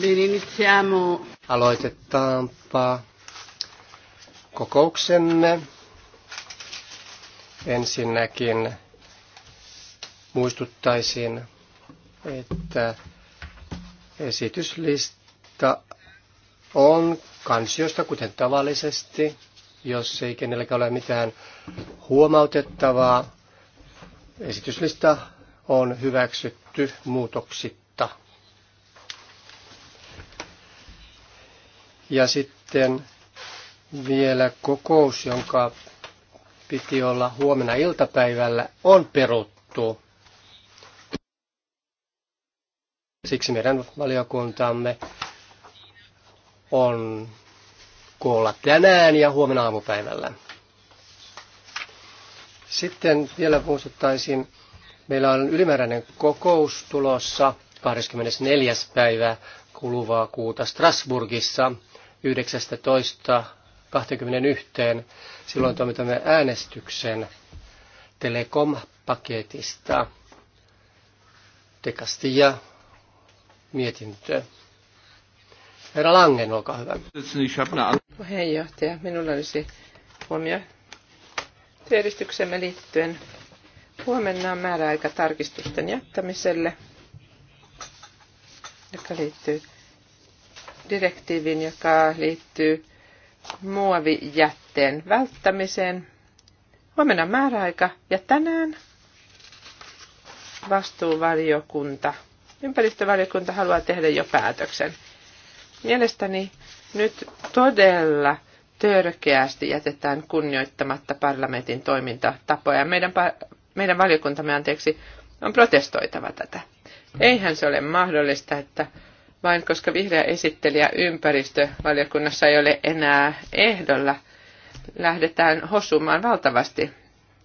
Niin iniziamo. Aloitetaanpa kokouksemme. Ensinnäkin muistuttaisin, että esityslista on kansiosta, kuten tavallisesti. Jos ei kenelläkään ole mitään huomautettavaa, esityslista on hyväksytty muutoksitta Ja sitten vielä kokous, jonka piti olla huomenna iltapäivällä, on peruttu. Siksi meidän valiokuntamme on koolla tänään ja huomenna aamupäivällä. Sitten vielä muistuttaisin, meillä on ylimääräinen kokous tulossa 24. päivä kuluvaa kuuta Strasburgissa 19 Silloin toimitamme äänestyksen Telekom-paketista. Tekasti ja mietintö. Herra Langen, olkaa hyvä. Puheenjohtaja, minulla olisi huomio työjärjestyksemme liittyen. Huomenna on määräaika tarkistusten jättämiselle, joka liittyy direktiivin, joka liittyy muovijätteen välttämiseen. Huomenna määräaika ja tänään vastuuvaliokunta, ympäristövaliokunta haluaa tehdä jo päätöksen. Mielestäni nyt todella törkeästi jätetään kunnioittamatta parlamentin toimintatapoja. Meidän, meidän valiokuntamme, anteeksi, on protestoitava tätä. Eihän se ole mahdollista, että vain koska vihreä esittelijä ympäristövaliokunnassa ei ole enää ehdolla, lähdetään hosumaan valtavasti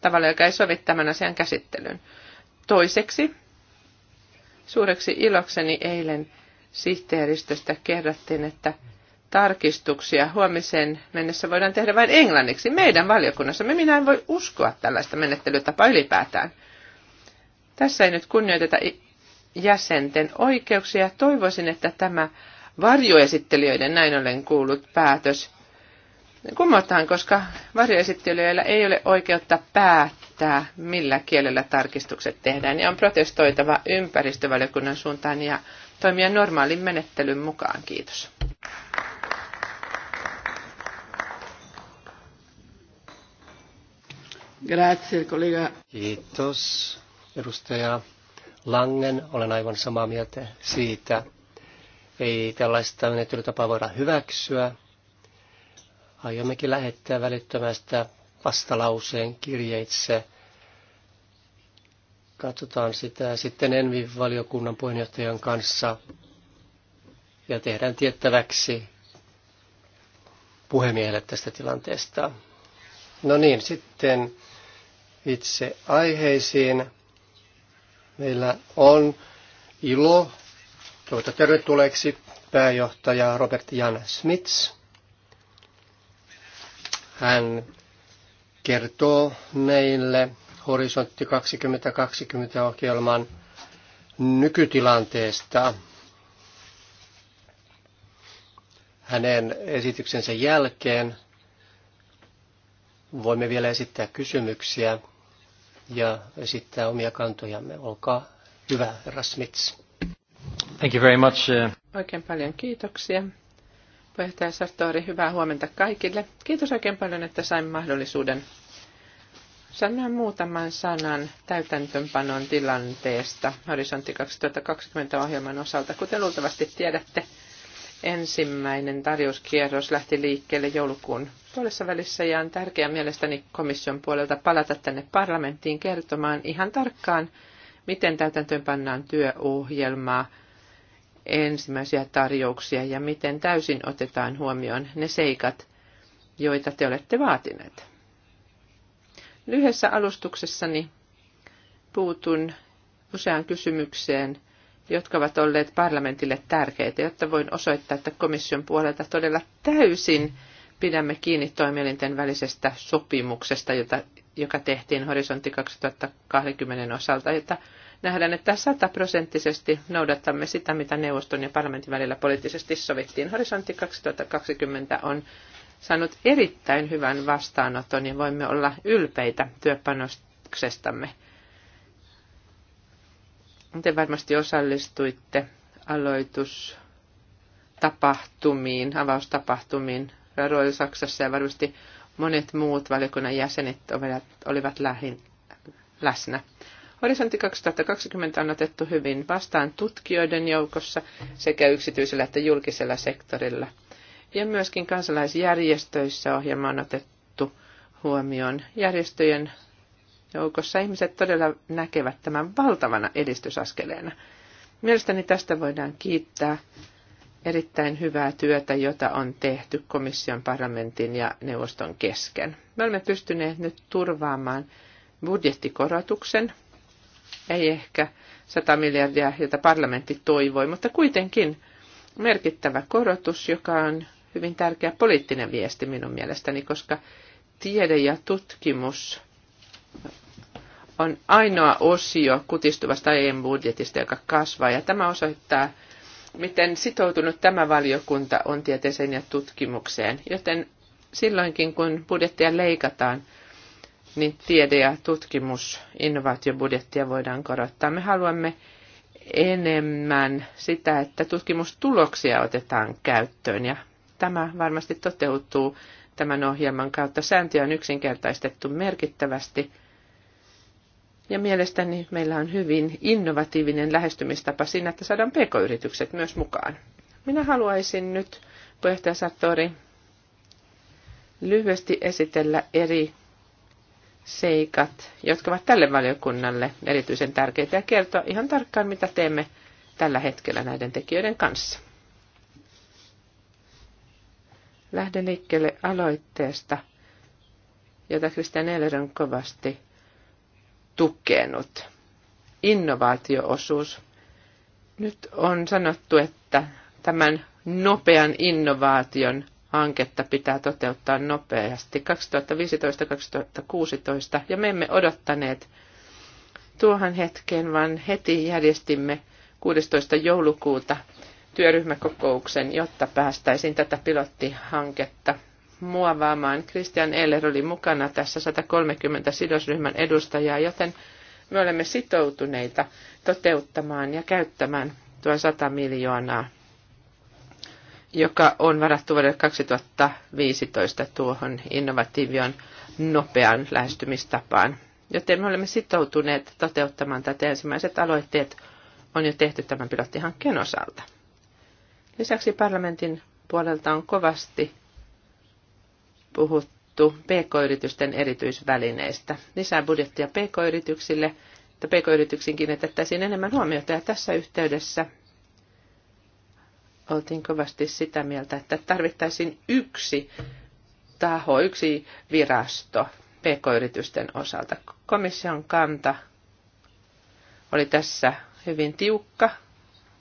tavalla, joka ei sovi tämän asian käsittelyyn. Toiseksi, suureksi ilokseni eilen sihteeristöstä kerrottiin, että tarkistuksia huomiseen mennessä voidaan tehdä vain englanniksi meidän valiokunnassa me Minä en voi uskoa tällaista menettelytapaa ylipäätään. Tässä ei nyt kunnioiteta jäsenten oikeuksia. Toivoisin, että tämä varjoesittelijöiden näin ollen kuullut päätös kumotaan, koska varjoesittelijöillä ei ole oikeutta päättää, millä kielellä tarkistukset tehdään, ja on protestoitava ympäristövaliokunnan suuntaan ja toimia normaalin menettelyn mukaan. Kiitos. Grazie, collega. Kiitos, edustaja Langen, olen aivan samaa mieltä siitä. Ei tällaista menettelytapaa voida hyväksyä. Aiommekin lähettää välittömästä vastalauseen kirjeitse. Katsotaan sitä sitten Envi-valiokunnan puheenjohtajan kanssa ja tehdään tiettäväksi puhemiehelle tästä tilanteesta. No niin, sitten itse aiheisiin. Meillä on ilo toivota tervetulleeksi pääjohtaja Robert Jan Smits. Hän kertoo meille Horisontti 2020-ohjelman nykytilanteesta. Hänen esityksensä jälkeen voimme vielä esittää kysymyksiä ja esittää omia kantojamme. Olkaa hyvä, Rasmits. Thank you very much. Uh, oikein paljon kiitoksia. Puheenjohtaja Sartori, hyvää huomenta kaikille. Kiitos oikein paljon, että sain mahdollisuuden sanoa muutaman sanan täytäntöönpanon tilanteesta Horisontti 2020 ohjelman osalta. Kuten luultavasti tiedätte, Ensimmäinen tarjouskierros lähti liikkeelle joulukuun puolessa välissä ja on tärkeää mielestäni komission puolelta palata tänne parlamenttiin kertomaan ihan tarkkaan, miten täytäntöön pannaan työohjelmaa, ensimmäisiä tarjouksia ja miten täysin otetaan huomioon ne seikat, joita te olette vaatineet. Lyhyessä alustuksessani puutun useaan kysymykseen, jotka ovat olleet parlamentille tärkeitä, jotta voin osoittaa, että komission puolelta todella täysin pidämme kiinni toimielinten välisestä sopimuksesta, jota, joka tehtiin horisontti 2020 osalta, jota nähdään, että sataprosenttisesti noudatamme sitä, mitä neuvoston ja parlamentin välillä poliittisesti sovittiin. Horisontti 2020 on saanut erittäin hyvän vastaanoton ja voimme olla ylpeitä työpanoksestamme. Te varmasti osallistuitte aloitustapahtumiin, avaustapahtumiin Royal Saksassa ja varmasti monet muut valiokunnan jäsenet olivat lähin, läsnä. Horisontti 2020 on otettu hyvin vastaan tutkijoiden joukossa sekä yksityisellä että julkisella sektorilla. Ja myöskin kansalaisjärjestöissä ohjelma on otettu huomioon. Järjestöjen joukossa ihmiset todella näkevät tämän valtavana edistysaskeleena. Mielestäni tästä voidaan kiittää erittäin hyvää työtä, jota on tehty komission, parlamentin ja neuvoston kesken. Me olemme pystyneet nyt turvaamaan budjettikorotuksen, ei ehkä 100 miljardia, jota parlamentti toivoi, mutta kuitenkin merkittävä korotus, joka on hyvin tärkeä poliittinen viesti minun mielestäni, koska tiede ja tutkimus on ainoa osio kutistuvasta EU-budjetista, joka kasvaa. Ja tämä osoittaa, miten sitoutunut tämä valiokunta on tieteeseen ja tutkimukseen. Joten silloinkin, kun budjettia leikataan, niin tiede- ja tutkimus, innovaatiobudjettia voidaan korottaa. Me haluamme enemmän sitä, että tutkimustuloksia otetaan käyttöön ja tämä varmasti toteutuu tämän ohjelman kautta. Sääntöjä on yksinkertaistettu merkittävästi ja mielestäni meillä on hyvin innovatiivinen lähestymistapa siinä, että saadaan pk-yritykset myös mukaan. Minä haluaisin nyt, puheenjohtaja sattori lyhyesti esitellä eri seikat, jotka ovat tälle valiokunnalle erityisen tärkeitä ja kertoa ihan tarkkaan, mitä teemme tällä hetkellä näiden tekijöiden kanssa. Lähden liikkeelle aloitteesta, jota Kristian Eller on kovasti tukenut. Innovaatioosuus. Nyt on sanottu, että tämän nopean innovaation hanketta pitää toteuttaa nopeasti 2015-2016 ja me emme odottaneet tuohon hetkeen, vaan heti järjestimme 16. joulukuuta työryhmäkokouksen, jotta päästäisiin tätä pilottihanketta muovaamaan. Christian Eller oli mukana tässä 130 sidosryhmän edustajaa, joten me olemme sitoutuneita toteuttamaan ja käyttämään tuon 100 miljoonaa, joka on varattu vuodelle 2015 tuohon innovatiivion nopean lähestymistapaan. Joten me olemme sitoutuneet toteuttamaan tätä. Ensimmäiset aloitteet on jo tehty tämän pilottihankkeen osalta. Lisäksi parlamentin puolelta on kovasti puhuttu pk-yritysten erityisvälineistä. Lisää budjettia pk-yrityksille, että pk-yrityksiin kiinnitettäisiin enemmän huomiota. Ja tässä yhteydessä oltiin kovasti sitä mieltä, että tarvittaisiin yksi taho, yksi virasto pk-yritysten osalta. Komission kanta oli tässä hyvin tiukka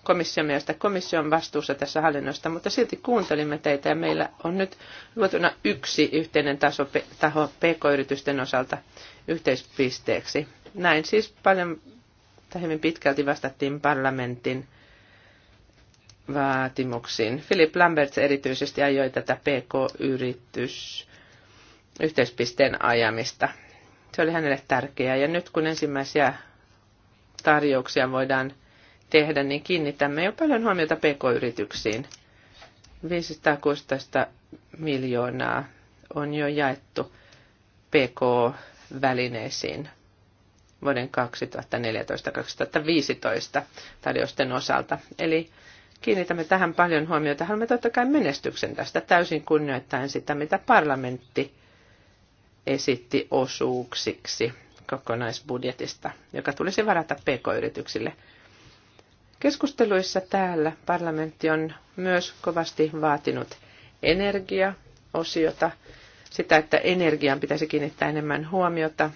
komission mielestä. Komissio on vastuussa tässä hallinnosta, mutta silti kuuntelimme teitä ja meillä on nyt luotuna yksi yhteinen taso, taho PK-yritysten osalta yhteispisteeksi. Näin siis paljon tai hyvin pitkälti vastattiin parlamentin vaatimuksiin. Philip Lambert erityisesti ajoi tätä PK-yritys yhteispisteen ajamista. Se oli hänelle tärkeää ja nyt kun ensimmäisiä tarjouksia voidaan tehdä, niin kiinnitämme jo paljon huomiota pk-yrityksiin. 516 miljoonaa on jo jaettu pk-välineisiin vuoden 2014-2015 tarjousten osalta. Eli kiinnitämme tähän paljon huomiota. Haluamme totta kai menestyksen tästä täysin kunnioittain sitä, mitä parlamentti esitti osuuksiksi kokonaisbudjetista, joka tulisi varata pk-yrityksille. Keskusteluissa täällä parlamentti on myös kovasti vaatinut energiaosiota, sitä, että energiaan pitäisi kiinnittää enemmän huomiota.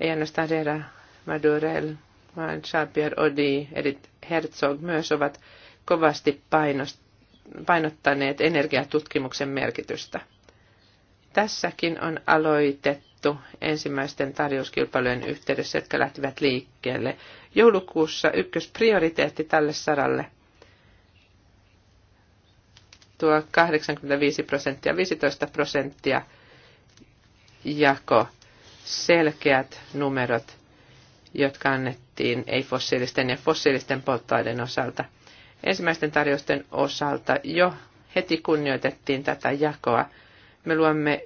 Ei ainoastaan Rera Madurel, vaan Jean-Pierre Odi, Edith Herzog myös ovat kovasti painottaneet energiatutkimuksen merkitystä. Tässäkin on aloitettu sovittu ensimmäisten tarjouskilpailujen yhteydessä, jotka lähtivät liikkeelle joulukuussa. Ykkösprioriteetti tälle saralle tuo 85 prosenttia, 15 prosenttia jako selkeät numerot, jotka annettiin ei-fossiilisten ja fossiilisten polttoaineiden osalta. Ensimmäisten tarjousten osalta jo heti kunnioitettiin tätä jakoa. Me luomme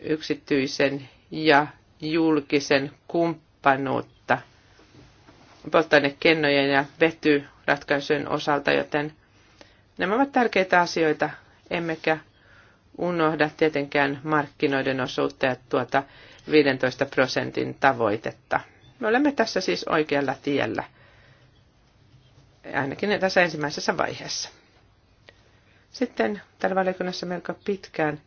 yksityisen ja julkisen kumppanuutta polttoainekennojen ja vetyratkaisujen osalta, joten nämä ovat tärkeitä asioita, emmekä unohda tietenkään markkinoiden osuutta ja tuota 15 prosentin tavoitetta. Me olemme tässä siis oikealla tiellä, ainakin tässä ensimmäisessä vaiheessa. Sitten täällä valiokunnassa melko pitkään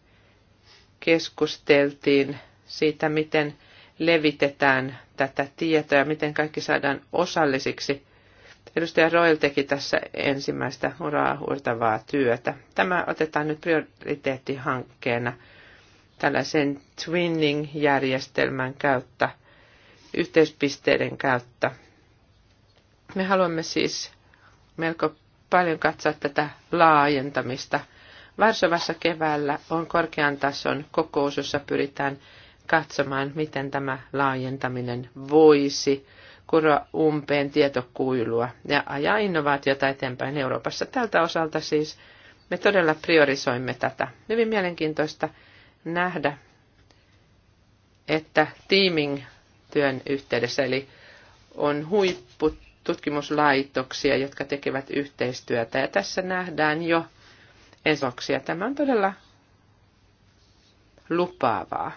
keskusteltiin siitä, miten levitetään tätä tietoa ja miten kaikki saadaan osallisiksi. Edustaja Roil teki tässä ensimmäistä uraa huurtavaa työtä. Tämä otetaan nyt prioriteettihankkeena tällaisen twinning-järjestelmän kautta, yhteispisteiden kautta. Me haluamme siis melko paljon katsoa tätä laajentamista. Varsovassa keväällä on korkean tason kokous, jossa pyritään katsomaan, miten tämä laajentaminen voisi kuroa umpeen tietokuilua ja ajaa innovaatiota eteenpäin Euroopassa. Tältä osalta siis me todella priorisoimme tätä. Hyvin mielenkiintoista nähdä, että teaming-työn yhteydessä, eli on huippututkimuslaitoksia, jotka tekevät yhteistyötä, ja tässä nähdään jo esoksia. Tämä on todella lupaavaa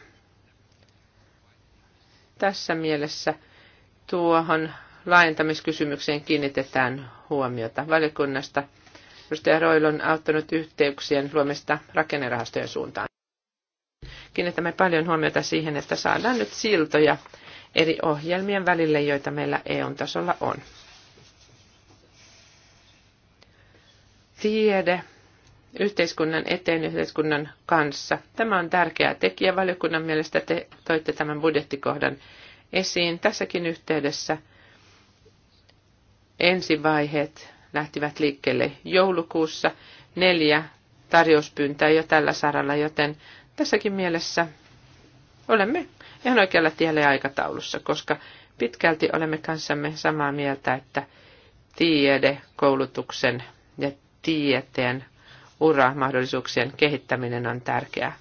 tässä mielessä tuohon laajentamiskysymykseen kiinnitetään huomiota. Valiokunnasta edustaja Roil on auttanut yhteyksien luomista rakennerahastojen suuntaan. Kiinnitämme paljon huomiota siihen, että saadaan nyt siltoja eri ohjelmien välille, joita meillä EU-tasolla on. Tiede yhteiskunnan eteen yhteiskunnan kanssa. Tämä on tärkeä tekijä. Valiokunnan mielestä te toitte tämän budjettikohdan esiin. Tässäkin yhteydessä ensivaiheet lähtivät liikkeelle joulukuussa. Neljä tarjouspyyntöä jo tällä saralla, joten tässäkin mielessä olemme ihan oikealla tiellä ja aikataulussa, koska pitkälti olemme kanssamme samaa mieltä, että tiede, koulutuksen ja tieteen uramahdollisuuksien kehittäminen on tärkeää.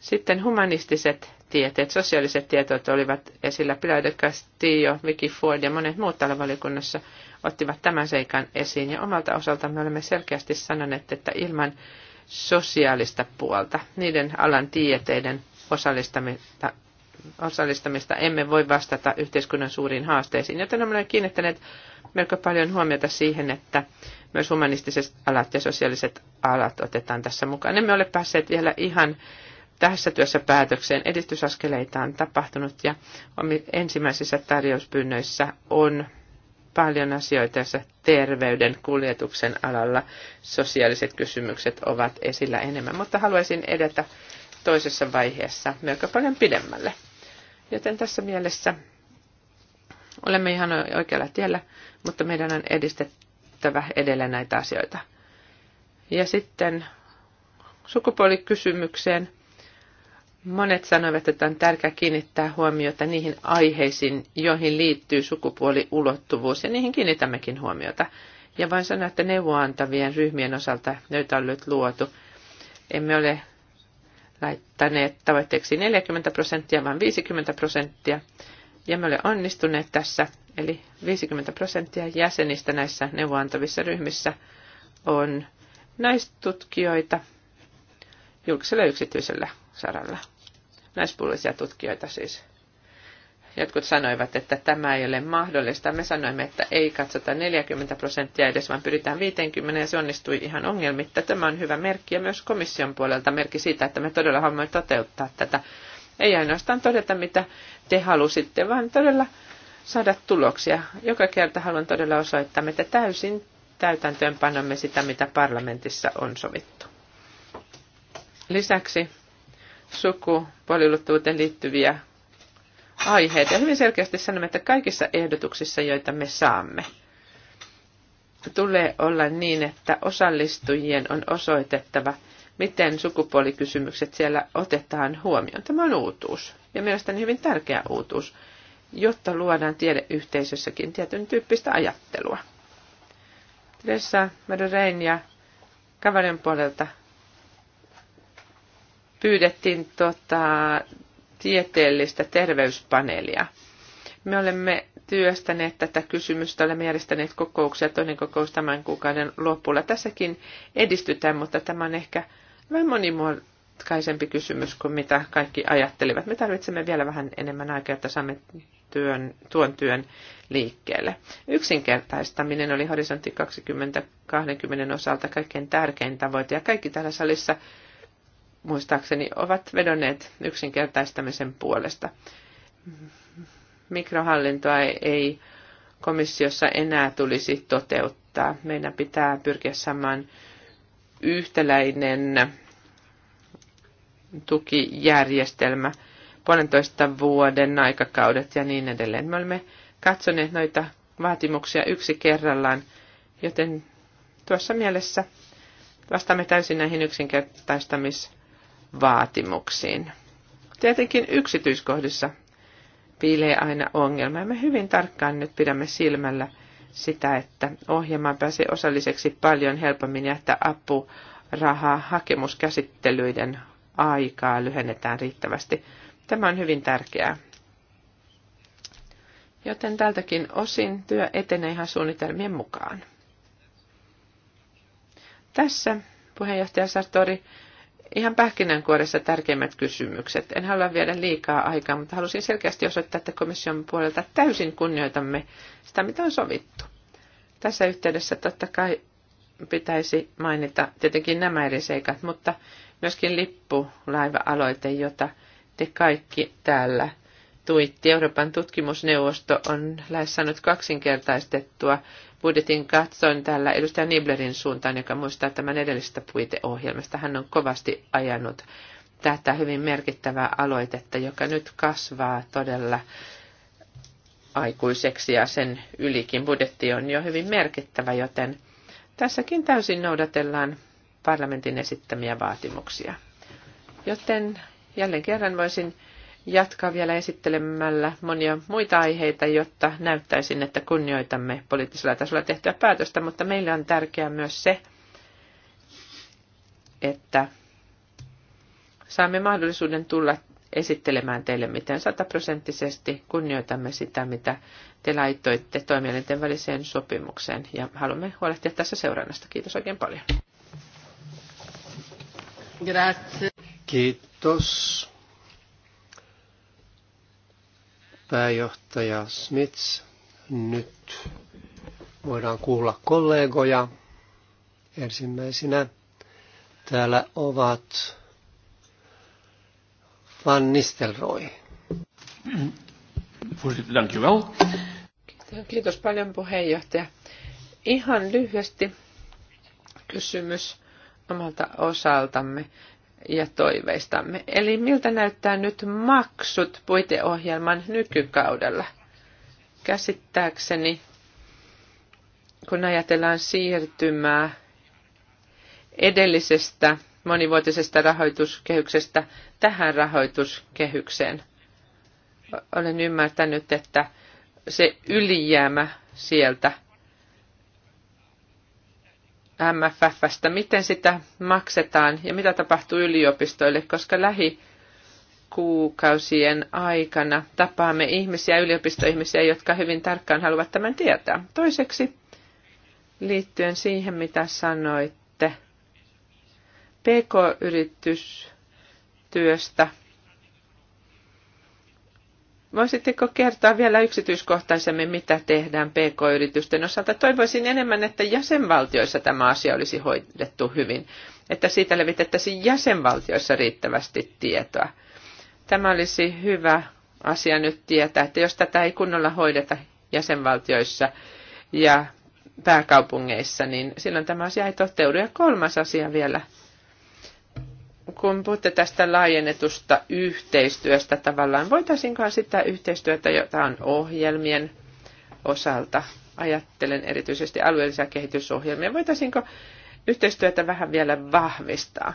Sitten humanistiset tieteet, sosiaaliset tietot olivat esillä. Pilar jo Castillo, Vicky Ford ja monet muut täällä valiokunnassa ottivat tämän seikan esiin. Ja omalta osaltamme olemme selkeästi sanoneet, että ilman sosiaalista puolta, niiden alan tieteiden osallistamista, osallistamista emme voi vastata yhteiskunnan suuriin haasteisiin. Joten olemme kiinnittäneet melko paljon huomiota siihen, että myös humanistiset alat ja sosiaaliset alat otetaan tässä mukaan. Emme ole päässeet vielä ihan tässä työssä päätökseen. Edistysaskeleita on tapahtunut ja ensimmäisissä tarjouspyynnöissä on paljon asioita, joissa terveyden kuljetuksen alalla sosiaaliset kysymykset ovat esillä enemmän, mutta haluaisin edetä toisessa vaiheessa melko paljon pidemmälle. Joten tässä mielessä olemme ihan oikealla tiellä, mutta meidän on edistettävä käytävä edellä näitä asioita. Ja sitten sukupuolikysymykseen. Monet sanoivat, että on tärkeää kiinnittää huomiota niihin aiheisiin, joihin liittyy sukupuoliulottuvuus, ja niihin kiinnitämmekin huomiota. Ja voin sanoa, että neuvoantavien ryhmien osalta, joita on nyt luotu, emme ole laittaneet tavoitteeksi 40 prosenttia, vaan 50 prosenttia ja me olemme onnistuneet tässä, eli 50 prosenttia jäsenistä näissä neuvoantavissa ryhmissä on naistutkijoita julkisella ja yksityisellä saralla. Naispuolisia tutkijoita siis. Jotkut sanoivat, että tämä ei ole mahdollista. Me sanoimme, että ei katsota 40 prosenttia edes, vaan pyritään 50 ja se onnistui ihan ongelmitta. Tämä on hyvä merkki ja myös komission puolelta merkki siitä, että me todella haluamme toteuttaa tätä ei ainoastaan todeta, mitä te halusitte, vaan todella saada tuloksia. Joka kerta haluan todella osoittaa, että täysin täytäntöönpanomme sitä, mitä parlamentissa on sovittu. Lisäksi sukupuoliluttuuteen liittyviä aiheita. Hyvin selkeästi sanomme, että kaikissa ehdotuksissa, joita me saamme, tulee olla niin, että osallistujien on osoitettava – miten sukupuolikysymykset siellä otetaan huomioon. Tämä on uutuus ja mielestäni hyvin tärkeä uutuus, jotta luodaan tiedeyhteisössäkin tietyn tyyppistä ajattelua. Teresa Madurein ja Kavarin puolelta pyydettiin tota, tieteellistä terveyspaneelia. Me olemme työstäneet tätä kysymystä, olemme järjestäneet kokouksia, toinen kokous tämän kuukauden lopulla. Tässäkin edistytään, mutta tämä on ehkä vähän monimutkaisempi kysymys kuin mitä kaikki ajattelivat. Me tarvitsemme vielä vähän enemmän aikaa, että saamme työn, tuon työn liikkeelle. Yksinkertaistaminen oli horisontti 2020 osalta kaikkein tärkein tavoite, ja kaikki täällä salissa muistaakseni ovat vedonneet yksinkertaistamisen puolesta. Mikrohallintoa ei komissiossa enää tulisi toteuttaa. Meidän pitää pyrkiä saamaan yhtäläinen tukijärjestelmä, puolentoista vuoden aikakaudet ja niin edelleen. Me olemme katsoneet noita vaatimuksia yksi kerrallaan, joten tuossa mielessä vastaamme täysin näihin yksinkertaistamisvaatimuksiin. Tietenkin yksityiskohdissa piilee aina ongelma ja me hyvin tarkkaan nyt pidämme silmällä sitä, että ohjelmaan pääsee osalliseksi paljon helpommin ja että apurahaa hakemuskäsittelyiden aikaa lyhennetään riittävästi. Tämä on hyvin tärkeää. Joten tältäkin osin työ etenee ihan suunnitelmien mukaan. Tässä puheenjohtaja Sartori ihan pähkinänkuoressa tärkeimmät kysymykset. En halua viedä liikaa aikaa, mutta halusin selkeästi osoittaa, että komission puolelta täysin kunnioitamme sitä, mitä on sovittu. Tässä yhteydessä totta kai pitäisi mainita tietenkin nämä eri seikat, mutta myöskin lippulaiva-aloite, jota te kaikki täällä tuitti. Euroopan tutkimusneuvosto on lähes saanut kaksinkertaistettua budjetin katsoin täällä edustaja Niblerin suuntaan, joka muistaa tämän edellisestä puiteohjelmasta. Hän on kovasti ajanut tätä hyvin merkittävää aloitetta, joka nyt kasvaa todella aikuiseksi ja sen ylikin budjetti on jo hyvin merkittävä, joten tässäkin täysin noudatellaan parlamentin esittämiä vaatimuksia. Joten jälleen kerran voisin jatkaa vielä esittelemällä monia muita aiheita, jotta näyttäisin, että kunnioitamme poliittisella tasolla tehtyä päätöstä, mutta meille on tärkeää myös se, että saamme mahdollisuuden tulla esittelemään teille, miten sataprosenttisesti kunnioitamme sitä, mitä te laitoitte toimielinten väliseen sopimukseen. Ja haluamme huolehtia tässä seurannasta. Kiitos oikein paljon. Grazie. Kiitos. Pääjohtaja Smits, nyt voidaan kuulla kollegoja. Ensimmäisenä täällä ovat Van Nistelrooy. Kiitos paljon puheenjohtaja. Ihan lyhyesti kysymys omalta osaltamme ja toiveistamme. Eli miltä näyttää nyt maksut puiteohjelman nykykaudella? Käsittääkseni, kun ajatellaan siirtymää edellisestä monivuotisesta rahoituskehyksestä tähän rahoituskehykseen. Olen ymmärtänyt, että se ylijäämä sieltä MFFstä, miten sitä maksetaan ja mitä tapahtuu yliopistoille, koska lähi kuukausien aikana tapaamme ihmisiä, yliopistoihmisiä, jotka hyvin tarkkaan haluavat tämän tietää. Toiseksi liittyen siihen, mitä sanoitte PK-yritystyöstä Voisitteko kertoa vielä yksityiskohtaisemmin, mitä tehdään PK-yritysten osalta? Toivoisin enemmän, että jäsenvaltioissa tämä asia olisi hoidettu hyvin, että siitä levitettäisiin jäsenvaltioissa riittävästi tietoa. Tämä olisi hyvä asia nyt tietää, että jos tätä ei kunnolla hoideta jäsenvaltioissa ja pääkaupungeissa, niin silloin tämä asia ei toteudu. Ja kolmas asia vielä – kun puhutte tästä laajennetusta yhteistyöstä tavallaan, voitaisiinko sitä yhteistyötä, jota on ohjelmien osalta, ajattelen erityisesti alueellisia kehitysohjelmia, voitaisinko yhteistyötä vähän vielä vahvistaa?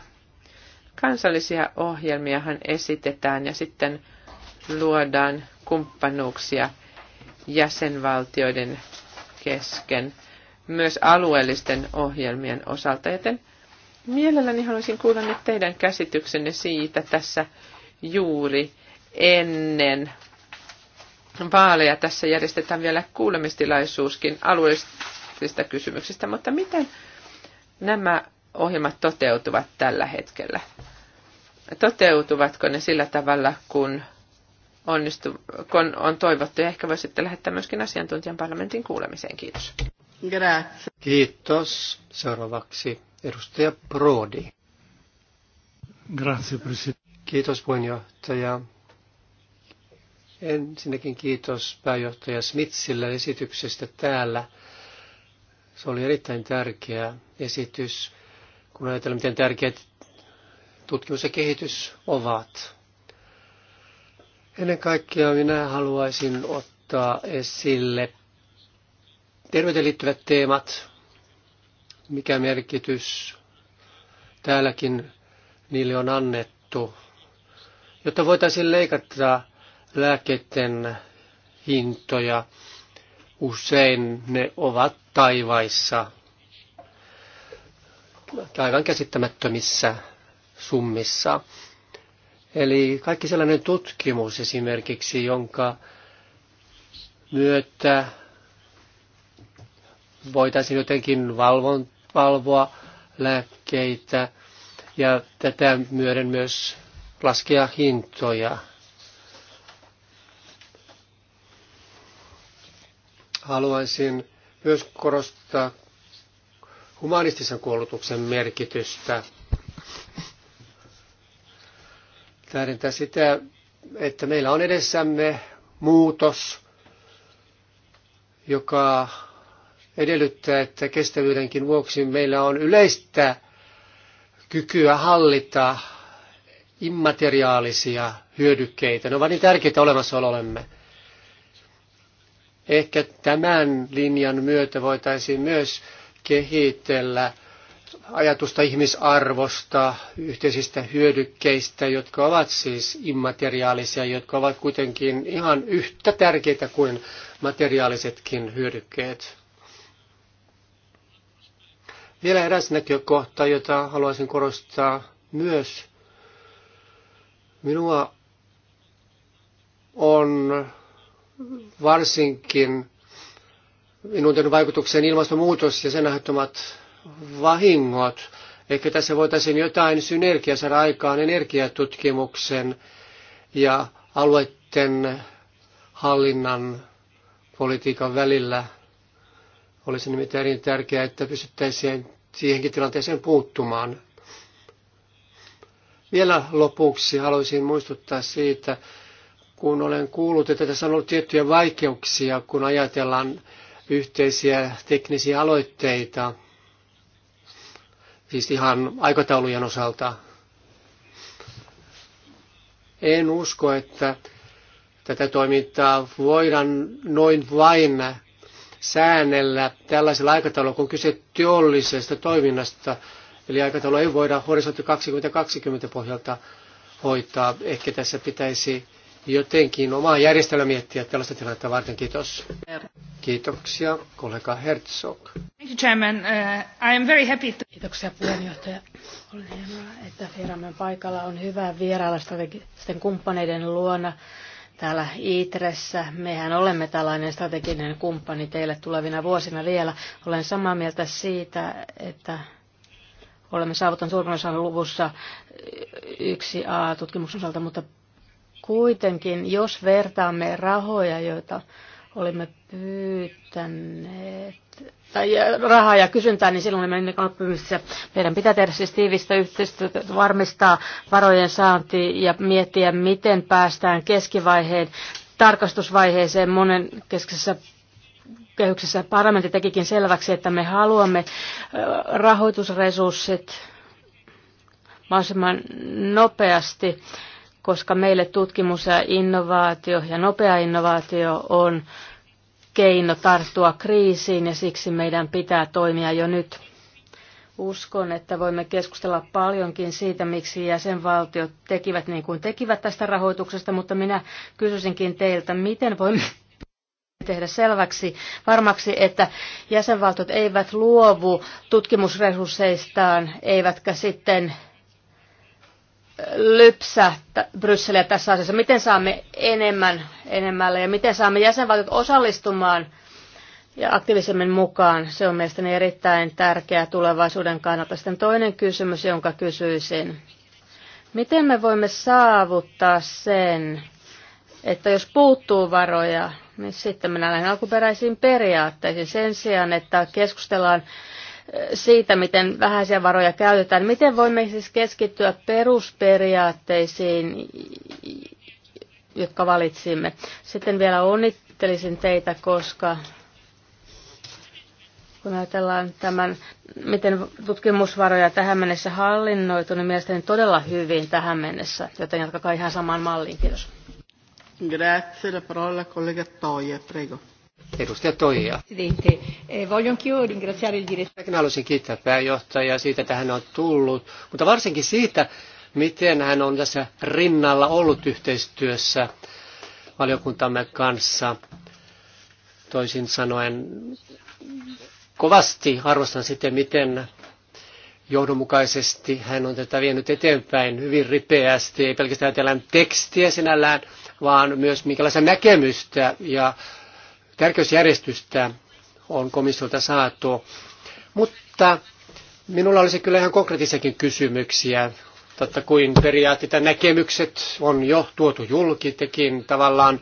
Kansallisia ohjelmiahan esitetään ja sitten luodaan kumppanuuksia jäsenvaltioiden kesken, myös alueellisten ohjelmien osalta, joten Mielelläni haluaisin kuulla nyt teidän käsityksenne siitä tässä juuri ennen vaaleja. Tässä järjestetään vielä kuulemistilaisuuskin alueellisista kysymyksistä, mutta miten nämä ohjelmat toteutuvat tällä hetkellä? Toteutuvatko ne sillä tavalla, kun, onnistu, kun on toivottu? Ja ehkä voisitte lähettää myöskin asiantuntijan parlamentin kuulemiseen. Kiitos. Grazie. Kiitos. Seuraavaksi Edustaja Brody. Grazie, Kiitos puheenjohtaja. Ensinnäkin kiitos pääjohtaja Smitsille esityksestä täällä. Se oli erittäin tärkeä esitys, kun ajatellaan, miten tärkeät tutkimus ja kehitys ovat. Ennen kaikkea minä haluaisin ottaa esille terveyteen liittyvät teemat, mikä merkitys täälläkin niille on annettu, jotta voitaisiin leikata lääkkeiden hintoja. Usein ne ovat taivaissa, aivan käsittämättömissä summissa. Eli kaikki sellainen tutkimus esimerkiksi, jonka myötä voitaisiin jotenkin valvontaa, valvoa lääkkeitä ja tätä myöden myös laskea hintoja. Haluaisin myös korostaa humanistisen koulutuksen merkitystä. Tähdentää sitä, että meillä on edessämme muutos, joka edellyttää, että kestävyydenkin vuoksi meillä on yleistä kykyä hallita immateriaalisia hyödykkeitä. Ne ovat niin tärkeitä olemassaololemme. Ehkä tämän linjan myötä voitaisiin myös kehitellä ajatusta ihmisarvosta, yhteisistä hyödykkeistä, jotka ovat siis immateriaalisia, jotka ovat kuitenkin ihan yhtä tärkeitä kuin materiaalisetkin hyödykkeet. Vielä eräs näkökohta, jota haluaisin korostaa myös. Minua on varsinkin minun tehnyt vaikutukseen ilmastonmuutos ja sen aiheuttamat vahingot. Ehkä tässä voitaisiin jotain synergiaa saada aikaan energiatutkimuksen ja alueiden hallinnan politiikan välillä. Olisi nimittäin tärkeää, että pystyttäisiin siihenkin tilanteeseen puuttumaan. Vielä lopuksi haluaisin muistuttaa siitä, kun olen kuullut, että tässä on ollut tiettyjä vaikeuksia, kun ajatellaan yhteisiä teknisiä aloitteita, siis ihan aikataulujen osalta. En usko, että tätä toimintaa voidaan noin vain säännellä tällaisella aikataululla, kun kyse teollisesta toiminnasta. Eli aikataulu ei voida horisontti 2020 pohjalta hoitaa. Ehkä tässä pitäisi jotenkin omaa järjestelmää miettiä tällaista tilannetta varten. Kiitos. Kiitoksia, kollega Herzog. Thank you, Chairman. Uh, I am very happy to... Kiitoksia puheenjohtaja. Olen hienoa, että vieraamme paikalla on hyvää vierailla strategisten kumppaneiden luona täällä Itressä. Mehän olemme tällainen strateginen kumppani teille tulevina vuosina vielä. Olen samaa mieltä siitä, että olemme saavuttaneet suurin osan luvussa 1A tutkimuksen osalta, mutta kuitenkin, jos vertaamme rahoja, joita olimme pyytäneet tai äh, rahaa ja kysyntää, niin silloin me oppimissa. Meidän pitää tehdä siis tiivistä yhteistyötä, varmistaa varojen saanti ja miettiä, miten päästään keskivaiheen tarkastusvaiheeseen monen keskisessä kehyksessä. Parlamentti tekikin selväksi, että me haluamme äh, rahoitusresurssit mahdollisimman nopeasti koska meille tutkimus ja innovaatio ja nopea innovaatio on keino tarttua kriisiin ja siksi meidän pitää toimia jo nyt. Uskon, että voimme keskustella paljonkin siitä, miksi jäsenvaltiot tekivät niin kuin tekivät tästä rahoituksesta, mutta minä kysyisinkin teiltä, miten voimme tehdä selväksi varmaksi, että jäsenvaltiot eivät luovu tutkimusresursseistaan, eivätkä sitten lypsää Brysseliä tässä asiassa? Miten saamme enemmän, enemmälle ja miten saamme jäsenvaltiot osallistumaan ja aktiivisemmin mukaan? Se on mielestäni erittäin tärkeää tulevaisuuden kannalta. Sitten toinen kysymys, jonka kysyisin. Miten me voimme saavuttaa sen, että jos puuttuu varoja, niin sitten mennään näihin alkuperäisiin periaatteisiin sen sijaan, että keskustellaan siitä, miten vähäisiä varoja käytetään. Miten voimme siis keskittyä perusperiaatteisiin, jotka valitsimme? Sitten vielä onnittelisin teitä, koska kun ajatellaan tämän, miten tutkimusvaroja tähän mennessä hallinnoitu, niin mielestäni todella hyvin tähän mennessä, joten jatkakaa ihan samaan malliin. Kiitos. Grazie, la parola collega Toia, prego. Edustaja Toija. Eh, Minäkin haluaisin kiittää pääjohtajaa siitä, että hän on tullut, mutta varsinkin siitä, miten hän on tässä rinnalla ollut yhteistyössä valiokuntamme kanssa. Toisin sanoen kovasti arvostan sitä, miten johdonmukaisesti hän on tätä vienyt eteenpäin hyvin ripeästi, ei pelkästään tekstiä sinällään, vaan myös minkälaista näkemystä ja tärkeysjärjestystä on komissiolta saatu. Mutta minulla olisi kyllä ihan konkreettisiakin kysymyksiä. Totta kuin ja näkemykset on jo tuotu julki, tekin tavallaan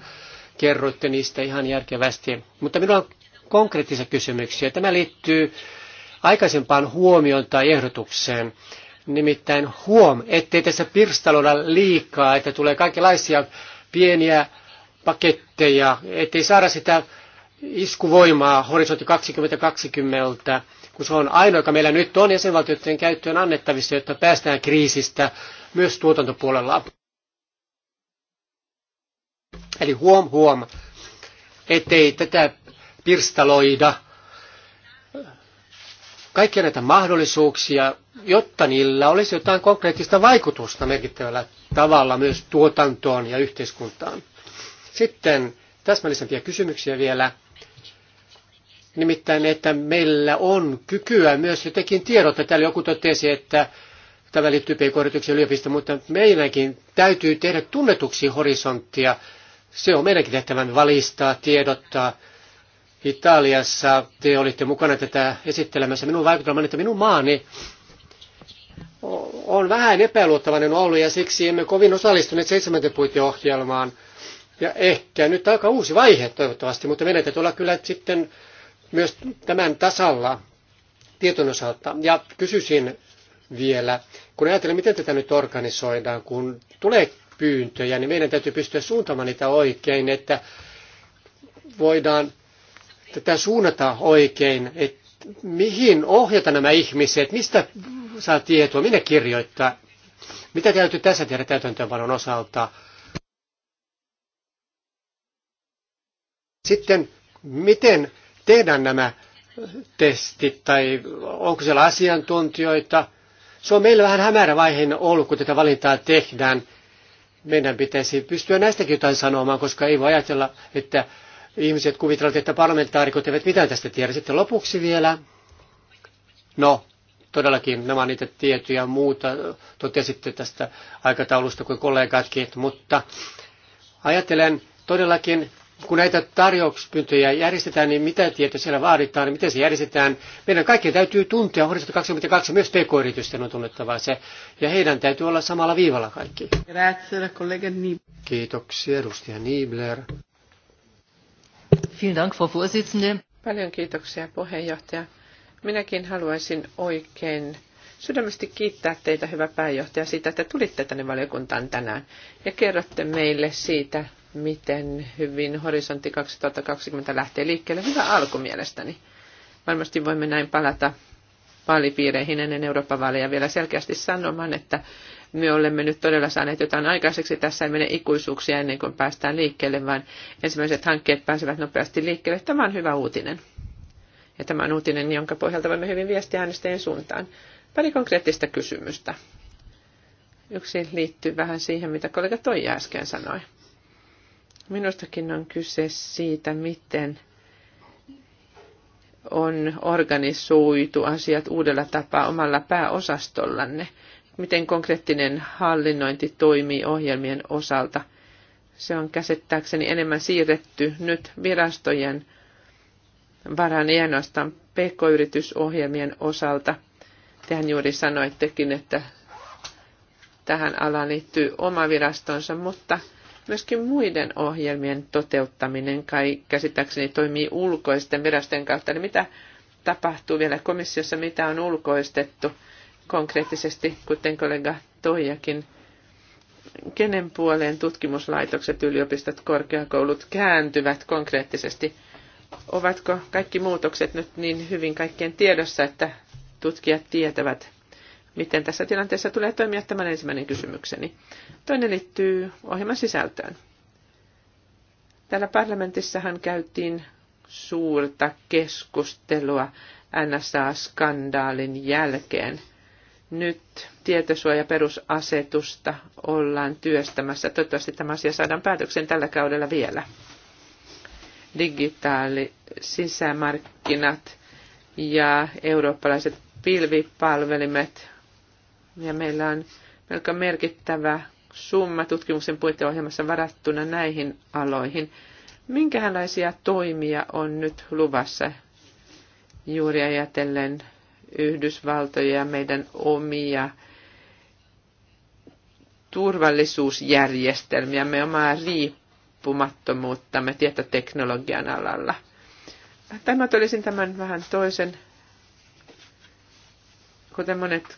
kerroitte niistä ihan järkevästi. Mutta minulla on konkreettisia kysymyksiä. Tämä liittyy aikaisempaan huomioon tai ehdotukseen. Nimittäin huom, ettei tässä pirstaloida liikaa, että tulee kaikenlaisia pieniä paketteja, ettei saada sitä iskuvoimaa horisontti 2020, kun se on ainoa, joka meillä nyt on jäsenvaltioiden käyttöön annettavissa, jotta päästään kriisistä myös tuotantopuolella. Eli huom huom, ettei tätä pirstaloida. Kaikkia näitä mahdollisuuksia, jotta niillä olisi jotain konkreettista vaikutusta merkittävällä tavalla myös tuotantoon ja yhteiskuntaan. Sitten täsmällisempiä kysymyksiä vielä. Nimittäin, että meillä on kykyä myös jotenkin tiedottaa. Täällä joku totesi, että tämä liittyy pk yliopistoon, mutta meidänkin täytyy tehdä tunnetuksi horisonttia. Se on meidänkin tehtävämme valistaa, tiedottaa. Italiassa te olitte mukana tätä esittelemässä. Minun vaikutelmani, että minun maani on vähän epäluottavainen ollut ja siksi emme kovin osallistuneet seitsemänten puiteohjelmaan. Ja ehkä nyt aika uusi vaihe toivottavasti, mutta meidän täytyy olla kyllä sitten myös tämän tasalla tieton osalta. Ja kysyisin vielä, kun ajatellaan, miten tätä nyt organisoidaan, kun tulee pyyntöjä, niin meidän täytyy pystyä suuntamaan niitä oikein, että voidaan tätä suunnata oikein, että mihin ohjata nämä ihmiset, mistä saa tietoa, minne kirjoittaa, mitä täytyy tässä tehdä täytäntöönpanon osalta. Sitten, miten tehdä nämä testit tai onko siellä asiantuntijoita. Se on meillä vähän hämärä vaiheen ollut, kun tätä valintaa tehdään. Meidän pitäisi pystyä näistäkin jotain sanomaan, koska ei voi ajatella, että ihmiset kuvitellaan, että parlamentaarikot eivät mitään tästä tiedä. Sitten lopuksi vielä, no todellakin nämä on niitä tietoja muuta, totesitte tästä aikataulusta kuin kollegatkin, mutta ajattelen todellakin kun näitä tarjouspyyntöjä järjestetään, niin mitä tietoa siellä vaaditaan, niin miten se järjestetään. Meidän kaikkien täytyy tuntea Horisontti 22, myös PK-yritysten on tunnettava se, ja heidän täytyy olla samalla viivalla kaikki. Kiitoksia, edustaja Niebler. Paljon kiitoksia, puheenjohtaja. Minäkin haluaisin oikein sydämesti kiittää teitä, hyvä pääjohtaja, siitä, että tulitte tänne valiokuntaan tänään ja kerrotte meille siitä, miten hyvin Horisontti 2020 lähtee liikkeelle. Hyvä alku mielestäni. Varmasti voimme näin palata vaalipiireihin ennen Euroopan vaaleja vielä selkeästi sanomaan, että me olemme nyt todella saaneet jotain aikaiseksi. Tässä ei mene ikuisuuksia ennen kuin päästään liikkeelle, vaan ensimmäiset hankkeet pääsevät nopeasti liikkeelle. Tämä on hyvä uutinen. Ja tämä on uutinen, jonka pohjalta voimme hyvin viestiä äänestäjien suuntaan. Pari konkreettista kysymystä. Yksi liittyy vähän siihen, mitä kollega toi äsken sanoi. Minustakin on kyse siitä, miten on organisoitu asiat uudella tapaa omalla pääosastollanne. Miten konkreettinen hallinnointi toimii ohjelmien osalta. Se on käsittääkseni enemmän siirretty nyt virastojen varaan, ei ainoastaan pk-yritysohjelmien osalta. Tehän juuri sanoittekin, että tähän alaan liittyy oma virastonsa, mutta – Myöskin muiden ohjelmien toteuttaminen kai käsittääkseni toimii ulkoisten virastojen kautta. Eli mitä tapahtuu vielä komissiossa, mitä on ulkoistettu konkreettisesti, kuten kollega Toijakin kenen puoleen tutkimuslaitokset, yliopistot, korkeakoulut kääntyvät konkreettisesti? Ovatko kaikki muutokset nyt niin hyvin kaikkien tiedossa, että tutkijat tietävät, miten tässä tilanteessa tulee toimia tämän ensimmäinen kysymykseni. Toinen liittyy ohjelman sisältöön. Täällä parlamentissahan käytiin suurta keskustelua NSA-skandaalin jälkeen. Nyt tietosuojaperusasetusta ollaan työstämässä. Toivottavasti tämä asia saadaan päätökseen tällä kaudella vielä. Digitaali sisämarkkinat ja eurooppalaiset pilvipalvelimet ja meillä on melko merkittävä summa tutkimuksen puitteohjelmassa varattuna näihin aloihin. Minkälaisia toimia on nyt luvassa juuri ajatellen Yhdysvaltoja ja meidän omia turvallisuusjärjestelmiä me omaa riippumattomuuttamme tietoteknologian alalla. Tämä olisin tämän vähän toisen, kuten monet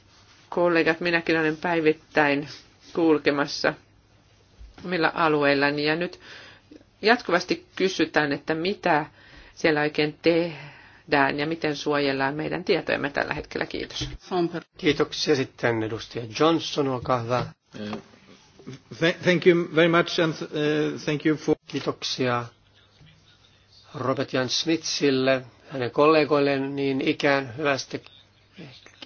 kollegat, minäkin olen päivittäin kulkemassa millä alueilla. Ja nyt jatkuvasti kysytään, että mitä siellä oikein tehdään ja miten suojellaan meidän tietojamme tällä hetkellä. Kiitos. Kiitoksia sitten edustaja Johnson, olkaa hyvä. Uh, thank you very much and uh, thank you for... Kiitoksia Robert Jan Smitsille, hänen kollegoilleen niin ikään hyvästä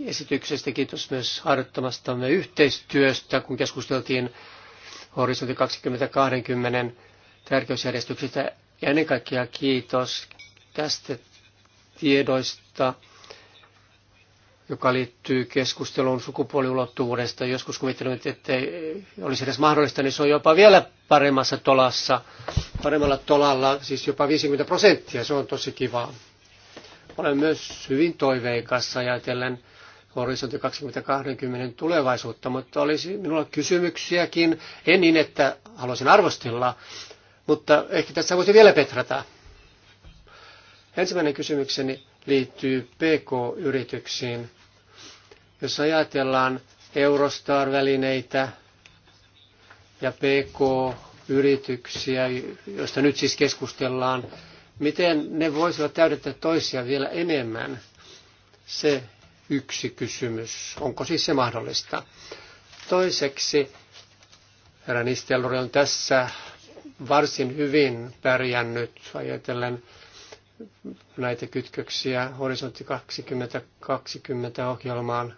esityksestä. Kiitos myös harjoittamastamme yhteistyöstä, kun keskusteltiin Horisontti 2020 tärkeysjärjestyksestä. Ja ennen kaikkea kiitos tästä tiedoista, joka liittyy keskusteluun sukupuoliulottuvuudesta. Joskus kuvittelen, että ei olisi edes mahdollista, niin se on jopa vielä paremmassa tolassa, paremmalla tolalla, siis jopa 50 prosenttia. Se on tosi kivaa. Olen myös hyvin toiveikas ajatellen horisontti 2020 tulevaisuutta, mutta olisi minulla kysymyksiäkin, en niin, että haluaisin arvostella, mutta ehkä tässä voisi vielä petrata. Ensimmäinen kysymykseni liittyy PK-yrityksiin. Jos ajatellaan Eurostar-välineitä ja PK-yrityksiä, joista nyt siis keskustellaan, miten ne voisivat täydentää toisia vielä enemmän? Se yksi kysymys. Onko siis se mahdollista? Toiseksi, herra Nistelluri on tässä varsin hyvin pärjännyt ajatellen näitä kytköksiä Horisontti 2020 ohjelmaan.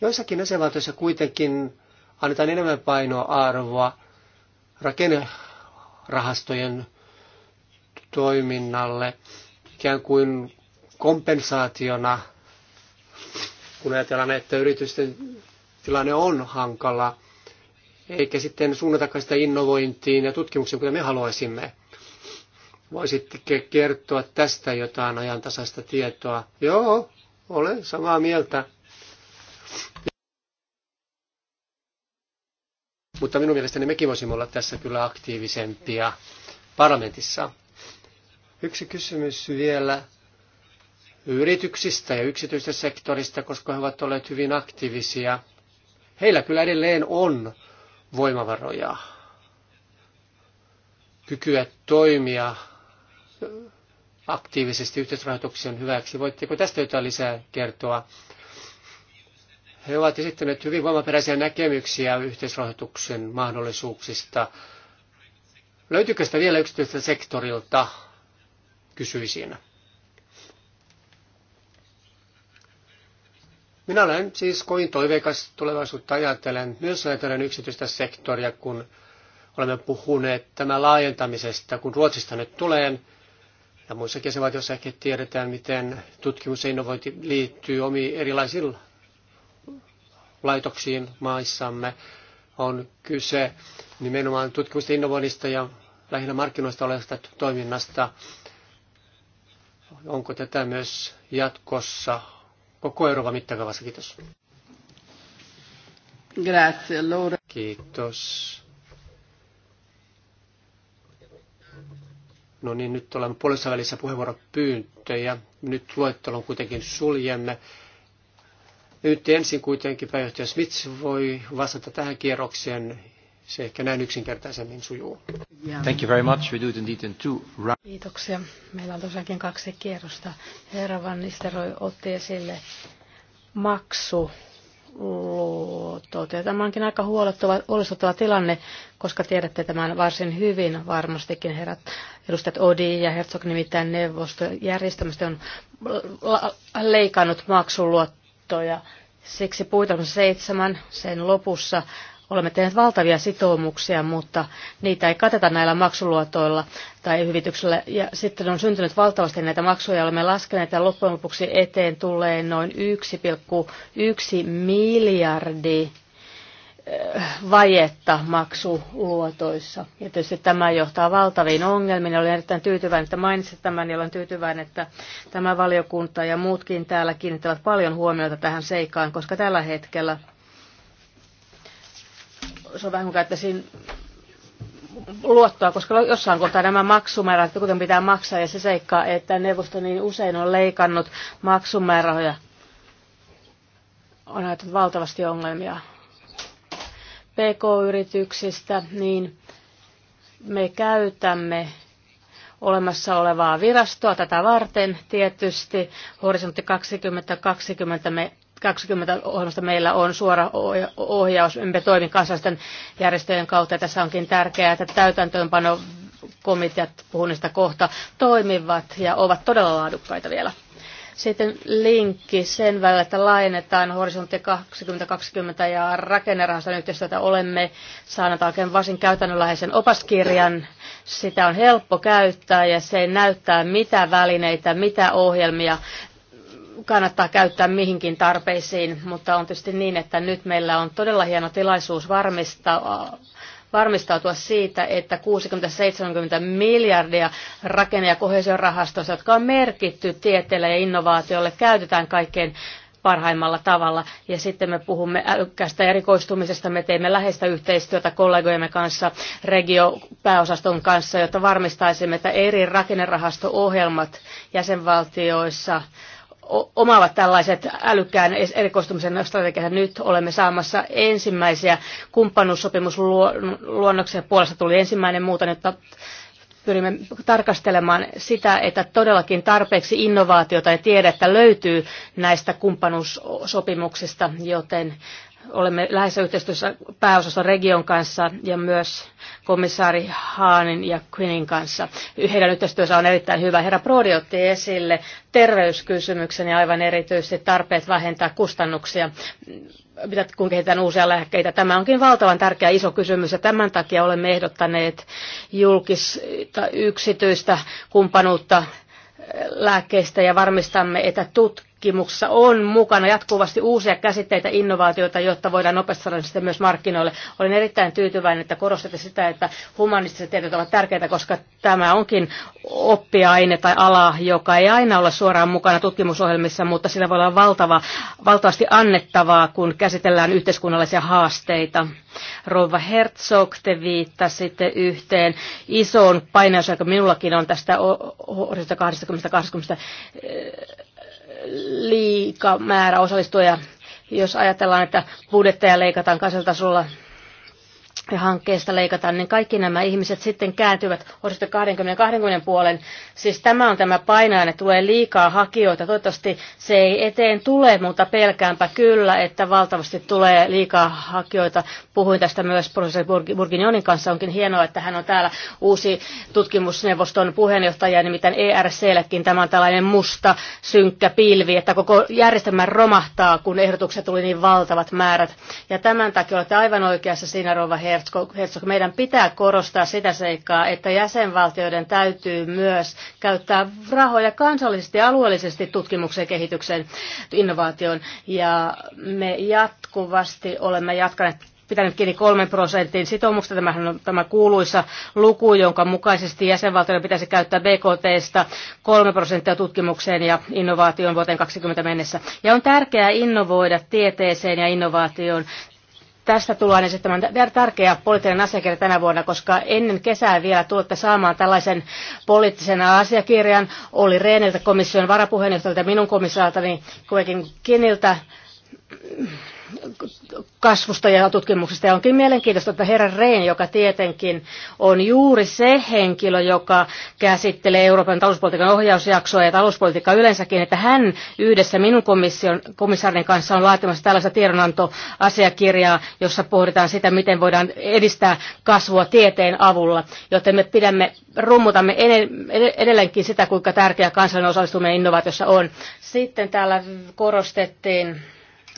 Joissakin asevaltoissa kuitenkin annetaan enemmän arvoa rakennerahastojen toiminnalle ikään kuin kompensaationa, kun ajatellaan, että yritysten tilanne on hankala, eikä sitten suunnatakaan sitä innovointiin ja tutkimukseen, kuten me haluaisimme. Voisitte kertoa tästä jotain ajantasaista tietoa? Joo, olen samaa mieltä. Mutta minun mielestäni mekin voisimme olla tässä kyllä aktiivisempia parlamentissa. Yksi kysymys vielä yrityksistä ja yksityisestä sektorista, koska he ovat olleet hyvin aktiivisia. Heillä kyllä edelleen on voimavaroja, kykyä toimia aktiivisesti yhteisrahoituksen hyväksi. Voitteko tästä jotain lisää kertoa? He ovat esittäneet hyvin voimaperäisiä näkemyksiä yhteisrahoituksen mahdollisuuksista. Löytyykö sitä vielä yksityiseltä sektorilta? Kysyisin. Minä olen siis kovin toiveikas tulevaisuutta ajatellen, myös ajatellen yksityistä sektoria, kun olemme puhuneet tämän laajentamisesta, kun Ruotsista nyt tulee. Ja muissa jäsenvaltioissa ehkä tiedetään, miten tutkimus ja innovointi liittyy omiin erilaisiin laitoksiin maissamme. On kyse nimenomaan tutkimusta innovoinnista ja lähinnä markkinoista olevasta toiminnasta. Onko tätä myös jatkossa koko Euroopan mittakaavassa. Kiitos. Grazie, Kiitos. No niin, nyt olemme puolessa välissä puheenvuoropyyntöjä. Nyt luettelon kuitenkin suljemme. Nyt ensin kuitenkin pääjohtaja Smits voi vastata tähän kierrokseen se ehkä näin yksinkertaisemmin sujuu. Thank you very much. We do it indeed in two rounds. Kiitoksia. Meillä on tosiaankin kaksi kierrosta. Herra Van Nisteroi otti esille maksu luotot. Ja tämä onkin aika huolestuttava tilanne, koska tiedätte tämän varsin hyvin varmastikin herrat edustajat Odi ja Herzog nimittäin neuvosto järjestämistä on leikannut maksuluottoja. Siksi puitelma seitsemän sen lopussa Olemme tehneet valtavia sitoumuksia, mutta niitä ei kateta näillä maksuluotoilla tai hyvityksellä. Ja sitten on syntynyt valtavasti näitä maksuja, olemme laskeneet ja loppujen lopuksi eteen tulee noin 1,1 miljardi eh, vajetta maksuluotoissa. Ja tietysti tämä johtaa valtaviin ongelmiin. Olen erittäin tyytyväinen, että mainitsit tämän ja niin olen tyytyväinen, että tämä valiokunta ja muutkin täällä kiinnittävät paljon huomiota tähän seikaan, koska tällä hetkellä se on vähän kuin käyttäisin luottoa, koska jossain kohtaa nämä maksumäärät, kuten pitää maksaa, ja se seikkaa, että neuvosto niin usein on leikannut maksumäärärahoja, on ajatellut valtavasti ongelmia PK-yrityksistä, niin me käytämme olemassa olevaa virastoa tätä varten tietysti. Horisontti 2020 me 2020-ohjelmasta meillä on suora ohjaus, Me toimin kansallisten järjestöjen kautta. Ja tässä onkin tärkeää, että täytäntöönpano komiteat, puhun niistä kohta, toimivat ja ovat todella laadukkaita vielä. Sitten linkki sen välillä, että laajennetaan horisontti 2020 ja rakennerahaston yhteistyötä olemme saaneet oikein varsin käytännönläheisen opaskirjan. Sitä on helppo käyttää ja se näyttää mitä välineitä, mitä ohjelmia kannattaa käyttää mihinkin tarpeisiin, mutta on tietysti niin, että nyt meillä on todella hieno tilaisuus varmistaa, varmistautua siitä, että 60-70 miljardia rakenne- ja kohesiorahastosta, jotka on merkitty tieteelle ja innovaatiolle, käytetään kaikkein parhaimmalla tavalla. Ja sitten me puhumme älykkäästä erikoistumisesta, me teemme läheistä yhteistyötä kollegojemme kanssa, regiopääosaston kanssa, jotta varmistaisimme, että eri rakennerahasto-ohjelmat jäsenvaltioissa – omaavat tällaiset älykkään erikoistumisen strategiat. Nyt olemme saamassa ensimmäisiä kumppanuussopimusluonnoksia. Puolesta tuli ensimmäinen muuta, jotta pyrimme tarkastelemaan sitä, että todellakin tarpeeksi innovaatiota ja tiedettä löytyy näistä kumppanuussopimuksista, joten Olemme lähes yhteistyössä pääosassa region kanssa ja myös komissaari Haanin ja Quinnin kanssa. Heidän yhteistyössä on erittäin hyvä. Herra Prodi otti esille terveyskysymyksen ja aivan erityisesti tarpeet vähentää kustannuksia kun kehitetään uusia lääkkeitä. Tämä onkin valtavan tärkeä iso kysymys ja tämän takia olemme ehdottaneet julkista yksityistä kumppanuutta lääkkeistä ja varmistamme, että tutkimus tutkimuksessa on mukana jatkuvasti uusia käsitteitä, innovaatioita, jotta voidaan nopeasti saada sitten myös markkinoille. Olen erittäin tyytyväinen, että korostatte sitä, että humanistiset tiedot ovat tärkeitä, koska tämä onkin oppiaine tai ala, joka ei aina ole suoraan mukana tutkimusohjelmissa, mutta sillä voi olla valtava, valtavasti annettavaa, kun käsitellään yhteiskunnallisia haasteita. Rova Herzog, te viittasitte yhteen isoon painaus, joka minullakin on tästä 20 liika määrä osallistujia. Jos ajatellaan, että budjetteja leikataan kansallisella tasolla, ja hankkeesta leikataan, niin kaikki nämä ihmiset sitten kääntyvät osasta 20-20 puolen. Siis tämä on tämä että tulee liikaa hakijoita. Toivottavasti se ei eteen tule, mutta pelkäänpä kyllä, että valtavasti tulee liikaa hakijoita. Puhuin tästä myös professori Burginionin kanssa. Onkin hienoa, että hän on täällä uusi tutkimusneuvoston puheenjohtaja, nimittäin ERCllekin tämä on tällainen musta, synkkä pilvi, että koko järjestelmä romahtaa, kun ehdotukset tuli niin valtavat määrät. Ja tämän takia olette aivan oikeassa siinä, Rova Her Bosnia-Herzegovina. meidän pitää korostaa sitä seikkaa, että jäsenvaltioiden täytyy myös käyttää rahoja kansallisesti ja alueellisesti tutkimukseen, kehityksen, innovaation Ja me jatkuvasti olemme jatkaneet pitänyt kiinni kolmen prosentin sitoumuksesta. Tämähän on tämä kuuluisa luku, jonka mukaisesti jäsenvaltioiden pitäisi käyttää BKTstä kolme prosenttia tutkimukseen ja innovaatioon vuoteen 2020 mennessä. Ja on tärkeää innovoida tieteeseen ja innovaatioon. Tästä tullaan esittämään tärkeä poliittinen asiakirja tänä vuonna, koska ennen kesää vielä tulette saamaan tällaisen poliittisen asiakirjan. Oli Reeniltä komission varapuheenjohtajalta minun komissaartani kuitenkin Kiniltä kasvusta ja tutkimuksesta. Ja onkin mielenkiintoista, että herra Rehn, joka tietenkin on juuri se henkilö, joka käsittelee Euroopan talouspolitiikan ohjausjaksoa ja talouspolitiikkaa yleensäkin, että hän yhdessä minun komission, komissaarin kanssa on laatimassa tällaista tiedonantoasiakirjaa, jossa pohditaan sitä, miten voidaan edistää kasvua tieteen avulla, joten me pidämme rummutamme edelleenkin sitä, kuinka tärkeä kansallinen osallistuminen innovaatiossa on. Sitten täällä korostettiin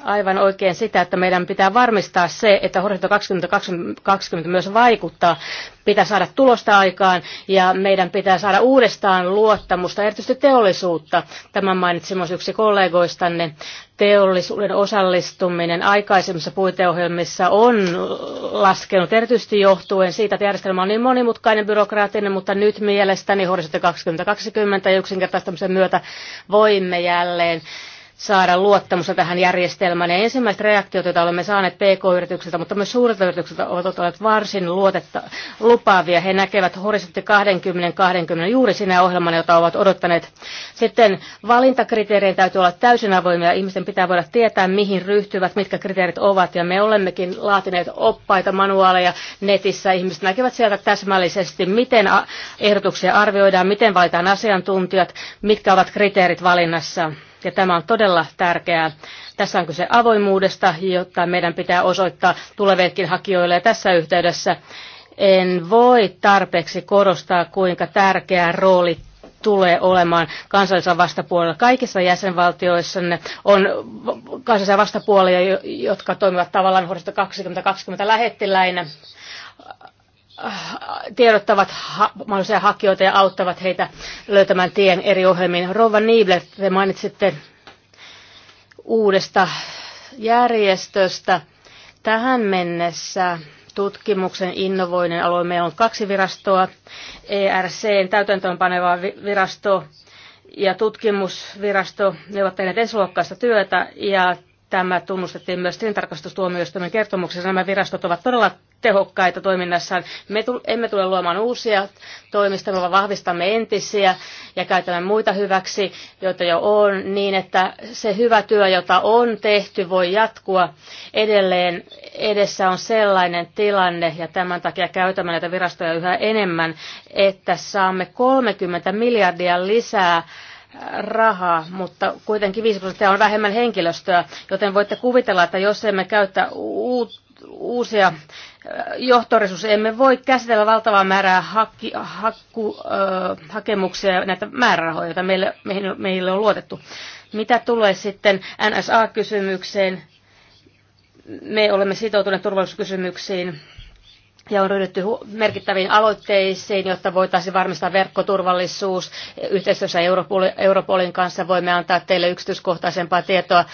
aivan oikein sitä, että meidän pitää varmistaa se, että Horisontti 2020 myös vaikuttaa. Pitää saada tulosta aikaan ja meidän pitää saada uudestaan luottamusta, erityisesti teollisuutta. Tämän mainitsin myös yksi kollegoistanne. Teollisuuden osallistuminen aikaisemmissa puiteohjelmissa on laskenut erityisesti johtuen siitä, että järjestelmä on niin monimutkainen, byrokraattinen, mutta nyt mielestäni Horisontti 2020 ja yksinkertaistamisen myötä voimme jälleen saada luottamusta tähän järjestelmään. Ja ensimmäiset reaktiot, joita olemme saaneet PK-yrityksiltä, mutta myös suurilta yrityksiltä, ovat olleet varsin luotetta, lupaavia. He näkevät horisontti 20-20 juuri sinä ohjelmana, jota ovat odottaneet. Sitten valintakriteerien täytyy olla täysin avoimia. Ihmisten pitää voida tietää, mihin ryhtyvät, mitkä kriteerit ovat. Ja me olemmekin laatineet oppaita, manuaaleja netissä. Ihmiset näkevät sieltä täsmällisesti, miten ehdotuksia arvioidaan, miten valitaan asiantuntijat, mitkä ovat kriteerit valinnassa ja tämä on todella tärkeää. Tässä on kyse avoimuudesta, jota meidän pitää osoittaa tulevillekin hakijoille ja tässä yhteydessä en voi tarpeeksi korostaa, kuinka tärkeä rooli tulee olemaan kansallisella vastapuolella. Kaikissa jäsenvaltioissa on kansallisia vastapuolia, jotka toimivat tavallaan vuodesta 2020 lähettiläinä tiedottavat ha- mahdollisia hakijoita ja auttavat heitä löytämään tien eri ohjelmiin. Rova Niibler, te mainitsitte uudesta järjestöstä. Tähän mennessä tutkimuksen innovoinen alue. Meillä on kaksi virastoa, ERCn täytäntöönpaneva virasto ja tutkimusvirasto. Ne ovat tehneet ensiluokkaista työtä ja Tämä tunnustettiin myös tilintarkastustuomioistuimen kertomuksessa. Nämä virastot ovat todella tehokkaita toiminnassaan. Me emme tule luomaan uusia toimistoja, vaan vahvistamme entisiä ja käytämme muita hyväksi, joita jo on, niin että se hyvä työ, jota on tehty, voi jatkua edelleen. Edessä on sellainen tilanne, ja tämän takia käytämme näitä virastoja yhä enemmän, että saamme 30 miljardia lisää rahaa, mutta kuitenkin 5 prosenttia on vähemmän henkilöstöä, joten voitte kuvitella, että jos emme käytä uut, uusia johtoresursseja, emme voi käsitellä valtavaa määrää hakki, hakku, äh, hakemuksia ja näitä määrärahoja, joita meille, meille on luotettu. Mitä tulee sitten NSA-kysymykseen, me olemme sitoutuneet turvallisuuskysymyksiin ja on ryhdytty merkittäviin aloitteisiin, jotta voitaisiin varmistaa verkkoturvallisuus. Yhteistyössä Europolin kanssa voimme antaa teille yksityiskohtaisempaa tietoa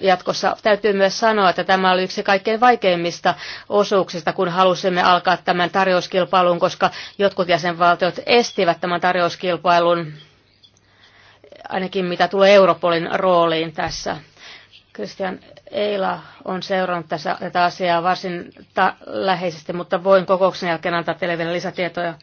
jatkossa. Täytyy myös sanoa, että tämä oli yksi kaikkein vaikeimmista osuuksista, kun halusimme alkaa tämän tarjouskilpailun, koska jotkut jäsenvaltiot estivät tämän tarjouskilpailun, ainakin mitä tulee Europolin rooliin tässä. Christian Eila on seurannut tässä, tätä asiaa varsin ta- läheisesti, mutta voin kokouksen jälkeen antaa teille vielä lisätietoja.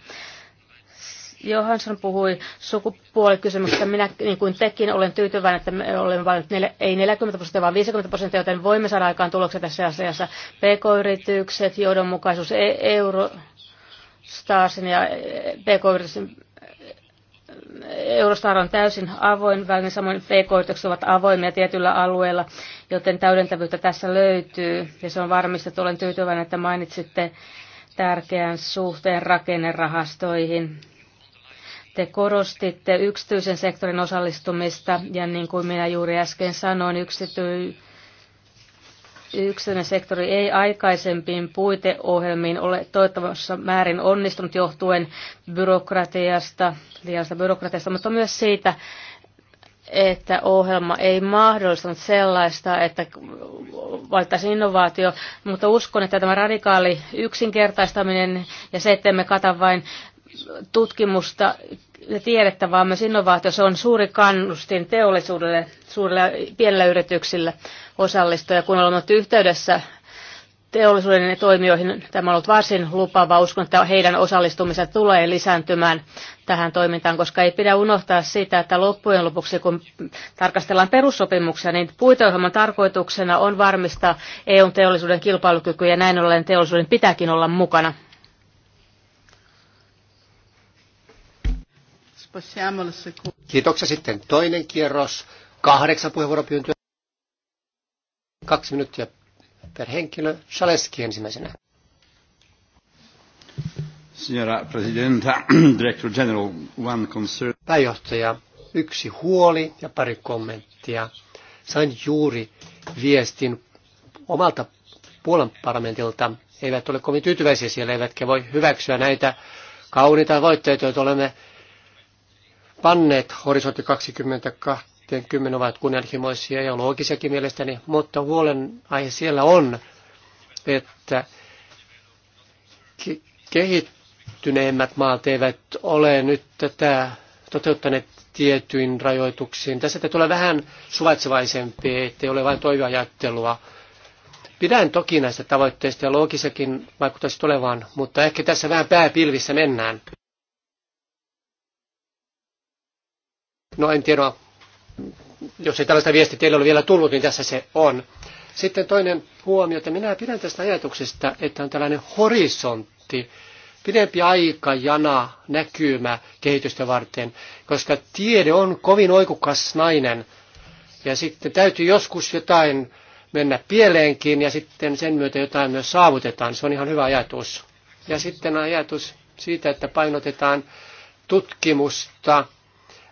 Johansson puhui sukupuolikysymyksestä. Minä, niin kuin tekin, olen tyytyväinen, että me olemme vain nel- ei 40 prosenttia, vaan 50 prosenttia, joten voimme saada aikaan tuloksia tässä asiassa. PK-yritykset, johdonmukaisuus, e- euro, ja PK-yritysten Eurostar on täysin avoin välinen samoin pk ovat avoimia tietyllä alueella, joten täydentävyyttä tässä löytyy. Ja se on että olen tyytyväinen, että mainitsitte tärkeän suhteen rakennerahastoihin. Te korostitte yksityisen sektorin osallistumista ja niin kuin minä juuri äsken sanoin, yksityinen yksityinen sektori ei aikaisempiin puiteohjelmiin ole toivottavassa määrin onnistunut johtuen byrokratiasta, liiallisesta byrokratiasta, mutta myös siitä, että ohjelma ei mahdollistanut sellaista, että valittaisiin innovaatio, mutta uskon, että tämä radikaali yksinkertaistaminen ja se, että emme kata vain tutkimusta ja tiedettä, vaan myös innovaatio. Se on suuri kannustin teollisuudelle, suurille pienillä yrityksillä osallistua. Ja kun olemme olleet yhteydessä teollisuuden toimijoihin, tämä on ollut varsin lupava. Uskon, että heidän osallistumisensa tulee lisääntymään tähän toimintaan, koska ei pidä unohtaa sitä, että loppujen lopuksi, kun tarkastellaan perussopimuksia, niin puiteohjelman tarkoituksena on varmistaa EUn teollisuuden kilpailukyky ja näin ollen teollisuuden pitääkin olla mukana. Kiitoksia. Sitten toinen kierros. Kahdeksan puheenvuoropyyntöä. Kaksi minuuttia per henkilö. Shaleski ensimmäisenä. Signora Presidenta, Director General, one concern. Pääjohtaja, yksi huoli ja pari kommenttia. Sain juuri viestin omalta Puolan parlamentilta. He eivät ole kovin tyytyväisiä siellä, eivätkä voi hyväksyä näitä kauniita voitteita, joita olemme panneet horisontti 2020 ovat kunnianhimoisia ja loogisiakin mielestäni, mutta huolenaihe siellä on, että kehittyneemmät maat eivät ole nyt tätä toteuttaneet tietyin rajoituksiin. Tässä te tulee vähän suvaitsevaisempi, ettei ole vain toiveajattelua. Pidän toki näistä tavoitteista ja loogisakin vaikuttaisi tulevaan, mutta ehkä tässä vähän pääpilvissä mennään. No en tiedä, jos ei tällaista viesti teille ole vielä tullut, niin tässä se on. Sitten toinen huomio, että minä pidän tästä ajatuksesta, että on tällainen horisontti, pidempi aika, jana, näkymä kehitystä varten, koska tiede on kovin oikukas nainen. Ja sitten täytyy joskus jotain mennä pieleenkin ja sitten sen myötä jotain myös saavutetaan. Se on ihan hyvä ajatus. Ja sitten ajatus siitä, että painotetaan tutkimusta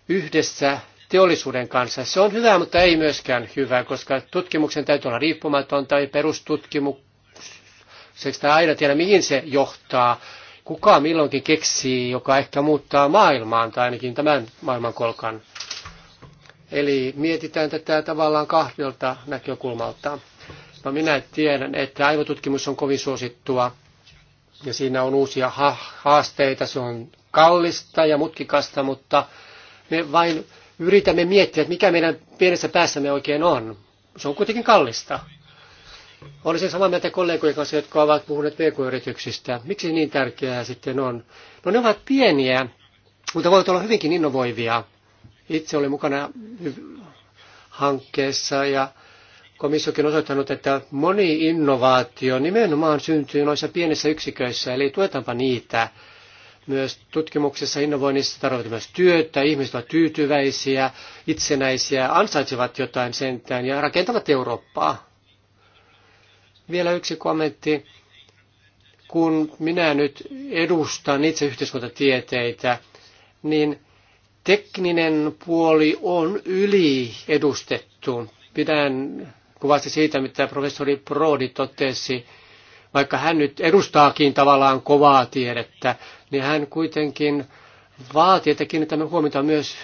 yhdessä teollisuuden kanssa. Se on hyvä, mutta ei myöskään hyvä, koska tutkimuksen täytyy olla riippumaton tai perustutkimuksesta aina tiedä, mihin se johtaa. Kuka milloinkin keksii, joka ehkä muuttaa maailmaan tai ainakin tämän maailman kolkan. Eli mietitään tätä tavallaan kahdelta näkökulmalta. No minä tiedän, että aivotutkimus on kovin suosittua ja siinä on uusia haasteita. Se on kallista ja mutkikasta, mutta me vain yritämme miettiä, että mikä meidän pienessä päässämme oikein on. Se on kuitenkin kallista. Olisin samaa mieltä kollegojen kanssa, jotka ovat puhuneet vk yrityksistä Miksi niin tärkeää sitten on? No ne ovat pieniä, mutta voivat olla hyvinkin innovoivia. Itse olin mukana hankkeessa ja komissiokin on osoittanut, että moni innovaatio nimenomaan syntyy noissa pienissä yksiköissä, eli tuetaanpa niitä myös tutkimuksessa innovoinnissa tarvitaan myös työtä, ihmiset ovat tyytyväisiä, itsenäisiä, ansaitsevat jotain sentään ja rakentavat Eurooppaa. Vielä yksi kommentti. Kun minä nyt edustan itse yhteiskuntatieteitä, niin tekninen puoli on yliedustettu. Pidän kuvasti siitä, mitä professori Prodi totesi vaikka hän nyt edustaakin tavallaan kovaa tiedettä, niin hän kuitenkin vaatii, että kiinnitämme huomiota myös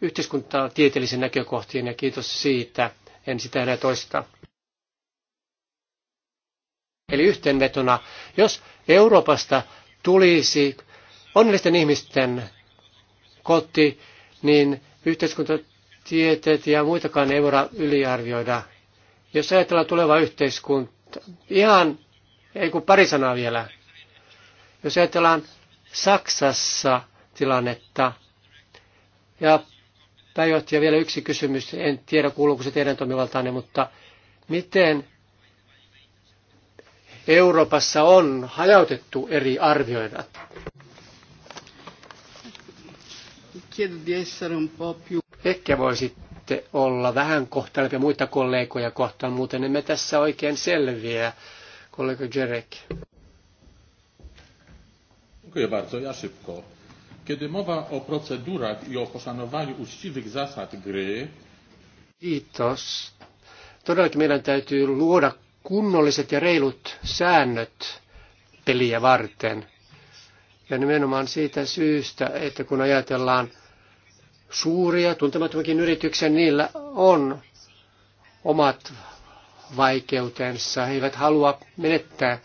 yhteiskuntatieteellisiin näkökohtiin ja kiitos siitä. En sitä enää toista. Eli yhteenvetona, jos Euroopasta tulisi onnellisten ihmisten koti, niin yhteiskuntatieteet ja muitakaan ei voida yliarvioida. Jos ajatellaan tuleva yhteiskunta ihan ei kun pari sanaa vielä. Jos ajatellaan Saksassa tilannetta, ja pääjohtaja vielä yksi kysymys, en tiedä kuuluuko se teidän toimivaltaanne, mutta miten Euroopassa on hajautettu eri arvioida? Ehkä voisitte olla vähän kohtailempi muita kollegoja kohtaan, muuten emme tässä oikein selviä kollega Jerek. Dziękuję bardzo. Ja szybko. Kiedy mowa o procedurach i o poszanowaniu uczciwych zasad gry... Kiitos. Todellakin meidän täytyy luoda kunnolliset ja reilut säännöt peliä varten. Ja nimenomaan siitä syystä, että kun ajatellaan suuria, tuntemattomakin yrityksen, niillä on omat vaikeutensa. He eivät halua menettää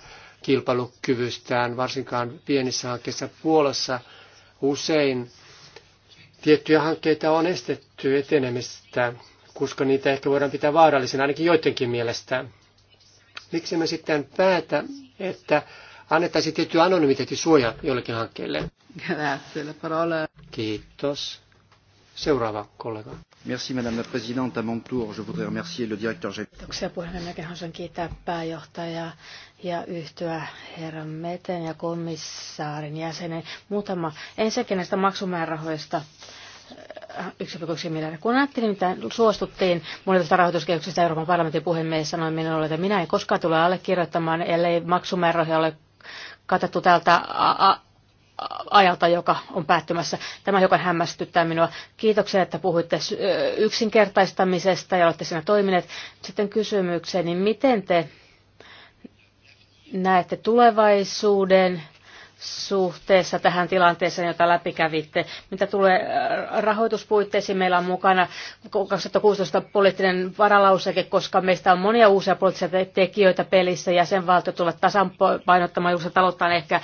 kilpailukyvystään, varsinkaan pienissä hankkeissa Puolassa usein tiettyjä hankkeita on estetty etenemistä, koska niitä ehkä voidaan pitää vaarallisena ainakin joidenkin mielestä. Miksi me sitten päätä, että annettaisiin tietty anonymiteettisuoja jollekin hankkeelle? Grazie, la parola. Kiitos. Seuraava kollega. Merci madame la présidente. À mon tour, je voudrais remercier le directeur Kiitoksia Haluaisin kiittää pääjohtajaa ja yhtyä herran Meten ja komissaarin jäsenen. Muutama ensinnäkin näistä maksumäärärahoista. 1,1 äh, miljardia. Kun ajattelin, mitä suostuttiin monilta rahoituskehyksistä Euroopan parlamentin puhemies sanoi minulle, että minä en koskaan tule allekirjoittamaan, ellei maksumäärärahoja ole katettu täältä ajalta, joka on päättymässä. Tämä joka hämmästyttää minua. Kiitoksia, että puhuitte yksinkertaistamisesta ja olette siinä toimineet. Sitten kysymykseen, niin miten te näette tulevaisuuden suhteessa tähän tilanteeseen, jota läpikävitte. Mitä tulee rahoituspuitteisiin, meillä on mukana 2016 poliittinen varalauseke, koska meistä on monia uusia poliittisia tekijöitä pelissä. Jäsenvaltiot tulevat tasapainottamaan julkista talouttaan ehkä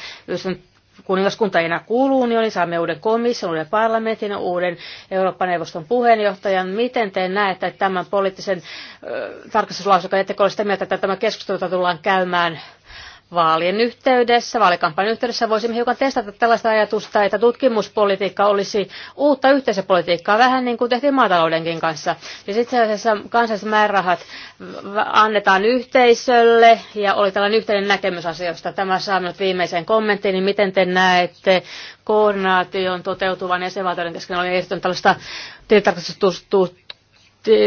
kuningaskunta ei enää kuulu unioniin, saamme uuden komission, uuden parlamentin, uuden Euroopan neuvoston puheenjohtajan. Miten te näette että tämän poliittisen äh, tarkastuslausekan, ettekö ole sitä mieltä, että tämä keskustelu tullaan käymään vaalien yhteydessä, vaalikampanjan yhteydessä voisimme hiukan testata tällaista ajatusta, että tutkimuspolitiikka olisi uutta yhteisöpolitiikkaa, vähän niin kuin tehtiin maataloudenkin kanssa. Siis itse asiassa kansalliset määrärahat annetaan yhteisölle ja oli tällainen yhteinen näkemys asioista. Tämä saa minut viimeiseen kommenttiin, niin miten te näette koordinaation toteutuvan jäsenvaltioiden kesken? oli tällaista tilintarkastustuomioistuimen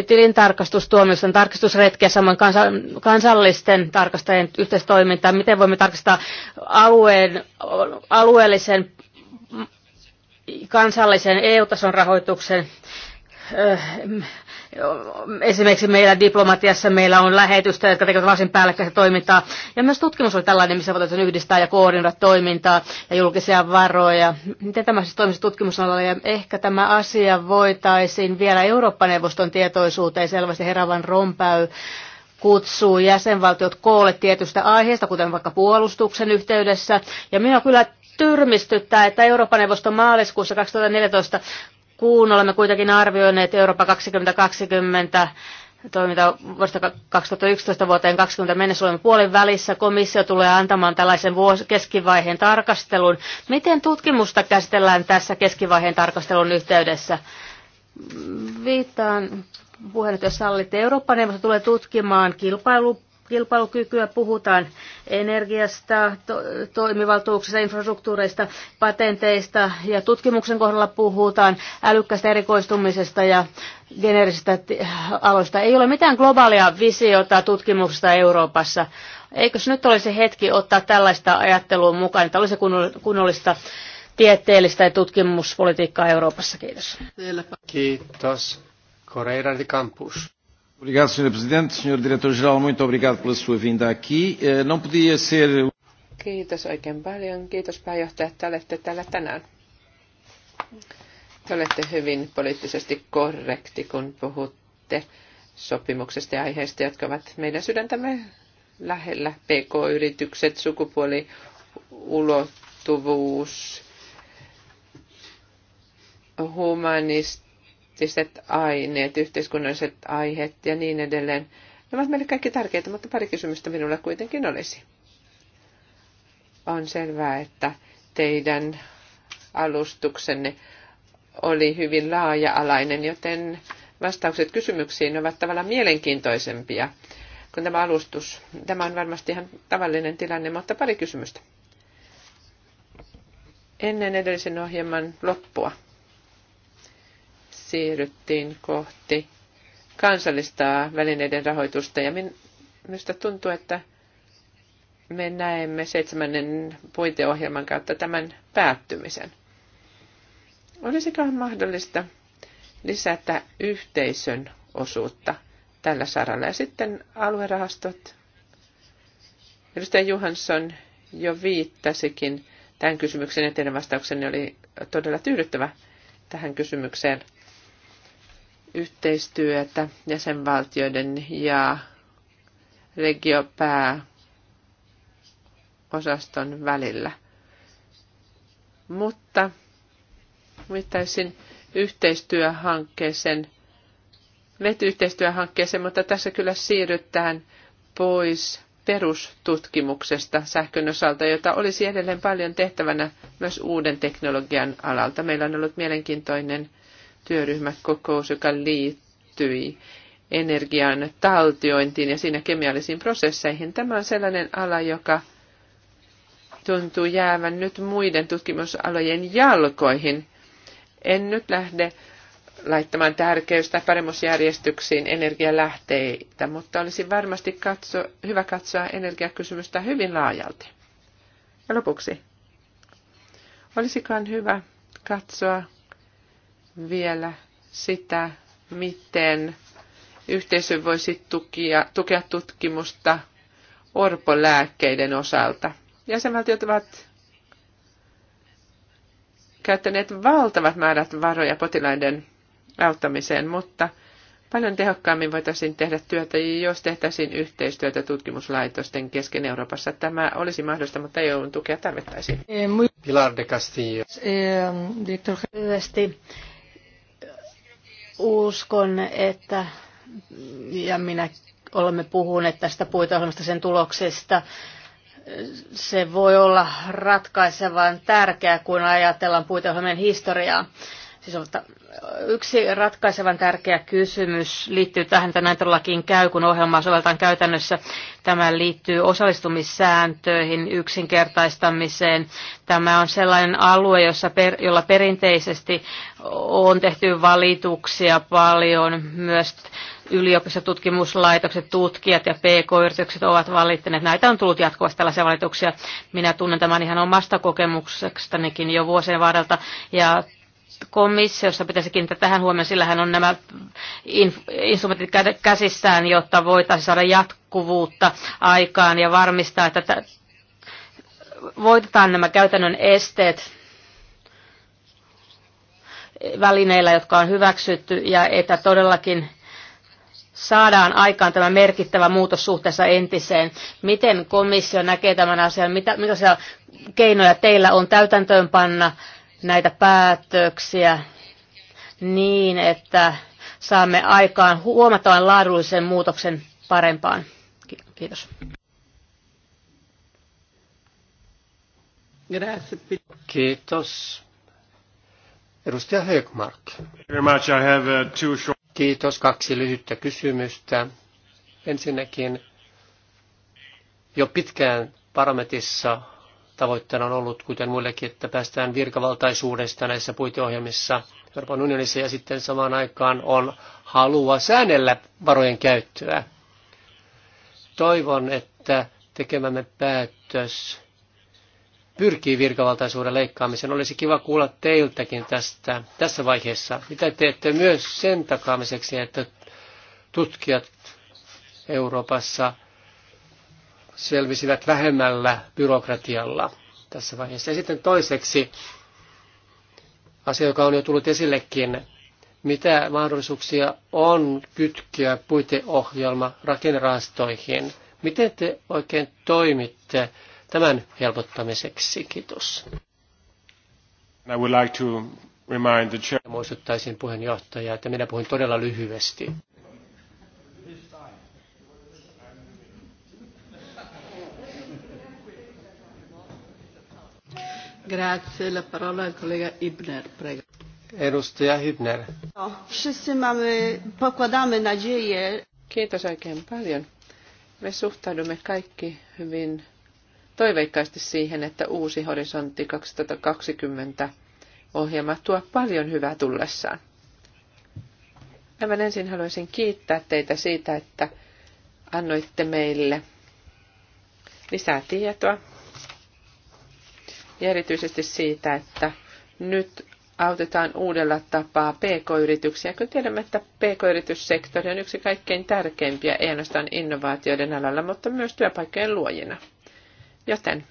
tilintarkastustuomioiden tarkastusretkiä, samoin kansallisten tarkastajien yhteistoimintaa, miten voimme tarkastaa alueen, alueellisen kansallisen EU-tason rahoituksen öö, Esimerkiksi meillä diplomatiassa meillä on lähetystä, jotka tekevät varsin päällekkäistä toimintaa. Ja myös tutkimus oli tällainen, missä voitaisiin yhdistää ja koordinoida toimintaa ja julkisia varoja. Miten tämä siis toimisi tutkimusalalla? Ja ehkä tämä asia voitaisiin vielä Eurooppa-neuvoston tietoisuuteen. Selvästi heravan rompäy kutsuu jäsenvaltiot koolle tietystä aiheesta, kuten vaikka puolustuksen yhteydessä. Ja minua kyllä tyrmistyttää, että Euroopan neuvosto maaliskuussa 2014 Kuun olemme kuitenkin arvioineet Eurooppa 2020 toiminta vuodesta 2011 vuoteen 2020 mennessä olemme puolin välissä. Komissio tulee antamaan tällaisen vuos- keskivaiheen tarkastelun. Miten tutkimusta käsitellään tässä keskivaiheen tarkastelun yhteydessä? Viittaan puheenjohtaja sallitte. Eurooppa-neuvosto tulee tutkimaan kilpailu kilpailukykyä, puhutaan energiasta, to, toimivaltuuksista, infrastruktuureista, patenteista ja tutkimuksen kohdalla puhutaan älykkästä erikoistumisesta ja generisistä aloista. Ei ole mitään globaalia visiota tutkimuksesta Euroopassa. Eikös nyt olisi hetki ottaa tällaista ajattelua mukaan, että olisi kunnollista tieteellistä ja tutkimuspolitiikkaa Euroopassa? Kiitos. Kiitos. Correira de Campus. Obrigado, Sr. Presidente. Sr. Diretor-Geral, muito obrigado pela sua vinda aqui. Eh, não podia ser... Kiitos oikein paljon. Kiitos pääjohtaja, että olette täällä tänään. Te olette hyvin poliittisesti korrekti, kun puhutte sopimuksesta ja aiheesta, jotka ovat meidän sydäntämme lähellä. PK-yritykset, sukupuoliulottuvuus, humanist poliittiset aineet, yhteiskunnalliset aiheet ja niin edelleen. Ne ovat meille kaikki tärkeitä, mutta pari kysymystä minulla kuitenkin olisi. On selvää, että teidän alustuksenne oli hyvin laaja-alainen, joten vastaukset kysymyksiin ovat tavallaan mielenkiintoisempia kuin tämä alustus. Tämä on varmasti ihan tavallinen tilanne, mutta pari kysymystä. Ennen edellisen ohjelman loppua siirryttiin kohti kansallista välineiden rahoitusta ja minusta tuntuu, että me näemme seitsemännen puiteohjelman kautta tämän päättymisen. Olisikohan mahdollista lisätä yhteisön osuutta tällä saralla? Ja sitten aluerahastot. Edustaja Johansson jo viittasikin tämän kysymyksen, eteenvastauksen, oli todella tyydyttävä tähän kysymykseen – yhteistyötä jäsenvaltioiden ja regiopääosaston välillä. Mutta viittaisin yhteistyöhankkeeseen, vetyyhteistyöhankkeeseen, mutta tässä kyllä siirrytään pois perustutkimuksesta sähkön osalta, jota olisi edelleen paljon tehtävänä myös uuden teknologian alalta. Meillä on ollut mielenkiintoinen työryhmäkokous, joka liittyi energian taltiointiin ja siinä kemiallisiin prosesseihin. Tämä on sellainen ala, joka tuntuu jäävän nyt muiden tutkimusalojen jalkoihin. En nyt lähde laittamaan tärkeys- tai paremmuusjärjestyksiin energialähteitä, mutta olisi varmasti katso, hyvä katsoa energiakysymystä hyvin laajalti. Ja lopuksi, olisikaan hyvä katsoa vielä sitä, miten yhteisö voisi tukia, tukea tutkimusta orpolääkkeiden osalta. Jäsenvaltiot ovat käyttäneet valtavat määrät varoja potilaiden auttamiseen, mutta paljon tehokkaammin voitaisiin tehdä työtä, jos tehtäisiin yhteistyötä tutkimuslaitosten kesken Euroopassa. Tämä olisi mahdollista, mutta eu tukea tarvittaisiin. Eh, Pilar de Castillo. Eh, mm, Lyhyesti Uskon, että ja minä olemme puhuneet tästä puitohjelmasta sen tuloksesta. Se voi olla ratkaisevan tärkeää, kun ajatellaan puiteohjelmien historiaa. Siis yksi ratkaisevan tärkeä kysymys liittyy tähän, että näin todellakin käy, kun ohjelmaa sovelletaan käytännössä. Tämä liittyy osallistumissääntöihin, yksinkertaistamiseen. Tämä on sellainen alue, jossa per, jolla perinteisesti on tehty valituksia paljon. Myös yliopistotutkimuslaitokset, tutkijat ja PK-yritykset ovat valittaneet. Näitä on tullut jatkuvasti tällaisia valituksia. Minä tunnen tämän ihan omasta kokemuksestanikin jo vuosien varrelta ja komissiossa pitäisi kiinnittää tähän huomioon, sillä hän on nämä instrumentit käsissään, jotta voitaisiin saada jatkuvuutta aikaan ja varmistaa, että voitetaan nämä käytännön esteet välineillä, jotka on hyväksytty ja että todellakin saadaan aikaan tämä merkittävä muutos suhteessa entiseen. Miten komissio näkee tämän asian? Mitä, mitä keinoja teillä on täytäntöönpanna panna? näitä päätöksiä niin, että saamme aikaan huomattavan laadullisen muutoksen parempaan. Kiitos. Kiitos. Edustaja Högmark. Uh, kiitos. Kaksi lyhyttä kysymystä. Ensinnäkin jo pitkään parametissa tavoitteena on ollut, kuten muillekin, että päästään virkavaltaisuudesta näissä puiteohjelmissa Euroopan unionissa ja sitten samaan aikaan on halua säännellä varojen käyttöä. Toivon, että tekemämme päätös pyrkii virkavaltaisuuden leikkaamiseen. Olisi kiva kuulla teiltäkin tästä, tässä vaiheessa. Mitä teette myös sen takaamiseksi, että tutkijat Euroopassa – selvisivät vähemmällä byrokratialla tässä vaiheessa. Ja sitten toiseksi asia, joka on jo tullut esillekin, mitä mahdollisuuksia on kytkeä puiteohjelma rakennerahastoihin. Miten te oikein toimitte tämän helpottamiseksi? Kiitos. I would like to remind the chair. Muistuttaisin puheenjohtajaa, että minä puhun todella lyhyesti. Grazie, la parola al collega Ibner, prego. Edustaja Hybner. No, wszyscy mamy, pokładamy nadzieję. Kiitos oikein paljon. Me suhtaudumme kaikki hyvin toiveikkaasti siihen, että uusi horisontti 2020 ohjelma tuo paljon hyvää tullessaan. Aivan ensin haluaisin kiittää teitä siitä, että annoitte meille lisää tietoa ja erityisesti siitä, että nyt autetaan uudella tapaa pk-yrityksiä, kun tiedämme, että pk-yrityssektori on yksi kaikkein tärkeimpiä, ei ainoastaan innovaatioiden alalla, mutta myös työpaikkojen luojina. Joten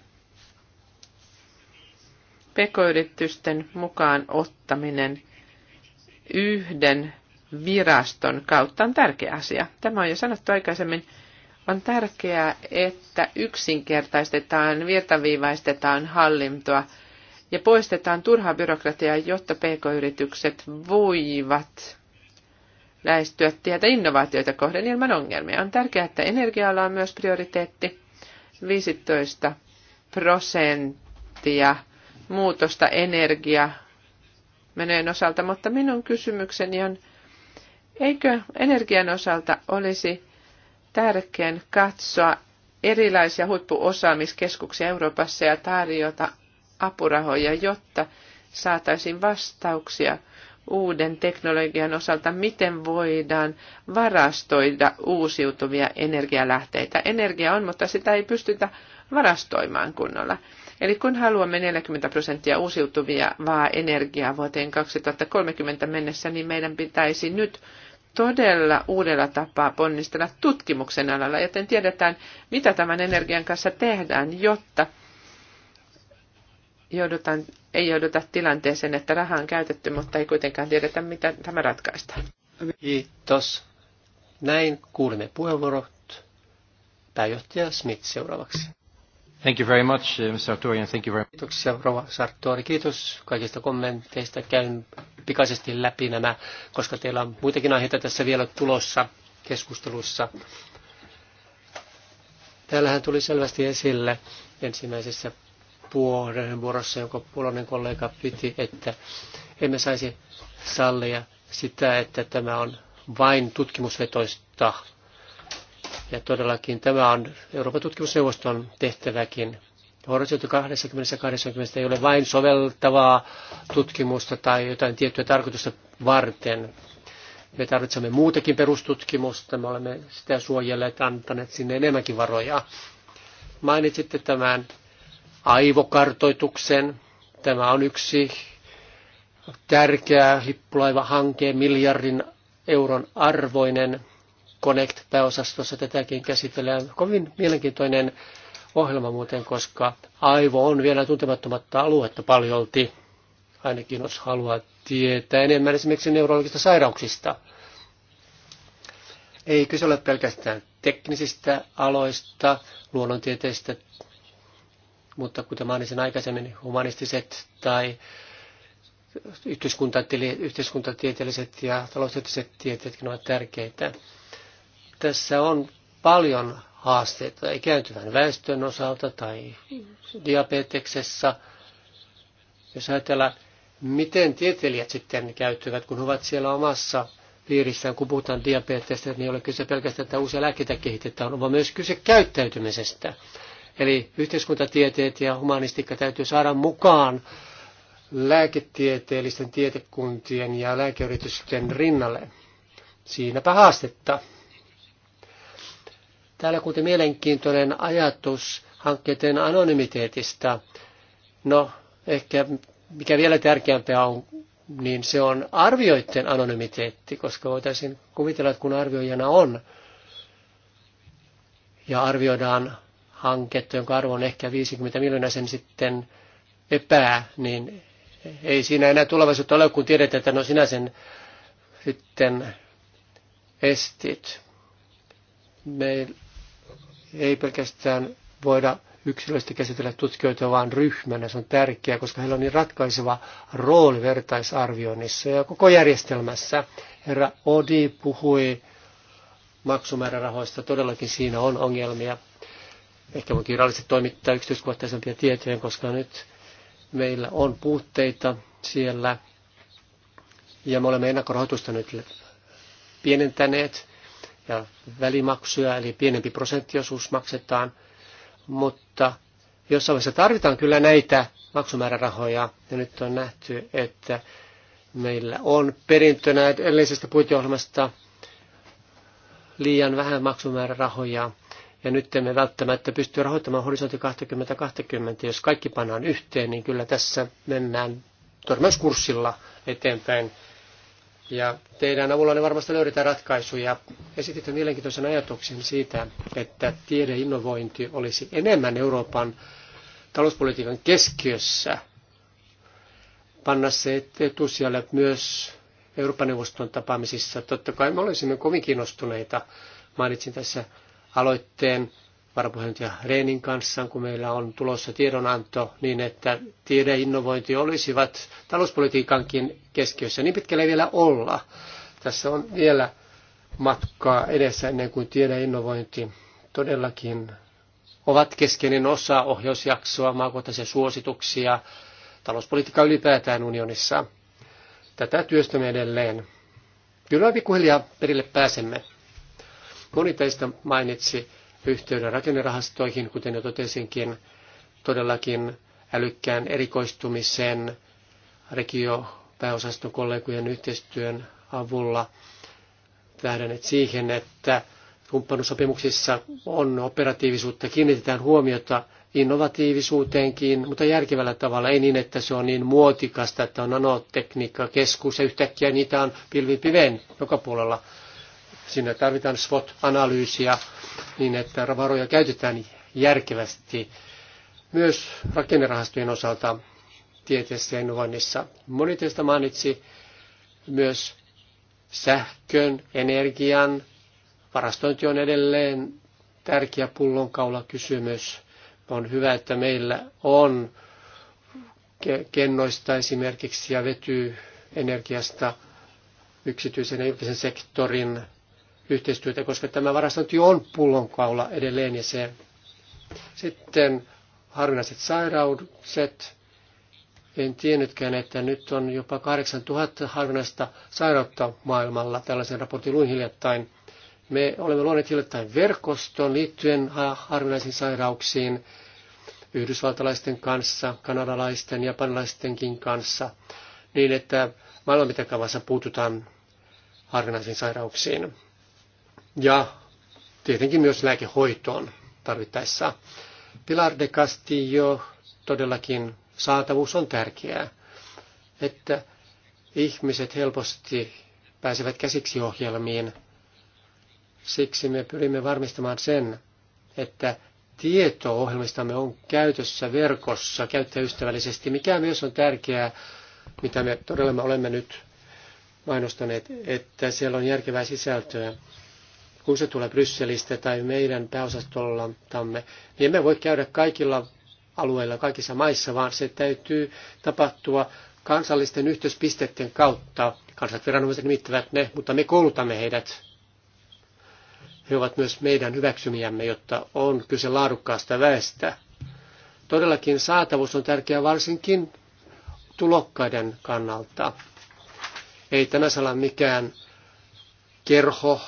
pk-yritysten mukaan ottaminen yhden viraston kautta on tärkeä asia. Tämä on jo sanottu aikaisemmin. On tärkeää, että yksinkertaistetaan, virtaviivaistetaan hallintoa ja poistetaan turhaa byrokratiaa, jotta pk-yritykset voivat lähestyä tietä innovaatioita kohden ilman ongelmia. On tärkeää, että energiaala on myös prioriteetti. 15 prosenttia muutosta energia menojen osalta, mutta minun kysymykseni on, eikö energian osalta olisi tärkeän katsoa erilaisia huippuosaamiskeskuksia Euroopassa ja tarjota apurahoja, jotta saataisiin vastauksia uuden teknologian osalta, miten voidaan varastoida uusiutuvia energialähteitä. Energia on, mutta sitä ei pystytä varastoimaan kunnolla. Eli kun haluamme 40 prosenttia uusiutuvia vaa energiaa vuoteen 2030 mennessä, niin meidän pitäisi nyt todella uudella tapaa ponnistella tutkimuksen alalla, joten tiedetään, mitä tämän energian kanssa tehdään, jotta joudutaan, ei jouduta tilanteeseen, että rahaa on käytetty, mutta ei kuitenkaan tiedetä, mitä tämä ratkaistaan. Kiitos. Näin kuulemme puheenvuorot. Pääjohtaja Smith seuraavaksi. Thank you very much, uh, Mr. and thank you very much. Kiitoksia, Rova Sartori. Kiitos kaikista kommenteista. Käyn pikaisesti läpi nämä, koska teillä on muitakin aiheita tässä vielä tulossa keskustelussa. Täällähän tuli selvästi esille ensimmäisessä puheenvuorossa, jonka puolonen kollega piti, että emme saisi sallia sitä, että tämä on vain tutkimusvetoista ja todellakin tämä on Euroopan tutkimusneuvoston tehtäväkin. Horisontti 2080 ei ole vain soveltavaa tutkimusta tai jotain tiettyä tarkoitusta varten. Me tarvitsemme muutakin perustutkimusta, me olemme sitä suojelleet, antaneet sinne enemmänkin varoja. Mainitsitte tämän aivokartoituksen. Tämä on yksi tärkeä hippulaivahanke, miljardin euron arvoinen. Connect-pääosastossa tätäkin käsitellään. Kovin mielenkiintoinen ohjelma muuten, koska aivo on vielä tuntemattomatta aluetta paljolti, ainakin jos haluaa tietää enemmän esimerkiksi neurologisista sairauksista. Ei kyse ole pelkästään teknisistä aloista, luonnontieteistä, mutta kuten mainitsin aikaisemmin, humanistiset tai yhteiskuntatieteelliset ja taloustieteelliset tieteetkin ovat tärkeitä tässä on paljon haasteita ikääntyvän väestön osalta tai diabeteksessa. Jos ajatellaan, miten tieteilijät sitten käyttävät, kun he ovat siellä omassa piirissään, kun puhutaan diabeteksesta, niin ei ole kyse pelkästään, että uusia lääkkeitä kehitetään, vaan myös kyse käyttäytymisestä. Eli yhteiskuntatieteet ja humanistiikka täytyy saada mukaan lääketieteellisten tietekuntien ja lääkeyritysten rinnalle. Siinäpä haastetta. Täällä kuultiin mielenkiintoinen ajatus hankkeiden anonymiteetista. No, ehkä mikä vielä tärkeämpää on, niin se on arvioiden anonymiteetti, koska voitaisiin kuvitella, että kun arvioijana on ja arvioidaan hanketta, jonka arvo on ehkä 50 miljoonaa, sen sitten epää, niin ei siinä enää tulevaisuutta ole, kun tiedetään, että no sinä sen sitten estit. Meillä ei pelkästään voida yksilöistä käsitellä tutkijoita, vaan ryhmänä. Se on tärkeää, koska heillä on niin ratkaiseva rooli vertaisarvioinnissa ja koko järjestelmässä. Herra Odi puhui maksumäärärahoista. Todellakin siinä on ongelmia. Ehkä voin kirjallisesti toimittaa yksityiskohtaisempia tietoja, koska nyt meillä on puutteita siellä. Ja me olemme ennakkorahoitusta nyt pienentäneet ja välimaksuja, eli pienempi prosenttiosuus maksetaan, mutta jossain vaiheessa tarvitaan kyllä näitä maksumäärärahoja, ja nyt on nähty, että meillä on perintönä edellisestä puitiohjelmasta liian vähän maksumäärärahoja, ja nyt emme välttämättä pysty rahoittamaan horisontti 2020. Jos kaikki pannaan yhteen, niin kyllä tässä mennään törmäyskurssilla eteenpäin ja teidän avullanne varmasti löydetään ratkaisuja. Esititte mielenkiintoisen ajatuksen siitä, että tiedeinnovointi olisi enemmän Euroopan talouspolitiikan keskiössä. Panna se etusijalle myös Euroopan neuvoston tapaamisissa. Totta kai me olisimme kovin kiinnostuneita. Mainitsin tässä aloitteen varapuheenjohtaja Reenin kanssa, kun meillä on tulossa tiedonanto, niin että tiede ja innovointi olisivat talouspolitiikankin keskiössä. Niin pitkälle ei vielä olla. Tässä on vielä matkaa edessä ennen kuin tiede ja innovointi todellakin ovat keskeinen osa ohjausjaksoa, maakohtaisia suosituksia, talouspolitiikka ylipäätään unionissa. Tätä työstämme edelleen. Kyllä pikkuhiljaa perille pääsemme. Moni teistä mainitsi yhteyden rakennerahastoihin, kuten jo totesinkin, todellakin älykkään erikoistumisen, regiopääosaston kollegojen yhteistyön avulla tähdänneet siihen, että kumppanuussopimuksissa on operatiivisuutta, kiinnitetään huomiota innovatiivisuuteenkin, mutta järkevällä tavalla, ei niin, että se on niin muotikasta, että on nanotekniikkakeskus ja yhtäkkiä niitä on pilvipiven joka puolella Siinä tarvitaan SWOT-analyysiä niin, että varoja käytetään järkevästi myös rakennerahastojen osalta tieteessä ja innovoinnissa. Moni teistä mainitsi myös sähkön, energian, varastointi on edelleen tärkeä pullonkaula kysymys. On hyvä, että meillä on kennoista esimerkiksi ja vetyenergiasta yksityisen ja julkisen sektorin yhteistyötä, koska tämä varastointi on pullonkaula edelleen ja se. Sitten harvinaiset sairaudet. En tiennytkään, että nyt on jopa 8000 harvinaista sairautta maailmalla. Tällaisen raportin luin hiljattain. Me olemme luoneet hiljattain verkoston liittyen harvinaisiin sairauksiin yhdysvaltalaisten kanssa, kanadalaisten, japanilaistenkin kanssa, niin että maailman mittakaavassa puututaan harvinaisiin sairauksiin ja tietenkin myös lääkehoitoon tarvittaessa. Pilar de Castillo, todellakin saatavuus on tärkeää, että ihmiset helposti pääsevät käsiksi ohjelmiin. Siksi me pyrimme varmistamaan sen, että tieto ohjelmistamme on käytössä verkossa käyttäjäystävällisesti, mikä myös on tärkeää, mitä me todella olemme nyt mainostaneet, että siellä on järkevää sisältöä kun se tulee Brysselistä tai meidän pääosastollamme, niin emme voi käydä kaikilla alueilla, kaikissa maissa, vaan se täytyy tapahtua kansallisten yhteyspisteiden kautta. Kansalliset viranomaiset nimittävät ne, mutta me koulutamme heidät. He ovat myös meidän hyväksymiämme, jotta on kyse laadukkaasta väestä. Todellakin saatavuus on tärkeää varsinkin tulokkaiden kannalta. Ei tänä sala mikään kerho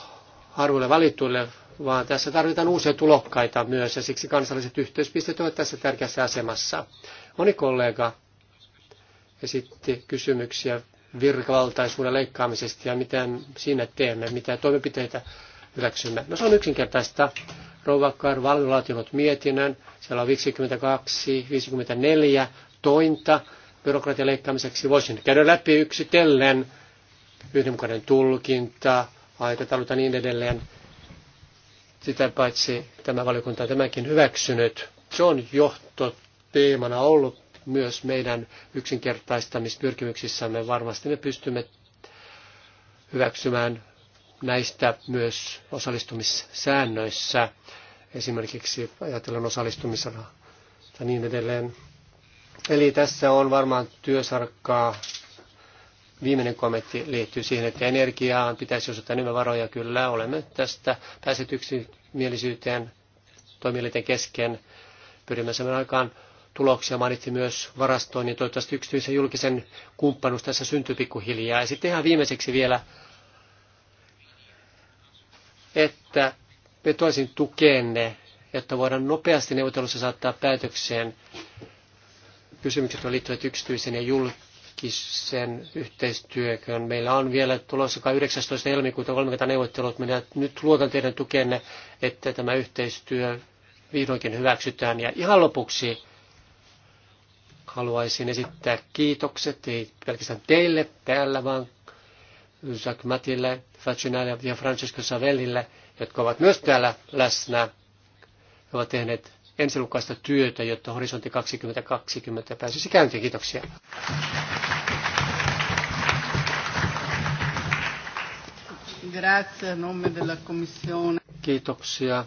harvoille valituille, vaan tässä tarvitaan uusia tulokkaita myös ja siksi kansalliset yhteyspisteet ovat tässä tärkeässä asemassa. Moni kollega esitti kysymyksiä virkavaltaisuuden leikkaamisesta ja mitä siinä teemme, mitä toimenpiteitä hyväksymme. No se on yksinkertaista. Rouva Karvalli on laatinut mietinnön. Siellä on 52-54 tointa byrokratian leikkaamiseksi. Voisin käydä läpi yksitellen yhdenmukainen tulkinta, aikataulut ja niin edelleen. Sitä paitsi tämä valiokunta on tämänkin hyväksynyt. Se on johtoteemana ollut myös meidän yksinkertaistamispyrkimyksissämme. Varmasti me pystymme hyväksymään näistä myös osallistumissäännöissä, esimerkiksi ajatellen osallistumisena ja niin edelleen. Eli tässä on varmaan työsarkkaa viimeinen kommentti liittyy siihen, että energiaan pitäisi osoittaa enemmän varoja. Kyllä olemme tästä päässeet yksimielisyyteen toimielinten kesken. Pyrimme saman aikaan tuloksia. Mainitsin myös varastoinnin. Toivottavasti yksityisen ja julkisen kumppanuus tässä syntyy pikkuhiljaa. Ja sitten ihan viimeiseksi vielä, että vetoisin tukeenne, jotta voidaan nopeasti neuvotelussa saattaa päätökseen kysymykset, jotka liittyvät yksityisen ja julkisen arkisen yhteistyökön. Meillä on vielä tulossa 19. helmikuuta 30 neuvottelut. Minä nyt luotan teidän tukenne, että tämä yhteistyö vihdoinkin hyväksytään. Ja ihan lopuksi haluaisin esittää kiitokset, ei pelkästään teille täällä, vaan Jacques Matille, Facinale ja Francesco Savellille, jotka ovat myös täällä läsnä. He ovat tehneet ensilukaista työtä, jotta horisontti 2020 pääsisi käyntiin. Kiitoksia. Grazie, nome della commissione. Kiitoksia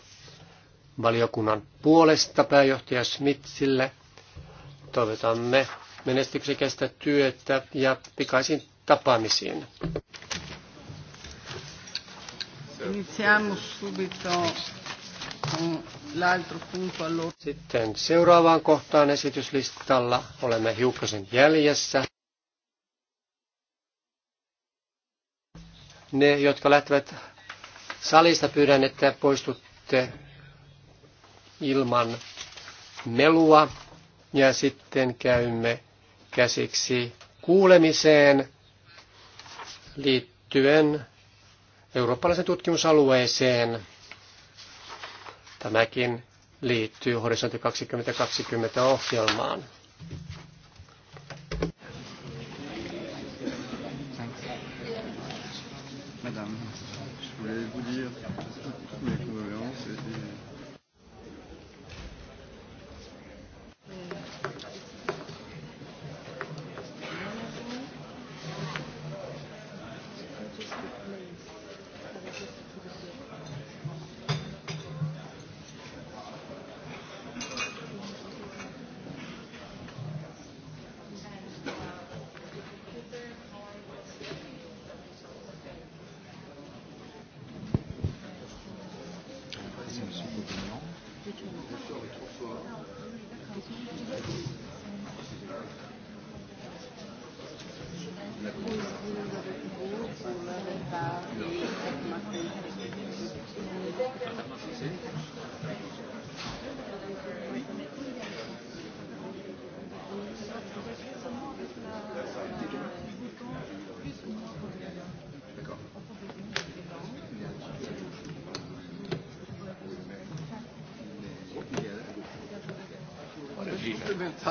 valiokunnan puolesta pääjohtaja Smitsille. Toivotamme menestyksekästä työtä ja pikaisiin tapaamisiin. Iniziamo subito con sitten seuraavaan kohtaan esityslistalla olemme hiukkasen jäljessä. Ne, jotka lähtevät salista, pyydän, että poistutte ilman melua. Ja sitten käymme käsiksi kuulemiseen liittyen eurooppalaisen tutkimusalueeseen. Tämäkin liittyy Horisontti 2020 ohjelmaan. je voulais vous dire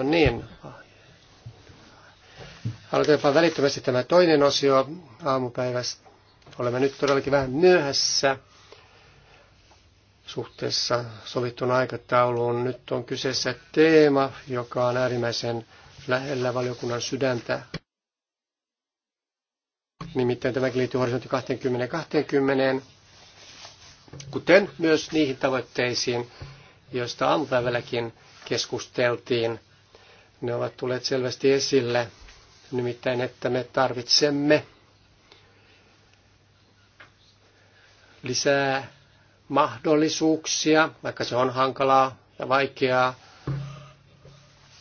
No niin. Aloitetaanpa välittömästi tämä toinen osio aamupäivästä. Olemme nyt todellakin vähän myöhässä suhteessa sovittuun aikatauluun. Nyt on kyseessä teema, joka on äärimmäisen lähellä valiokunnan sydäntä. Nimittäin tämäkin liittyy horisontti 2020, kuten myös niihin tavoitteisiin, joista aamupäivälläkin keskusteltiin ne ovat tulleet selvästi esille, nimittäin että me tarvitsemme lisää mahdollisuuksia, vaikka se on hankalaa ja vaikeaa,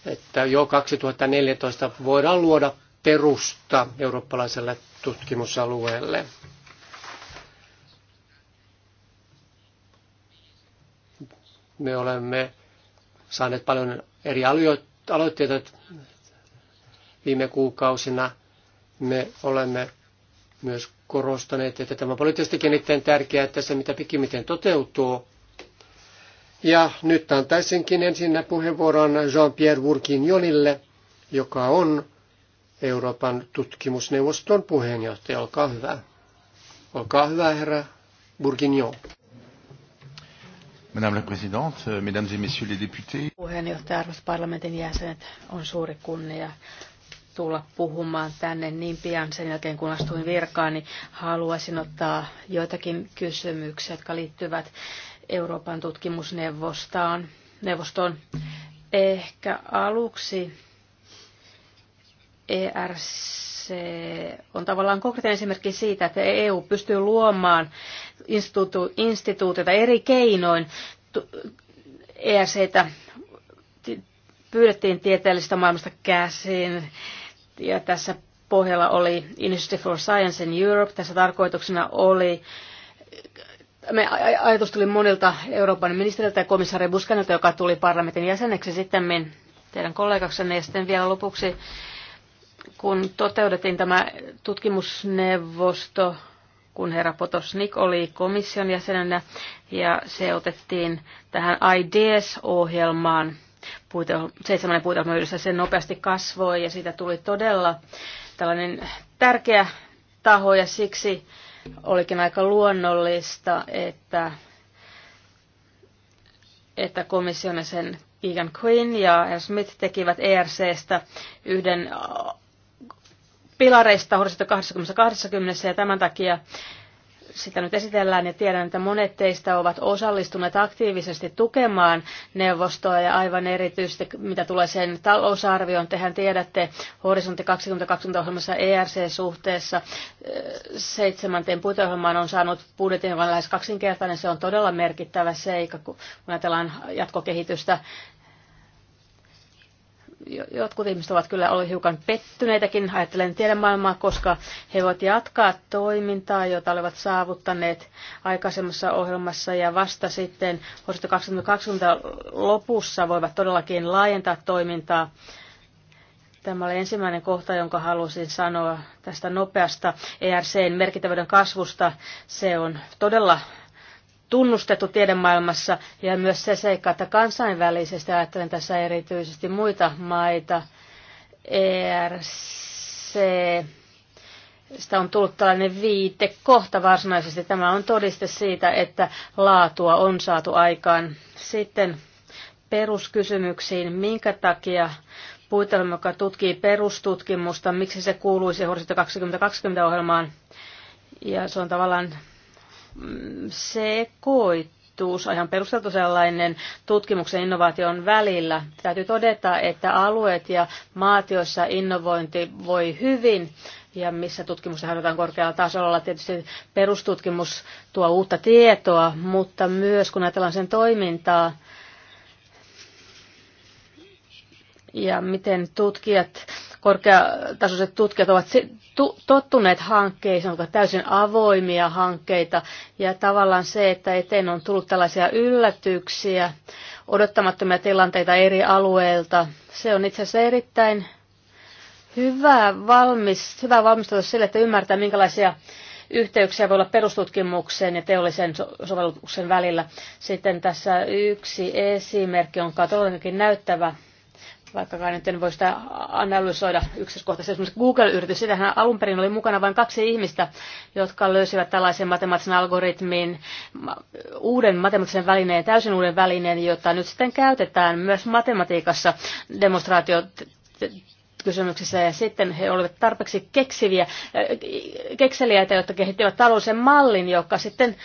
että jo 2014 voidaan luoda perusta eurooppalaiselle tutkimusalueelle. Me olemme saaneet paljon eri aloitteita viime kuukausina. Me olemme myös korostaneet, että tämä on poliittisestikin erittäin tärkeää, että se mitä pikimmiten toteutuu. Ja nyt antaisinkin ensin puheenvuoron Jean-Pierre Bourguignolille, joka on Euroopan tutkimusneuvoston puheenjohtaja. Olkaa hyvä. Olkaa hyvä, herra Bourguignon. Madame la Présidente, euh, Mesdames et Messieurs les députés. Puheenjohtaja, arvoisat parlamentin jäsenet, on suuri kunnia tulla puhumaan tänne niin pian sen jälkeen, kun astuin virkaan, niin haluaisin ottaa joitakin kysymyksiä, jotka liittyvät Euroopan tutkimusneuvostoon. Neuvoston ehkä aluksi ERC se on tavallaan konkreettinen esimerkki siitä, että EU pystyy luomaan instituutioita eri keinoin. ERCtä pyydettiin tieteellistä maailmasta käsin ja tässä pohjalla oli Institute for Science in Europe. Tässä tarkoituksena oli me ajatus tuli monilta Euroopan ministeriltä ja komissaari Buskanilta, joka tuli parlamentin jäseneksi sitten teidän kollegaksenne. Ja sitten vielä lopuksi kun toteutettiin tämä tutkimusneuvosto, kun herra Potosnik oli komission jäsenenä, ja se otettiin tähän ids ohjelmaan puite, seitsemännen yhdessä se nopeasti kasvoi, ja siitä tuli todella tällainen tärkeä taho, ja siksi olikin aika luonnollista, että, että komission sen Egan Quinn ja Smith tekivät ERCstä yhden pilareista horisontti 2020 ja tämän takia sitä nyt esitellään ja tiedän, että monet teistä ovat osallistuneet aktiivisesti tukemaan neuvostoa ja aivan erityisesti mitä tulee sen talousarvioon. Tehän tiedätte Horisontti 2020 ohjelmassa ERC-suhteessa eh, seitsemänteen puiteohjelmaan on saanut budjetin, vain lähes kaksinkertainen. Se on todella merkittävä seikka, kun ajatellaan jatkokehitystä jotkut ihmiset ovat kyllä olleet hiukan pettyneitäkin, ajattelen tiedemaailmaa, koska he voivat jatkaa toimintaa, jota olivat saavuttaneet aikaisemmassa ohjelmassa ja vasta sitten vuosi 2020 lopussa voivat todellakin laajentaa toimintaa. Tämä oli ensimmäinen kohta, jonka halusin sanoa tästä nopeasta ERCn merkittävyyden kasvusta. Se on todella tunnustettu tiedemaailmassa ja myös se seikka, että kansainvälisesti ajattelen tässä erityisesti muita maita, ERC, sitä on tullut tällainen viite kohta varsinaisesti. Tämä on todiste siitä, että laatua on saatu aikaan. Sitten peruskysymyksiin, minkä takia puitelma, joka tutkii perustutkimusta, miksi se kuuluisi Horisontti 2020-ohjelmaan. Ja se on tavallaan sekoittuus, ihan perusteltu sellainen tutkimuksen innovaation välillä. Täytyy todeta, että alueet ja maat, joissa innovointi voi hyvin, ja missä tutkimusta harjoitetaan korkealla tasolla. Tietysti perustutkimus tuo uutta tietoa, mutta myös kun ajatellaan sen toimintaa ja miten tutkijat korkeatasoiset tutkijat ovat tottuneet hankkeisiin, ovat täysin avoimia hankkeita. Ja tavallaan se, että eteen on tullut tällaisia yllätyksiä, odottamattomia tilanteita eri alueilta, se on itse asiassa erittäin hyvä, valmis, hyvä valmistelu sille, että ymmärtää minkälaisia yhteyksiä voi olla perustutkimukseen ja teollisen sovelluksen välillä. Sitten tässä yksi esimerkki on todellakin näyttävä kai nyt en voi sitä analysoida yksityiskohtaisesti. Esimerkiksi Google-yritys, sitähän alun perin oli mukana vain kaksi ihmistä, jotka löysivät tällaisen matemaattisen algoritmin, uuden matemaattisen välineen, täysin uuden välineen, jota nyt sitten käytetään myös matematiikassa demonstraatio kysymyksissä ja sitten he olivat tarpeeksi keksiviä, äh, kekseliäitä, jotka kehittivät taloudellisen mallin, joka sitten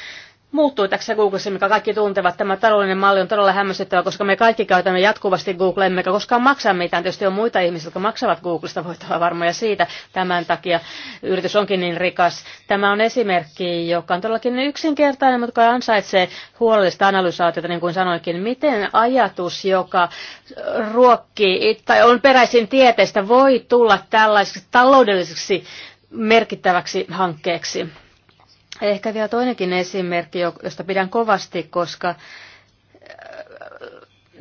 muuttui tässä Googlessa, mikä kaikki tuntevat. Tämä taloudellinen malli on todella hämmästyttävä, koska me kaikki käytämme jatkuvasti Googlea, emmekä koskaan maksa mitään. Tietysti on muita ihmisiä, jotka maksavat Googlesta, voit olla varmoja siitä. Tämän takia yritys onkin niin rikas. Tämä on esimerkki, joka on todellakin yksinkertainen, mutta joka ansaitsee huolellista analysaatiota, niin kuin sanoinkin. Miten ajatus, joka ruokkii tai on peräisin tieteestä, voi tulla tällaiseksi taloudelliseksi merkittäväksi hankkeeksi? Ehkä vielä toinenkin esimerkki, josta pidän kovasti, koska äh,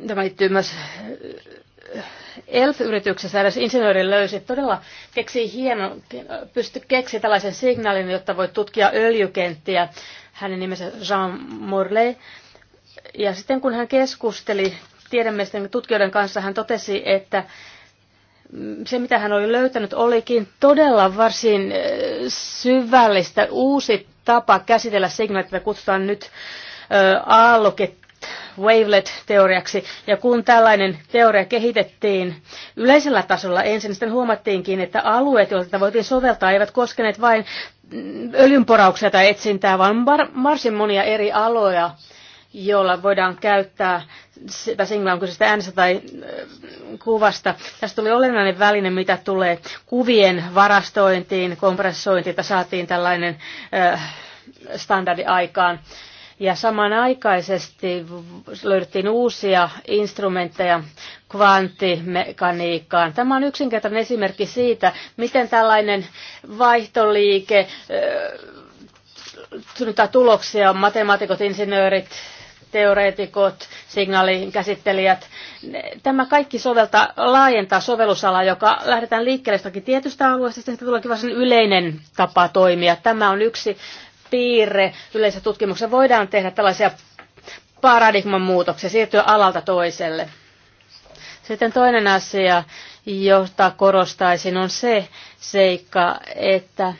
tämä liittyy myös äh, ELF-yrityksessä edes insinööri löysi todella keksi hieno, pysty keksi tällaisen signaalin, jotta voi tutkia öljykenttiä. Hänen nimensä Jean Morley. Ja sitten kun hän keskusteli tiedemiesten tutkijoiden kanssa, hän totesi, että se, mitä hän oli löytänyt, olikin todella varsin äh, syvällistä uusi, tapa käsitellä signaalit, jota kutsutaan nyt aalloket wavelet-teoriaksi. Ja kun tällainen teoria kehitettiin yleisellä tasolla ensin, sitten huomattiinkin, että alueet, joita tätä voitiin soveltaa, eivät koskeneet vain öljynporauksia tai etsintää, vaan varsin monia eri aloja, joilla voidaan käyttää sitä signaalia, onko se sitä äänestä tai kuvasta. Tästä tuli olennainen väline, mitä tulee kuvien varastointiin, kompressointiin, että saatiin tällainen standardi aikaan. Ja samanaikaisesti löydettiin uusia instrumentteja kvanttimekaniikkaan. Tämä on yksinkertainen esimerkki siitä, miten tällainen vaihtoliike tuloksia, matemaatikot, insinöörit, teoreetikot, signaalin käsittelijät. Tämä kaikki soveltaa, laajentaa sovellusalaa, joka lähdetään liikkeelle jostakin tietystä alueesta, sitten tuleekin varsin yleinen tapa toimia. Tämä on yksi piirre yleisessä tutkimuksessa. Voidaan tehdä tällaisia paradigman muutoksia, siirtyä alalta toiselle. Sitten toinen asia, jota korostaisin, on se seikka, että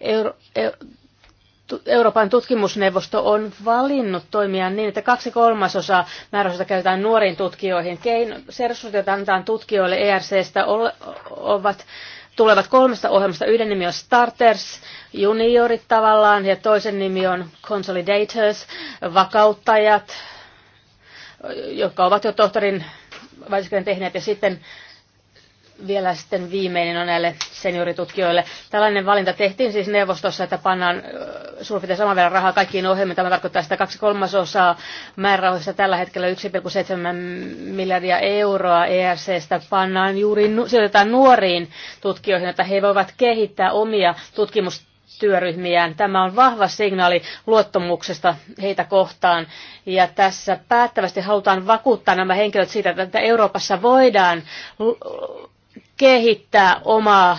euro, euro, Euroopan tutkimusneuvosto on valinnut toimia niin, että kaksi kolmasosaa määräosasta käytetään nuoriin tutkijoihin. Kein, se resurssit, joita annetaan tutkijoille ERCstä, ovat tulevat kolmesta ohjelmasta. Yhden nimi on Starters, juniorit tavallaan, ja toisen nimi on Consolidators, vakauttajat, jotka ovat jo tohtorin väisikön tehneet, ja sitten vielä sitten viimeinen on näille senioritutkijoille. Tällainen valinta tehtiin siis neuvostossa, että pannaan suurin saman verran rahaa kaikkiin ohjelmiin. Tämä tarkoittaa sitä kaksi kolmasosaa määrärahoista tällä hetkellä 1,7 miljardia euroa ERCstä pannaan juuri, sijoitetaan nuoriin tutkijoihin, että he voivat kehittää omia tutkimus työryhmiään. Tämä on vahva signaali luottamuksesta heitä kohtaan. Ja tässä päättävästi halutaan vakuuttaa nämä henkilöt siitä, että Euroopassa voidaan kehittää omaa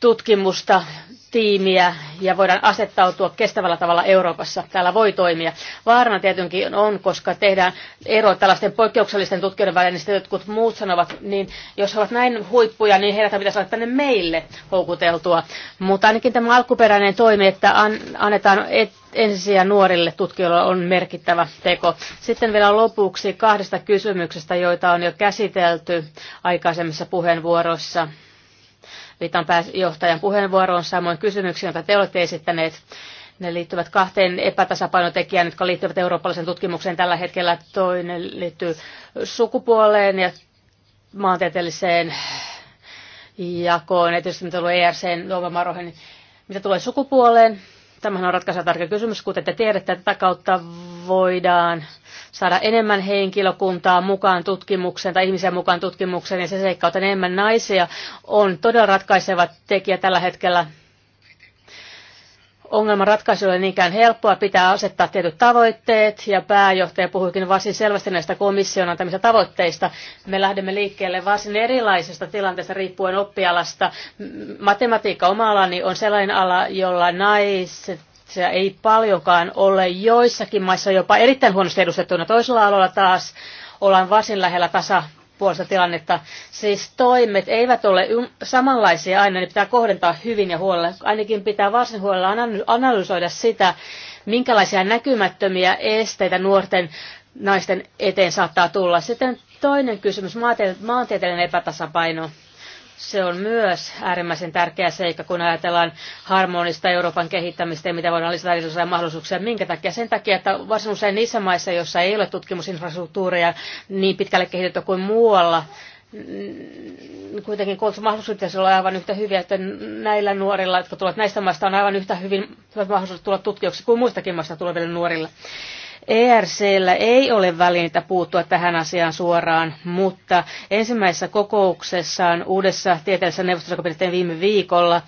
tutkimusta tiimiä ja voidaan asettautua kestävällä tavalla Euroopassa. Täällä voi toimia. Vaarana tietenkin on, koska tehdään ero tällaisten poikkeuksellisten tutkijoiden välillä, niin jotkut muut sanovat, niin jos he ovat näin huippuja, niin heidät pitäisi olla tänne meille houkuteltua. Mutta ainakin tämä alkuperäinen toimi, että annetaan et, ensisijaisesti nuorille tutkijoille on merkittävä teko. Sitten vielä lopuksi kahdesta kysymyksestä, joita on jo käsitelty aikaisemmissa puheenvuoroissa. Viitan pääjohtajan puheenvuoroon samoin kysymyksiin, joita te olette esittäneet. Ne liittyvät kahteen epätasapainotekijään, jotka liittyvät eurooppalaisen tutkimukseen tällä hetkellä. Toinen liittyy sukupuoleen ja maantieteelliseen jakoon, erityisesti mitä tulee ERC, luomavaroihin. Mitä tulee sukupuoleen, tämähän on ratkaiseva tärkeä kysymys, kuten te tiedätte, että tätä kautta voidaan saada enemmän henkilökuntaa mukaan tutkimukseen tai ihmisiä mukaan tutkimukseen ja se seikka, että enemmän naisia on todella ratkaiseva tekijä tällä hetkellä. Ongelman ratkaisu ei ole niinkään helppoa, pitää asettaa tietyt tavoitteet ja pääjohtaja puhuikin varsin selvästi näistä komission antamista tavoitteista. Me lähdemme liikkeelle varsin erilaisesta tilanteesta riippuen oppialasta. Matematiikka oma alani on sellainen ala, jolla naiset se ei paljonkaan ole joissakin maissa jopa erittäin huonosti edustettuna. Toisella alueella taas ollaan varsin lähellä tasapuolista tilannetta. Siis toimet eivät ole samanlaisia aina, ne pitää kohdentaa hyvin ja huolella. Ainakin pitää varsin huolella analysoida sitä, minkälaisia näkymättömiä esteitä nuorten naisten eteen saattaa tulla. Sitten toinen kysymys, maantieteellinen epätasapaino. Se on myös äärimmäisen tärkeä seikka, kun ajatellaan harmonista Euroopan kehittämistä ja mitä voidaan lisätä erilaisia mahdollisuuksia. Minkä takia? Sen takia, että varsin usein niissä maissa, joissa ei ole tutkimusinfrastruktuuria niin pitkälle kehitetty kuin muualla, kuitenkin koulutusmahdollisuudet pitäisi olla aivan yhtä hyviä, että näillä nuorilla, jotka tulevat näistä maista, on aivan yhtä hyvin hyvät mahdollisuudet tulla tutkijoksi kuin muistakin maista tuleville nuorille. ERCllä ei ole välineitä puuttua tähän asiaan suoraan, mutta ensimmäisessä kokouksessaan uudessa tieteellisessä neuvostossa, joka pidettiin viime viikolla,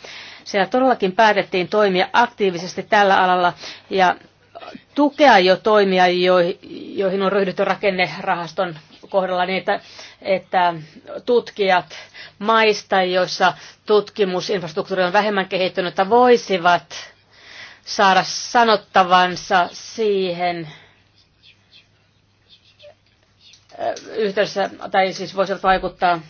siellä todellakin päätettiin toimia aktiivisesti tällä alalla ja tukea jo toimia, joihin on ryhdytty rakennerahaston kohdalla niitä, että, että tutkijat maista, joissa tutkimusinfrastruktuuri on vähemmän kehittynyt, voisivat saada sanottavansa siihen, yhteydessä, tai siis voisivat vaikuttaa.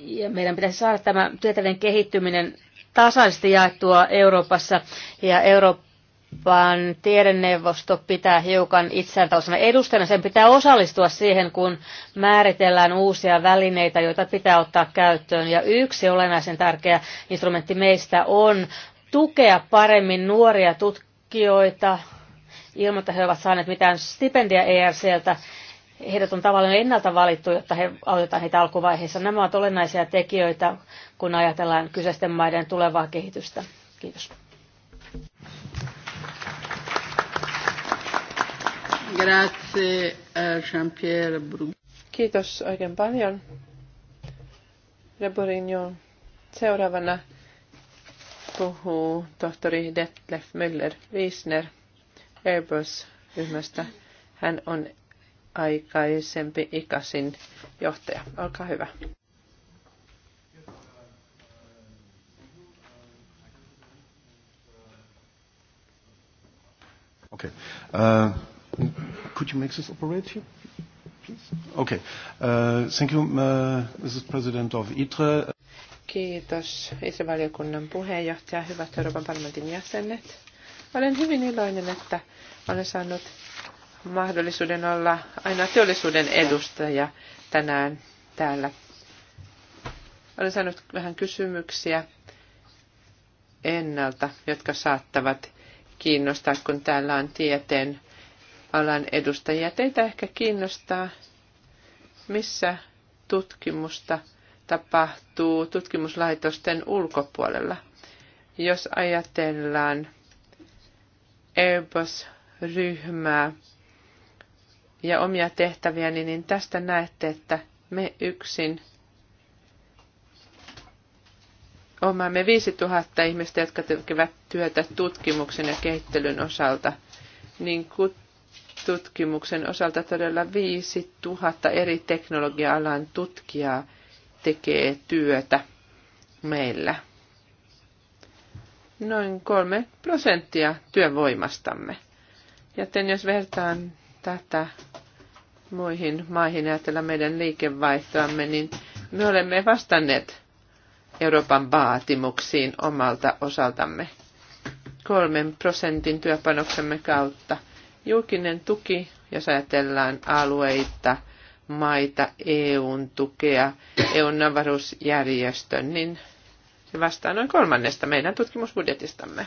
Ja meidän pitäisi saada tämä tieteellinen kehittyminen tasaisesti jaettua Euroopassa, ja Euroopan tiedenneuvosto pitää hiukan itseään tällaisena edustajana. Sen pitää osallistua siihen, kun määritellään uusia välineitä, joita pitää ottaa käyttöön. Ja yksi olennaisen tärkeä instrumentti meistä on tukea paremmin nuoria tutkijoita, ilman, että he ovat saaneet mitään stipendia ERCltä. Heidät on tavallaan ennalta valittu, jotta he autetaan heitä alkuvaiheessa. Nämä ovat olennaisia tekijöitä, kun ajatellaan kyseisten maiden tulevaa kehitystä. Kiitos. Grazie, eh, Jean-Pierre Kiitos oikein paljon. Reborinjon seuraavana puhuu tohtori Detlef Müller-Wiesner. Airbus-ryhmästä. Hän on aikaisempi ikasin johtaja. Olkaa hyvä. Okay. Uh, could you make this operate here, please? Okay. Uh, thank you, uh, Mrs. President of ITRE. Kiitos, isävaliokunnan puheenjohtaja, hyvät Euroopan parlamentin jäsenet. Olen hyvin iloinen, että olen saanut mahdollisuuden olla aina teollisuuden edustaja tänään täällä. Olen saanut vähän kysymyksiä ennalta, jotka saattavat kiinnostaa, kun täällä on tieteen alan edustajia. Teitä ehkä kiinnostaa, missä tutkimusta tapahtuu tutkimuslaitosten ulkopuolella. Jos ajatellaan Airbus-ryhmää e ja omia tehtäviä niin tästä näette, että me yksin omaamme 5000 ihmistä, jotka tekevät työtä tutkimuksen ja kehittelyn osalta, niin tutkimuksen osalta todella 5000 eri teknologia-alan tutkijaa tekee työtä meillä noin kolme prosenttia työvoimastamme. Joten jos vertaan tätä muihin maihin ja meidän liikevaihtoamme, niin me olemme vastanneet Euroopan vaatimuksiin omalta osaltamme kolmen prosentin työpanoksemme kautta. Julkinen tuki, jos ajatellaan alueita, maita, EUn tukea, EUn avaruusjärjestön, niin se vastaa noin kolmannesta meidän tutkimusbudjetistamme.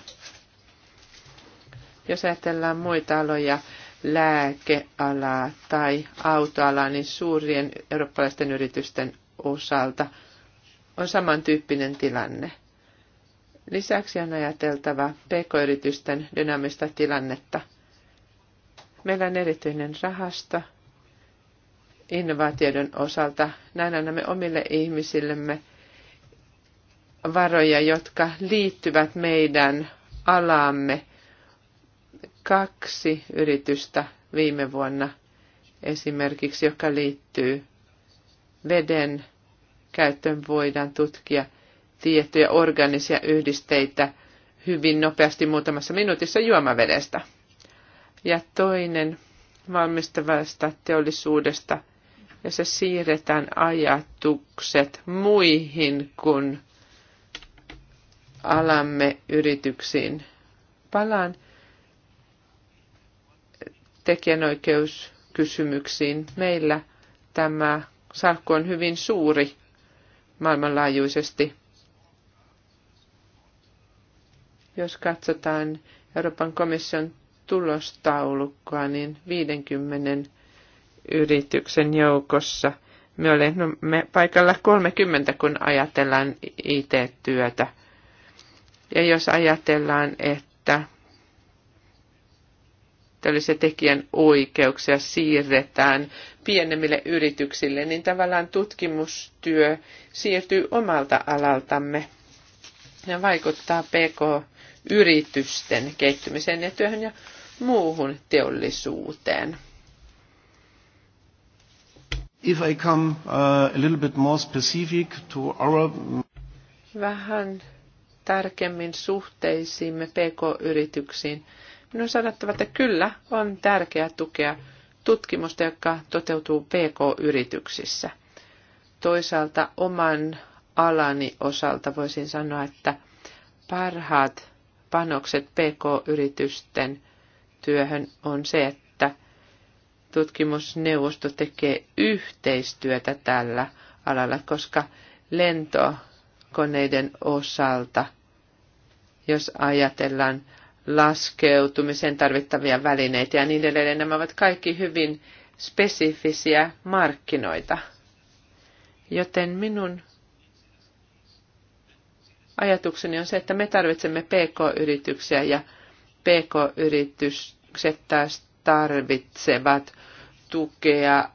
Jos ajatellaan muita aloja, lääkealaa tai autoalaa, niin suurien eurooppalaisten yritysten osalta on samantyyppinen tilanne. Lisäksi on ajateltava pk-yritysten dynaamista tilannetta. Meillä on erityinen rahasto innovaatioiden osalta. Näin annamme omille ihmisillemme varoja, jotka liittyvät meidän alaamme. Kaksi yritystä viime vuonna esimerkiksi, joka liittyy veden käyttöön, voidaan tutkia tiettyjä organisia yhdisteitä hyvin nopeasti muutamassa minuutissa juomavedestä. Ja toinen valmistavasta teollisuudesta, ja se siirretään ajatukset muihin kuin alamme yrityksiin. Palaan tekijänoikeuskysymyksiin. Meillä tämä salkku on hyvin suuri maailmanlaajuisesti. Jos katsotaan Euroopan komission tulostaulukkoa, niin 50 yrityksen joukossa me olemme paikalla 30, kun ajatellaan IT-työtä. Ja jos ajatellaan, että tällaisia tekijän oikeuksia siirretään pienemmille yrityksille, niin tavallaan tutkimustyö siirtyy omalta alaltamme ja vaikuttaa pk-yritysten kehittymiseen ja työhön ja muuhun teollisuuteen. If I come uh, a little bit more specific to our... Vähän tarkemmin suhteisiimme PK-yrityksiin, minun on sanottava, että kyllä on tärkeää tukea tutkimusta, joka toteutuu PK-yrityksissä. Toisaalta oman alani osalta voisin sanoa, että parhaat panokset PK-yritysten työhön on se, että tutkimusneuvosto tekee yhteistyötä tällä alalla, koska lentokoneiden osalta – jos ajatellaan laskeutumisen tarvittavia välineitä ja niin edelleen. Nämä ovat kaikki hyvin spesifisiä markkinoita. Joten minun ajatukseni on se, että me tarvitsemme pk-yrityksiä ja pk-yritykset taas tarvitsevat tukea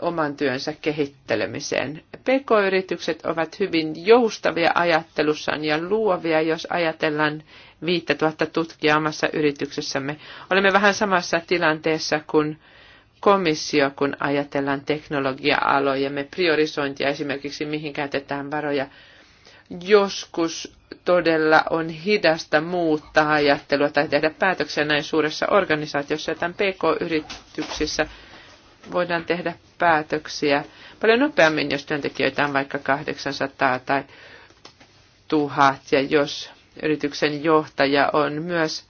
oman työnsä kehittelemiseen. PK-yritykset ovat hyvin joustavia ajattelussaan ja luovia, jos ajatellaan 5000 tutkijaa omassa yrityksessämme. Olemme vähän samassa tilanteessa kuin komissio, kun ajatellaan teknologia-alojemme priorisointia, esimerkiksi mihin käytetään varoja. Joskus todella on hidasta muuttaa ajattelua tai tehdä päätöksiä näin suuressa organisaatiossa, ja tämän PK-yrityksissä – voidaan tehdä päätöksiä paljon nopeammin, jos työntekijöitä on vaikka 800 tai 1000 ja jos yrityksen johtaja on myös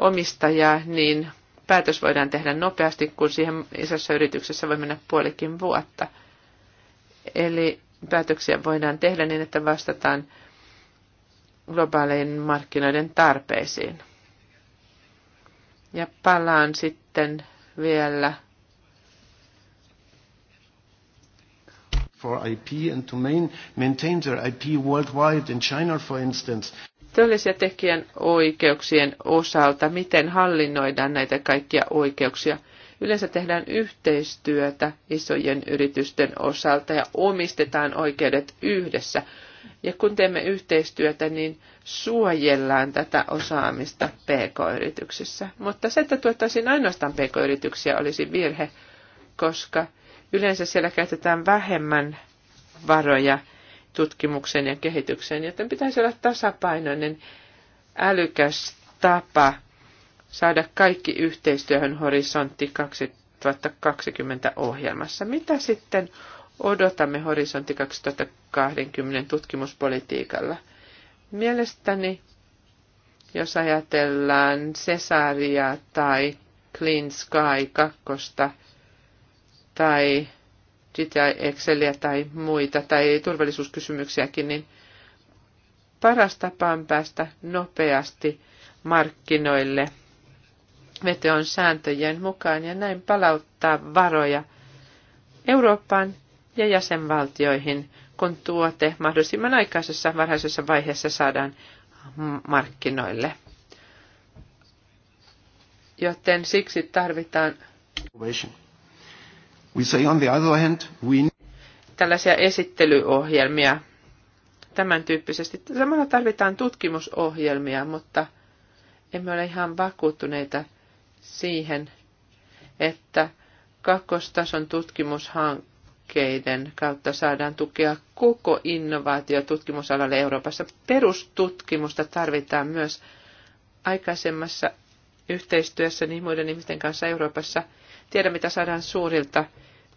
omistaja, niin päätös voidaan tehdä nopeasti, kun siihen isossa yrityksessä voi mennä puolikin vuotta. Eli päätöksiä voidaan tehdä niin, että vastataan globaalien markkinoiden tarpeisiin. Ja palaan sitten vielä for IP and to main, maintain their IP worldwide in China, for instance. Teollisia tekijän oikeuksien osalta, miten hallinnoidaan näitä kaikkia oikeuksia? Yleensä tehdään yhteistyötä isojen yritysten osalta ja omistetaan oikeudet yhdessä. Ja kun teemme yhteistyötä, niin suojellaan tätä osaamista pk-yrityksissä. Mutta se, että tuottaisiin ainoastaan pk-yrityksiä, olisi virhe, koska – Yleensä siellä käytetään vähemmän varoja tutkimukseen ja kehitykseen, joten pitäisi olla tasapainoinen, älykäs tapa saada kaikki yhteistyöhön horisontti 2020 ohjelmassa. Mitä sitten odotamme horisontti 2020 tutkimuspolitiikalla? Mielestäni, jos ajatellaan Cesaria tai Clean Sky 2, tai GTI Exceliä tai muita tai turvallisuuskysymyksiäkin, niin paras tapa on päästä nopeasti markkinoille veteon sääntöjen mukaan ja näin palauttaa varoja Eurooppaan ja jäsenvaltioihin, kun tuote mahdollisimman aikaisessa varhaisessa vaiheessa saadaan markkinoille. Joten siksi tarvitaan We say on the other hand, we... Tällaisia esittelyohjelmia tämän tyyppisesti. Samalla tarvitaan tutkimusohjelmia, mutta emme ole ihan vakuuttuneita siihen, että kakkostason tutkimushankkeiden kautta saadaan tukea koko innovaatio tutkimusalalle Euroopassa. Perustutkimusta tarvitaan myös aikaisemmassa yhteistyössä niin muiden ihmisten kanssa Euroopassa – tiedä, mitä saadaan suurilta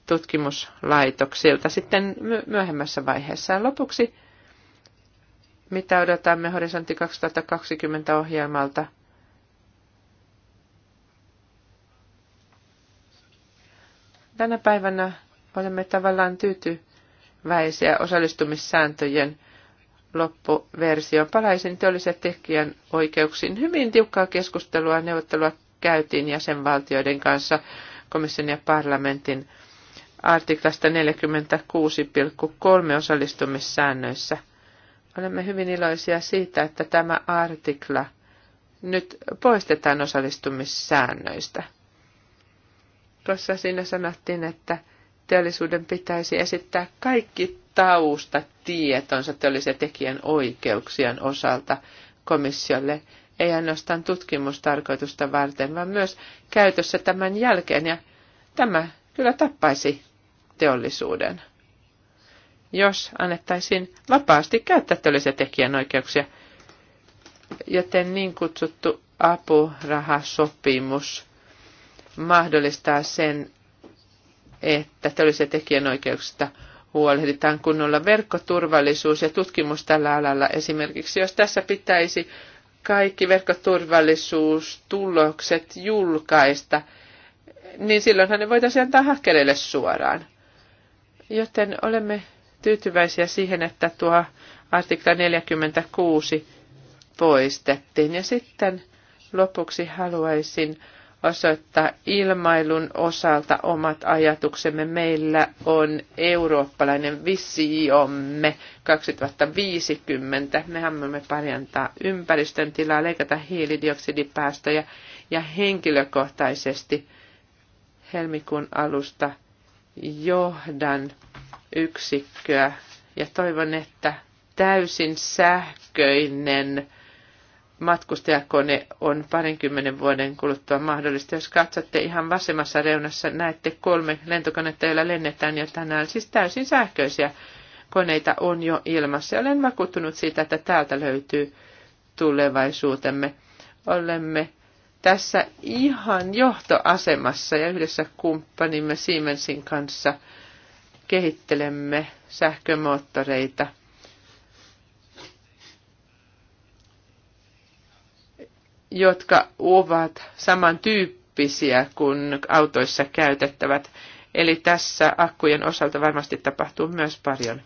tutkimuslaitoksilta sitten myöhemmässä vaiheessa. Lopuksi, mitä odotamme Horisontti 2020 ohjelmalta? Tänä päivänä olemme tavallaan tyytyväisiä osallistumissääntöjen loppuversioon. Palaisin teollisen tekijän oikeuksiin. Hyvin tiukkaa keskustelua ja neuvottelua käytiin jäsenvaltioiden kanssa komission ja parlamentin artiklasta 46,3 osallistumissäännöissä. Olemme hyvin iloisia siitä, että tämä artikla nyt poistetaan osallistumissäännöistä, Tuossa siinä sanottiin, että teollisuuden pitäisi esittää kaikki taustatietonsa teollisen tekijän oikeuksien osalta komissiolle ei ainoastaan tutkimustarkoitusta varten, vaan myös käytössä tämän jälkeen. Ja tämä kyllä tappaisi teollisuuden. Jos annettaisiin vapaasti käyttää teollisia tekijänoikeuksia, joten niin kutsuttu apurahasopimus mahdollistaa sen, että teollisia tekijänoikeuksista huolehditaan kunnolla verkkoturvallisuus ja tutkimus tällä alalla. Esimerkiksi jos tässä pitäisi kaikki verkkoturvallisuustulokset julkaista, niin silloinhan ne voitaisiin antaa hakkereille suoraan. Joten olemme tyytyväisiä siihen, että tuo artikla 46 poistettiin. Ja sitten lopuksi haluaisin osoittaa ilmailun osalta omat ajatuksemme. Meillä on eurooppalainen visiomme 2050. Me haluamme parantaa ympäristön tilaa, leikata hiilidioksidipäästöjä ja henkilökohtaisesti helmikuun alusta johdan yksikköä ja toivon, että täysin sähköinen matkustajakone on parinkymmenen vuoden kuluttua mahdollista. Jos katsotte ihan vasemmassa reunassa, näette kolme lentokonetta, joilla lennetään jo tänään. Siis täysin sähköisiä koneita on jo ilmassa. Olen vakuuttunut siitä, että täältä löytyy tulevaisuutemme. Olemme tässä ihan johtoasemassa ja yhdessä kumppanimme Siemensin kanssa kehittelemme sähkömoottoreita – jotka ovat samantyyppisiä kuin autoissa käytettävät. Eli tässä akkujen osalta varmasti tapahtuu myös paljon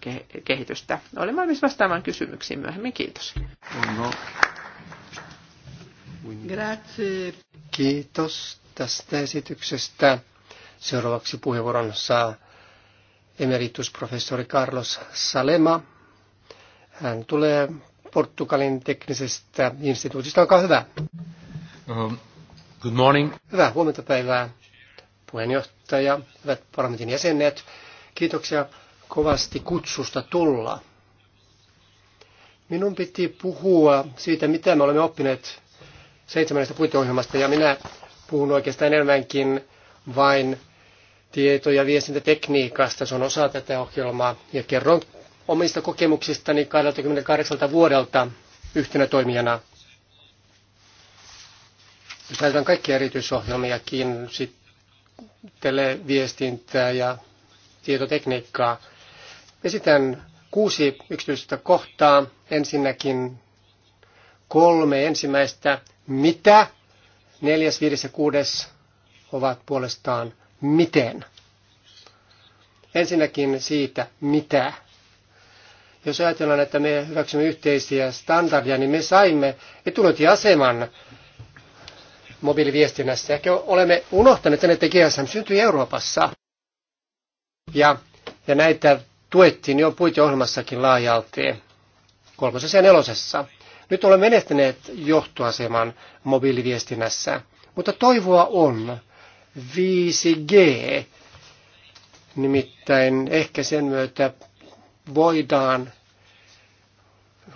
kehitystä. Olen valmis vastaamaan kysymyksiin myöhemmin. Kiitos. No. Kiitos tästä esityksestä. Seuraavaksi puheenvuoron saa emeritusprofessori Carlos Salema. Hän tulee Portugalin teknisestä instituutista. Olkaa hyvä. Um, good morning. Hyvää huomenta päivää, puheenjohtaja, hyvät parlamentin jäsenet. Kiitoksia kovasti kutsusta tulla. Minun piti puhua siitä, mitä me olemme oppineet seitsemännestä puiteohjelmasta, ja minä puhun oikeastaan enemmänkin vain tieto- ja viestintätekniikasta. Se on osa tätä ohjelmaa, ja kerron omista kokemuksistani 28 vuodelta yhtenä toimijana. Jos ajatellaan kaikkia erityisohjelmiakin, televiestintää ja tietotekniikkaa, esitän kuusi yksityistä kohtaa. Ensinnäkin kolme ensimmäistä mitä, neljäs, viides ja kuudes ovat puolestaan miten. Ensinnäkin siitä mitä. Jos ajatellaan, että me hyväksymme yhteisiä standardeja, niin me saimme etulyöntiaseman mobiiliviestinnässä. Ehkä olemme unohtaneet sen, että GSM syntyi Euroopassa. Ja, ja näitä tuettiin jo puiteohjelmassakin laajalti kolmosessa ja nelosessa. Nyt olemme menettäneet johtoaseman mobiiliviestinnässä, mutta toivoa on 5G. Nimittäin ehkä sen myötä voidaan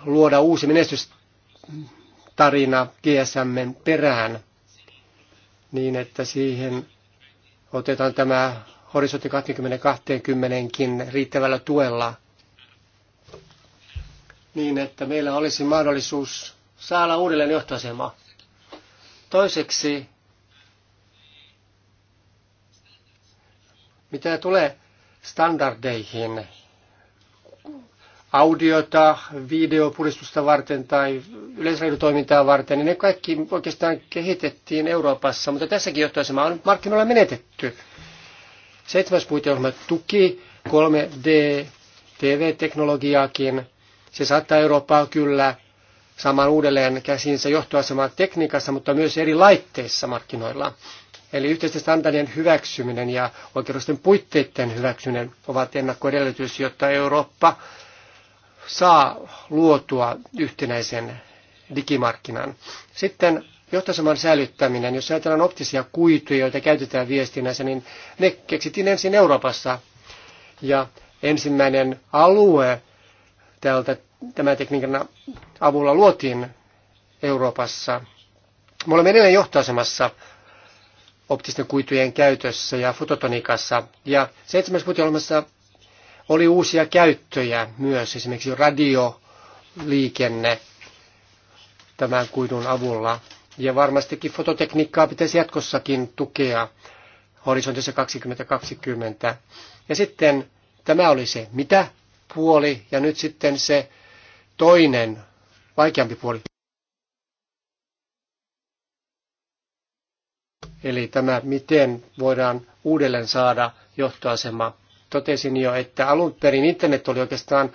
luoda uusi menestystarina GSMn perään niin, että siihen otetaan tämä horisontti 2020kin riittävällä tuella niin, että meillä olisi mahdollisuus saada uudelleen johtoasema. Toiseksi, mitä tulee standardeihin, audiota, videopuristusta varten tai yleisradiotoimintaa varten, niin ne kaikki oikeastaan kehitettiin Euroopassa, mutta tässäkin johtoasema on markkinoilla menetetty. Seitsemäs puiteohjelma tuki 3D-TV-teknologiaakin. Se saattaa Eurooppaa kyllä saamaan uudelleen käsiinsä johtoasemaa tekniikassa, mutta myös eri laitteissa markkinoilla. Eli yhteisten standardien hyväksyminen ja oikeudellisten puitteiden hyväksyminen ovat ennakkoedellytys, jotta Eurooppa saa luotua yhtenäisen digimarkkinan. Sitten johtosaman säilyttäminen, jos ajatellaan optisia kuituja, joita käytetään viestinnässä, niin ne keksittiin ensin Euroopassa. Ja ensimmäinen alue tältä, tämän tekniikan avulla luotiin Euroopassa. Me olemme edelleen johtoasemassa optisten kuitujen käytössä ja fototoniikassa. Ja seitsemäs olemassa oli uusia käyttöjä myös, esimerkiksi radioliikenne tämän kuidun avulla. Ja varmastikin fototekniikkaa pitäisi jatkossakin tukea horisontissa 2020. Ja sitten tämä oli se mitä puoli ja nyt sitten se toinen vaikeampi puoli. Eli tämä, miten voidaan uudelleen saada johtoasema totesin jo, että alun perin internet oli oikeastaan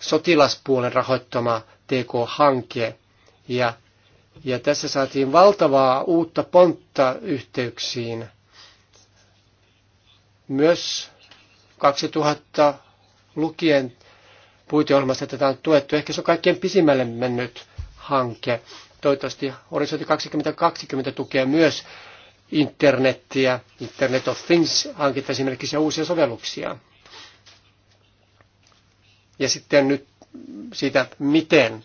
sotilaspuolen rahoittama TK-hanke. Ja, ja tässä saatiin valtavaa uutta pontta yhteyksiin. Myös 2000 lukien puiteohjelmassa tätä on tuettu. Ehkä se on kaikkein pisimmälle mennyt hanke. Toivottavasti Horisontti 2020 tukee myös internettiä, Internet of Things-hanketta esimerkiksi ja uusia sovelluksia. Ja sitten nyt siitä, miten.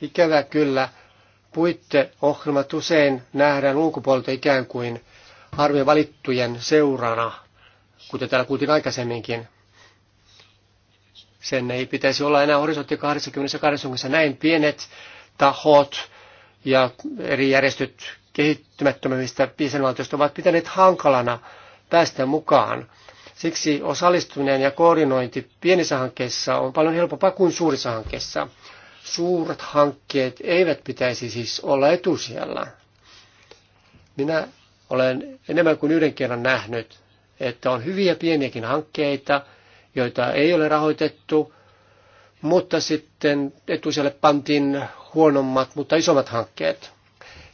Ikävä kyllä, puitteohjelmat usein nähdään ulkopuolelta ikään kuin harvojen valittujen seurana, kuten täällä kuultiin aikaisemminkin. Sen ei pitäisi olla enää horisontti 80 näin pienet tahot ja eri järjestöt kehittymättömistä jäsenvaltioista ovat pitäneet hankalana päästä mukaan. Siksi osallistuminen ja koordinointi pienissä hankkeissa on paljon helpompaa kuin suurissa hankkeissa. Suuret hankkeet eivät pitäisi siis olla etusijalla. Minä olen enemmän kuin yhden kerran nähnyt, että on hyviä pieniäkin hankkeita, joita ei ole rahoitettu, mutta sitten etusijalle pantiin huonommat, mutta isommat hankkeet.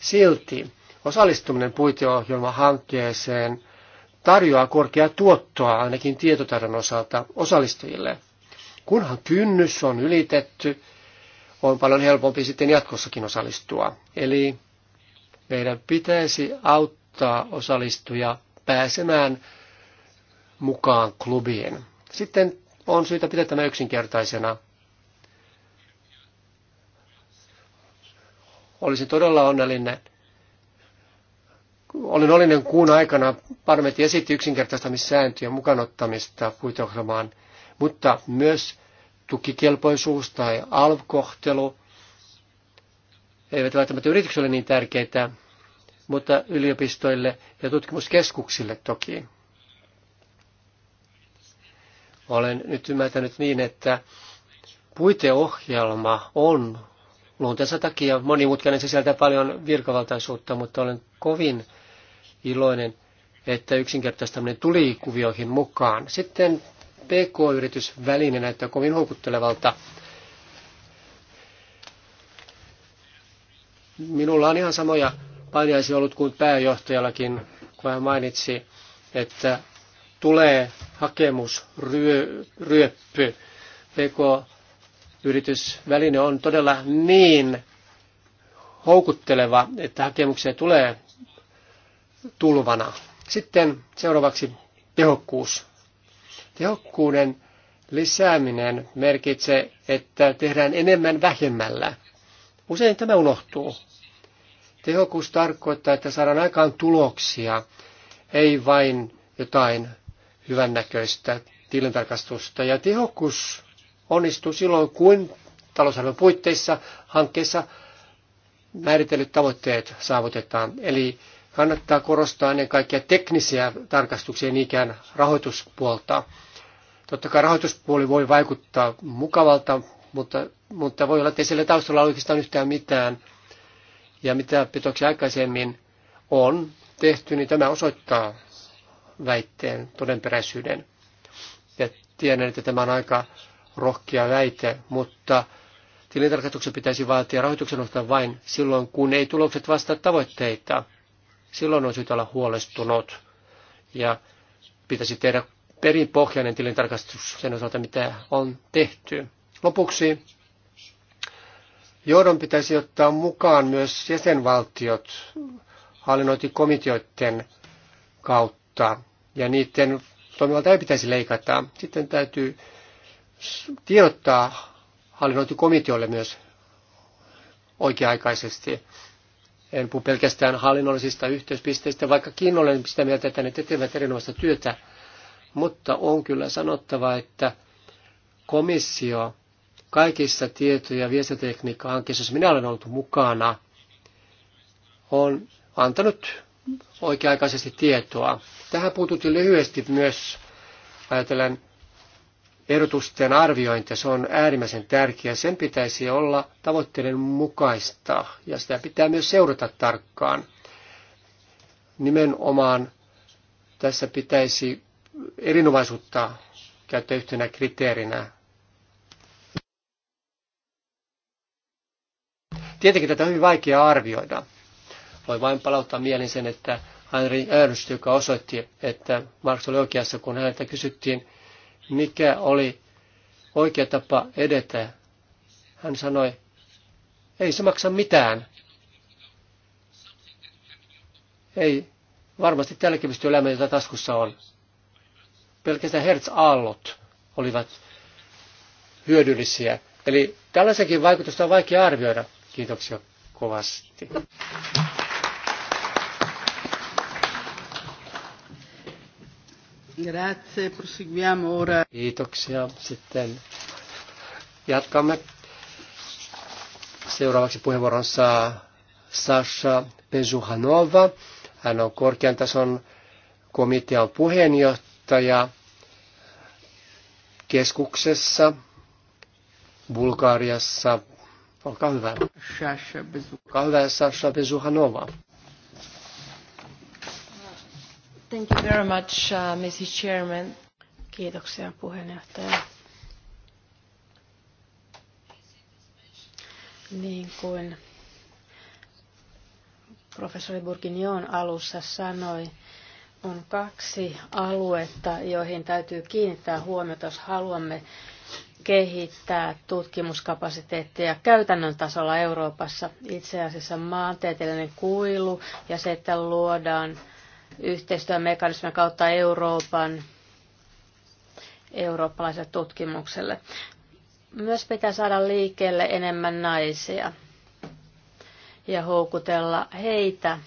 Silti osallistuminen puiteohjelman hankkeeseen tarjoaa korkeaa tuottoa ainakin tietotaidon osalta osallistujille. Kunhan kynnys on ylitetty, on paljon helpompi sitten jatkossakin osallistua. Eli meidän pitäisi auttaa osallistuja pääsemään mukaan klubiin. Sitten on syytä pitää tämä yksinkertaisena. Olisin todella onnellinen. Olin onnellinen kuun aikana parlamentti esitti yksinkertaistamissääntöjen mukanottamista puitohjelmaan, mutta myös tukikelpoisuus tai alvkohtelu eivät välttämättä yritykselle niin tärkeitä, mutta yliopistoille ja tutkimuskeskuksille toki. Olen nyt ymmärtänyt niin, että puiteohjelma on luonteensa takia monimutkainen sisältää paljon virkavaltaisuutta, mutta olen kovin iloinen, että yksinkertaistaminen tuli kuvioihin mukaan. Sitten PK-yritysväline näyttää kovin houkuttelevalta. Minulla on ihan samoja painiaisia ollut kuin pääjohtajallakin, kun hän mainitsi, että tulee hakemus ryö, ryöppy. PK yritysväline on todella niin houkutteleva, että hakemuksia tulee tulvana. Sitten seuraavaksi tehokkuus. Tehokkuuden lisääminen merkitsee, että tehdään enemmän vähemmällä. Usein tämä unohtuu. Tehokkuus tarkoittaa, että saadaan aikaan tuloksia, ei vain jotain hyvännäköistä tilintarkastusta. Ja tehokkuus onnistuu silloin, kun talousarvion puitteissa hankkeessa määritellyt tavoitteet saavutetaan. Eli kannattaa korostaa ennen kaikkea teknisiä tarkastuksia, niinkään rahoituspuolta. Totta kai rahoituspuoli voi vaikuttaa mukavalta, mutta, mutta voi olla, että ei taustalla ole oikeastaan yhtään mitään. Ja mitä petoksia aikaisemmin on tehty, niin tämä osoittaa väitteen todenperäisyyden. Ja tiedän, että tämä on aika rohkea väite, mutta tilintarkastuksen pitäisi vaatia rahoituksen osalta vain silloin, kun ei tulokset vastaa tavoitteita. Silloin on syytä olla huolestunut ja pitäisi tehdä perinpohjainen tilintarkastus sen osalta, mitä on tehty. Lopuksi johdon pitäisi ottaa mukaan myös jäsenvaltiot hallinnointikomiteoiden kautta, ja niiden toimivalta ei pitäisi leikata. Sitten täytyy tiedottaa hallinnointikomiteolle myös oikea-aikaisesti. En puhu pelkästään hallinnollisista yhteyspisteistä, vaikkakin olen sitä mieltä, että ne tekevät erinomaista työtä, mutta on kyllä sanottava, että komissio kaikissa tieto- ja viestintätekniikka-hankkeissa, jos minä olen ollut mukana, on antanut oikea-aikaisesti tietoa. Tähän puututin lyhyesti myös ajatellen ehdotusten arviointi, se on äärimmäisen tärkeä. Sen pitäisi olla tavoitteiden mukaista ja sitä pitää myös seurata tarkkaan. Nimenomaan tässä pitäisi erinomaisuutta käyttää yhtenä kriteerinä. Tietenkin tätä on hyvin vaikea arvioida. Voi vain palauttaa mielin sen, että Henri Ernst, joka osoitti, että Marx oli oikeassa, kun häneltä kysyttiin, mikä oli oikea tapa edetä. Hän sanoi, ei se maksa mitään. Ei, varmasti tälläkin pysty elämään, jota taskussa on. Pelkästään hertz-aallot olivat hyödyllisiä. Eli tällaisenkin vaikutusta on vaikea arvioida. Kiitoksia kovasti. Grazie, proseguiamo ora. Kiitoksia. Sitten jatkamme. Seuraavaksi puheenvuoron saa Sasha Pezuhanova. Hän on korkean tason komitean puheenjohtaja keskuksessa Bulgariassa. Olkaa hyvä. Olkaa hyvä, Sasha Pezuhanova. Thank you very much, uh, Mrs. Chairman. Kiitoksia puheenjohtaja. Niin kuin professori Burginjon alussa sanoi, on kaksi aluetta, joihin täytyy kiinnittää huomiota, jos haluamme kehittää tutkimuskapasiteettia käytännön tasolla Euroopassa. Itse asiassa maantieteellinen kuilu ja se, että luodaan yhteistyömekanismin kautta Euroopan eurooppalaiselle tutkimukselle. Myös pitää saada liikkeelle enemmän naisia ja houkutella heitä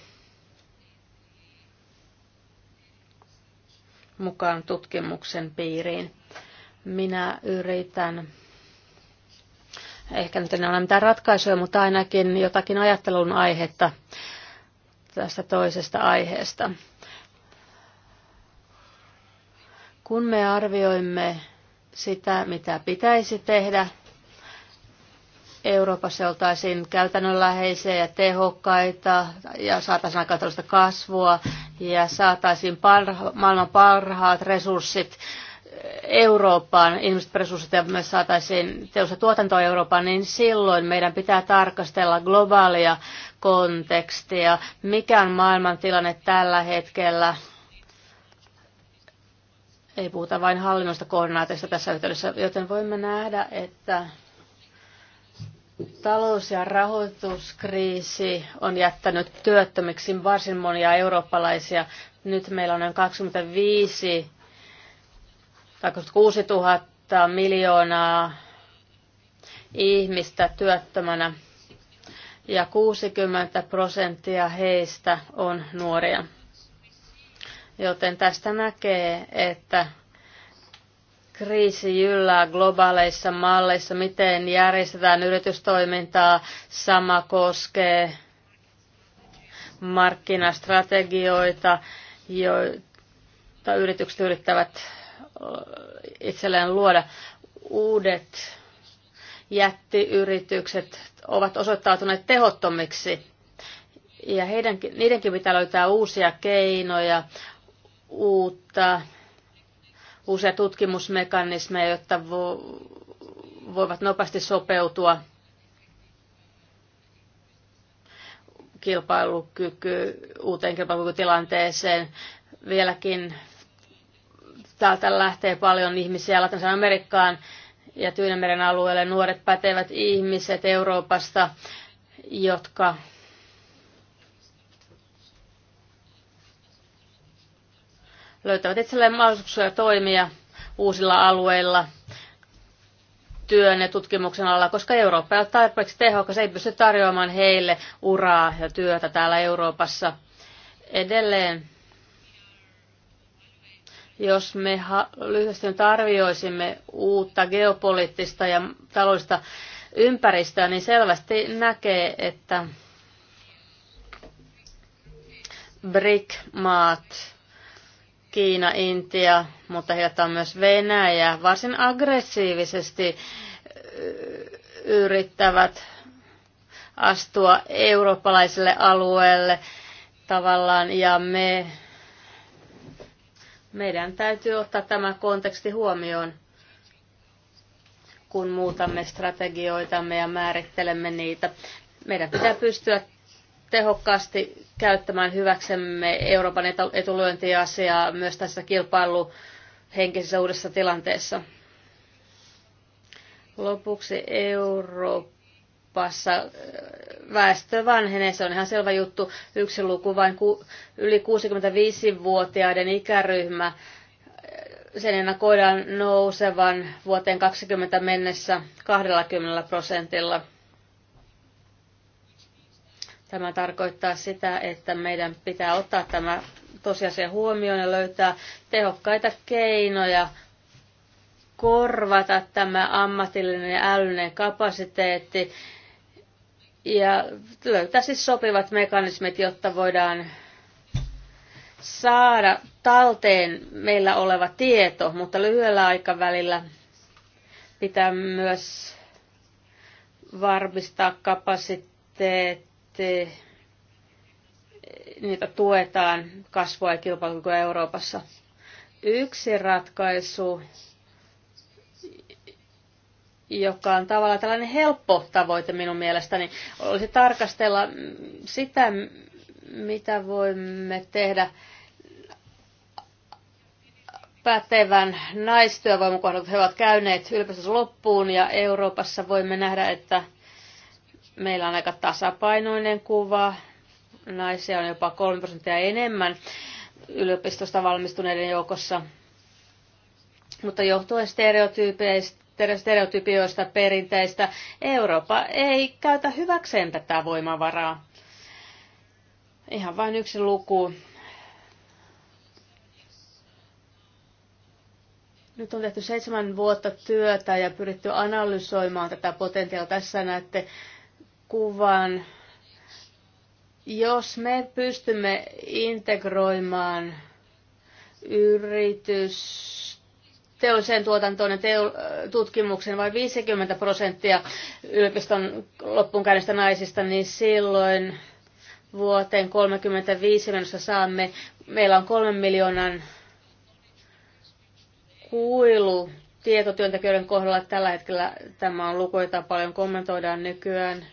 mukaan tutkimuksen piiriin. Minä yritän, ehkä nyt en ole mitään ratkaisuja, mutta ainakin jotakin ajattelun aihetta tästä toisesta aiheesta. Kun me arvioimme sitä, mitä pitäisi tehdä, Euroopassa oltaisiin käytännönläheisiä ja tehokkaita ja saataisiin aikaan tällaista kasvua ja saataisiin parha, maailman parhaat resurssit Eurooppaan, ihmiset resurssit ja myös saataisiin teosta tuotantoa Eurooppaan, niin silloin meidän pitää tarkastella globaalia kontekstia. Mikä on maailman tilanne tällä hetkellä? Ei puhuta vain hallinnosta koordinaatiosta tässä yhteydessä, joten voimme nähdä, että talous- ja rahoituskriisi on jättänyt työttömiksi varsin monia eurooppalaisia. Nyt meillä on noin 25 tai 26 000 miljoonaa ihmistä työttömänä ja 60 prosenttia heistä on nuoria. Joten tästä näkee, että kriisi yllää globaaleissa malleissa, miten järjestetään yritystoimintaa, sama koskee markkinastrategioita, joita yritykset yrittävät itselleen luoda. Uudet jättiyritykset ovat osoittautuneet tehottomiksi. Ja heidän, niidenkin pitää löytää uusia keinoja, uutta, uusia tutkimusmekanismeja, jotta vo, voivat nopeasti sopeutua kilpailukyky, uuteen kilpailukykytilanteeseen. Vieläkin täältä lähtee paljon ihmisiä Latinalaisen Amerikkaan ja Tyynemeren alueelle nuoret pätevät ihmiset Euroopasta, jotka löytävät itselleen mahdollisuuksia toimia uusilla alueilla työn ja tutkimuksen alalla, koska Eurooppa ei ole tarpeeksi tehokas, ei pysty tarjoamaan heille uraa ja työtä täällä Euroopassa. Edelleen jos me lyhyesti nyt arvioisimme uutta geopoliittista ja taloudellista ympäristöä, niin selvästi näkee, että BRIC-maat, Kiina, Intia, mutta on myös Venäjä, varsin aggressiivisesti yrittävät astua eurooppalaiselle alueelle tavallaan, ja me meidän täytyy ottaa tämä konteksti huomioon, kun muutamme strategioitamme ja määrittelemme niitä. Meidän pitää pystyä tehokkaasti käyttämään hyväksemme Euroopan etulyöntiasiaa myös tässä kilpailuhenkisessä uudessa tilanteessa. Lopuksi Eurooppa Euroopassa väestö vanhenee, se on ihan selvä juttu. Yksi luku vain ku, yli 65-vuotiaiden ikäryhmä, sen ennakoidaan nousevan vuoteen 20 mennessä 20 prosentilla. Tämä tarkoittaa sitä, että meidän pitää ottaa tämä tosiasia huomioon ja löytää tehokkaita keinoja korvata tämä ammatillinen ja älyllinen kapasiteetti ja löytää siis sopivat mekanismit, jotta voidaan saada talteen meillä oleva tieto, mutta lyhyellä aikavälillä pitää myös varmistaa kapasiteetti, niitä tuetaan kasvua ja kilpailukykyä Euroopassa. Yksi ratkaisu joka on tavallaan tällainen helppo tavoite minun mielestäni, olisi tarkastella sitä, mitä voimme tehdä päättävän naistyövoiman kohdalla. He ovat käyneet yliopistossa loppuun ja Euroopassa voimme nähdä, että meillä on aika tasapainoinen kuva. Naisia on jopa 3 prosenttia enemmän yliopistosta valmistuneiden joukossa. Mutta johtuen stereotyypeistä stereotypioista perinteistä. Eurooppa ei käytä hyväkseen tätä voimavaraa. Ihan vain yksi luku. Nyt on tehty seitsemän vuotta työtä ja pyritty analysoimaan tätä potentiaalia. Tässä näette kuvan. Jos me pystymme integroimaan yritys teolliseen tuotantoon ja teo, tutkimukseen vain 50 prosenttia yliopiston loppuun naisista, niin silloin vuoteen 35 mennessä saamme, meillä on kolmen miljoonan kuilu tietotyöntekijöiden kohdalla tällä hetkellä. Tämä on luku, jota paljon kommentoidaan nykyään.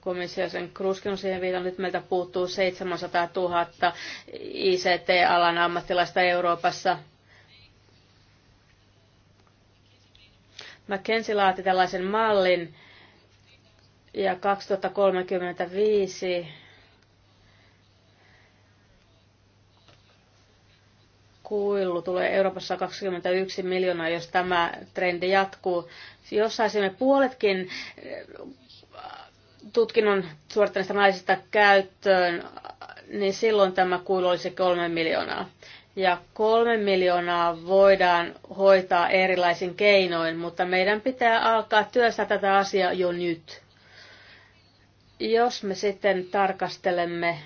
Komissio sen Kruskin on siihen viitannut. Nyt meiltä puuttuu 700 000 ICT-alan ammattilaista Euroopassa McKenzie laati tällaisen mallin ja 2035 kuillu tulee Euroopassa 21 miljoonaa, jos tämä trendi jatkuu. Jos saisimme puoletkin eh, tutkinnon suorittaneista naisista käyttöön, niin silloin tämä kuilu olisi kolme miljoonaa ja kolme miljoonaa voidaan hoitaa erilaisin keinoin, mutta meidän pitää alkaa työstää tätä asiaa jo nyt. Jos me sitten tarkastelemme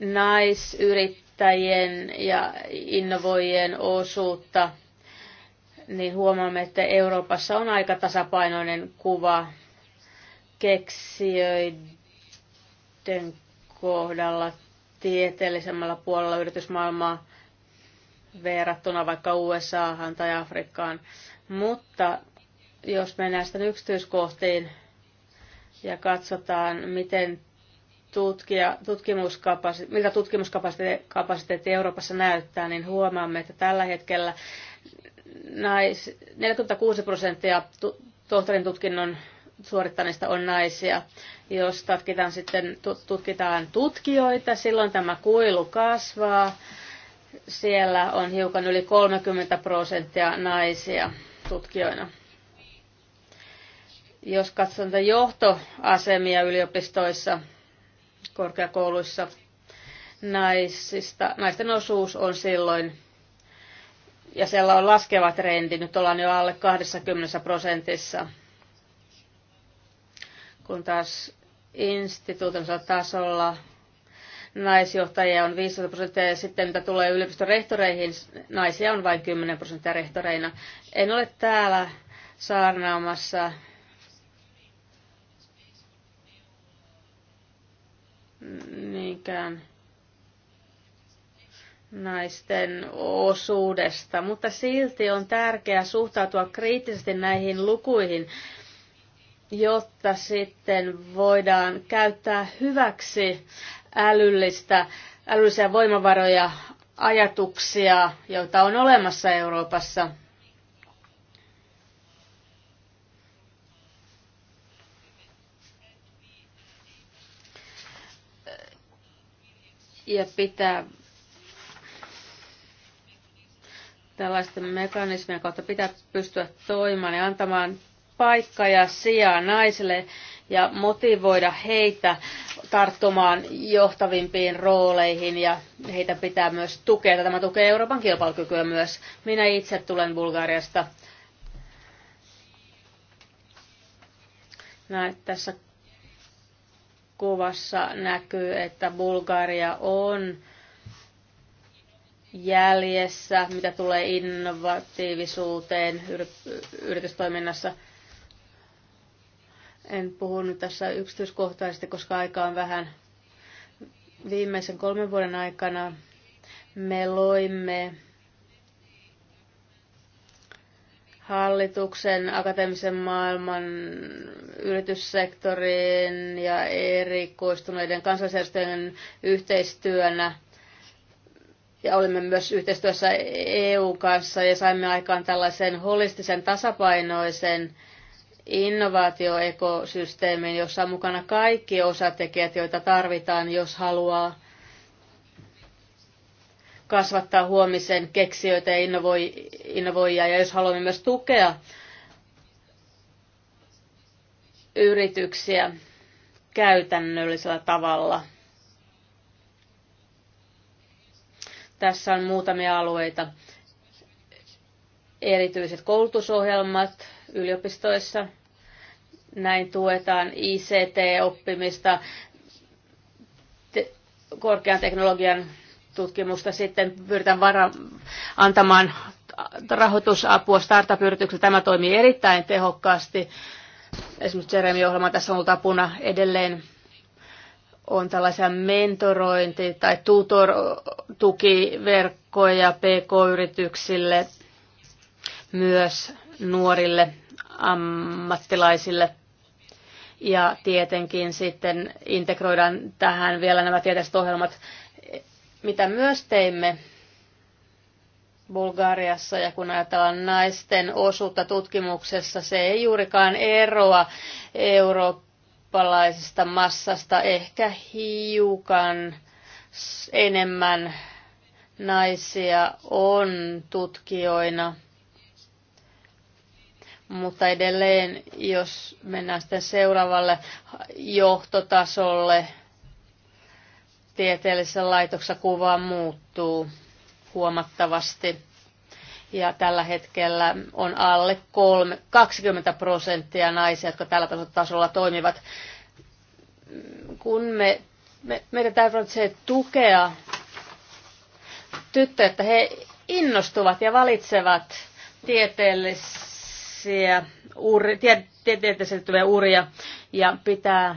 naisyrittäjien ja innovoijien osuutta, niin huomaamme, että Euroopassa on aika tasapainoinen kuva keksijöiden kohdalla tieteellisemmällä puolella yritysmaailmaa verrattuna vaikka USAhan tai Afrikkaan. Mutta jos mennään sitten yksityiskohtiin ja katsotaan, miten tutkija tutkimuskapasite- miltä tutkimuskapasiteetti Euroopassa näyttää, niin huomaamme, että tällä hetkellä nais, 46 prosenttia tohtorin tutkinnon suorittaneista on naisia. Jos tutkitaan sitten tutkitaan tutkijoita, silloin tämä kuilu kasvaa. Siellä on hiukan yli 30 prosenttia naisia tutkijoina. Jos katsotaan johtoasemia yliopistoissa, korkeakouluissa, naisista, naisten osuus on silloin ja siellä on laskeva trendi, nyt ollaan jo alle 20 prosentissa kun taas instituutensa tasolla naisjohtajia on 15 prosenttia ja sitten mitä tulee yliopiston rehtoreihin, naisia on vain 10 prosenttia rehtoreina. En ole täällä saarnaamassa niinkään naisten osuudesta, mutta silti on tärkeää suhtautua kriittisesti näihin lukuihin jotta sitten voidaan käyttää hyväksi älyllistä, älyllisiä voimavaroja, ajatuksia, joita on olemassa Euroopassa. Ja pitää tällaisten mekanismien kautta pitää pystyä toimimaan ja antamaan paikka ja sija naisille ja motivoida heitä tarttumaan johtavimpiin rooleihin ja heitä pitää myös tukea. Tämä tukee Euroopan kilpailukykyä myös. Minä itse tulen Bulgariasta. Näin, tässä kuvassa näkyy, että Bulgaria on jäljessä, mitä tulee innovatiivisuuteen yritystoiminnassa – en puhu nyt tässä yksityiskohtaisesti, koska aika on vähän. Viimeisen kolmen vuoden aikana me loimme hallituksen, akateemisen maailman, yrityssektorin ja erikoistuneiden kansallisjärjestöjen yhteistyönä. Ja olimme myös yhteistyössä EU kanssa ja saimme aikaan tällaisen holistisen tasapainoisen innovaatioekosysteemin, jossa on mukana kaikki osatekijät, joita tarvitaan, jos haluaa kasvattaa huomisen keksijöitä ja innovoijia. Ja jos haluamme myös tukea yrityksiä käytännöllisellä tavalla. Tässä on muutamia alueita. Erityiset koulutusohjelmat, yliopistoissa. Näin tuetaan ICT-oppimista, te- korkean teknologian tutkimusta. Sitten pyritään vara- antamaan rahoitusapua startup-yrityksille. Tämä toimii erittäin tehokkaasti. Esimerkiksi Jeremy-ohjelma tässä on ollut apuna edelleen on tällaisia mentorointi- tai tutor-tukiverkkoja pk-yrityksille, myös nuorille ammattilaisille. Ja tietenkin sitten integroidaan tähän vielä nämä tieteelliset ohjelmat, mitä myös teimme Bulgariassa ja kun ajatellaan naisten osuutta tutkimuksessa, se ei juurikaan eroa eurooppalaisesta massasta, ehkä hiukan enemmän naisia on tutkijoina mutta edelleen, jos mennään sitten seuraavalle johtotasolle, tieteellisessä laitoksessa kuva muuttuu huomattavasti. Ja tällä hetkellä on alle kolme, 20 prosenttia naisia, jotka tällä tasolla toimivat. Kun me, me meidän täytyy se tukea tyttöjä, että he innostuvat ja valitsevat tieteellis tieteellisiä uuri, että sieltä tulee uria ja pitää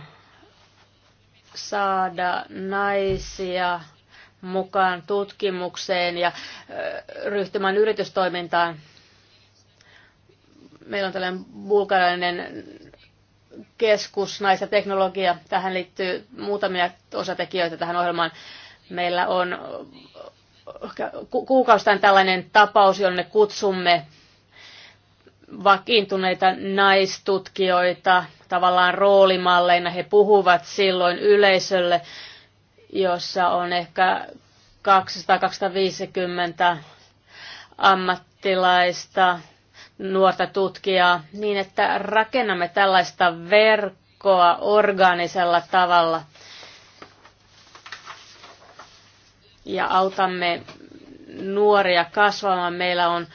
saada naisia mukaan tutkimukseen ja ryhtymään yritystoimintaan. Meillä on tällainen bulgarilainen keskus nais- ja teknologia. Tähän liittyy muutamia osatekijöitä tähän ohjelmaan. Meillä on kuukausittain tällainen tapaus, jonne kutsumme vakiintuneita naistutkijoita tavallaan roolimalleina. He puhuvat silloin yleisölle, jossa on ehkä 200-250 ammattilaista, nuorta tutkijaa, niin että rakennamme tällaista verkkoa organisella tavalla ja autamme nuoria kasvamaan. Meillä on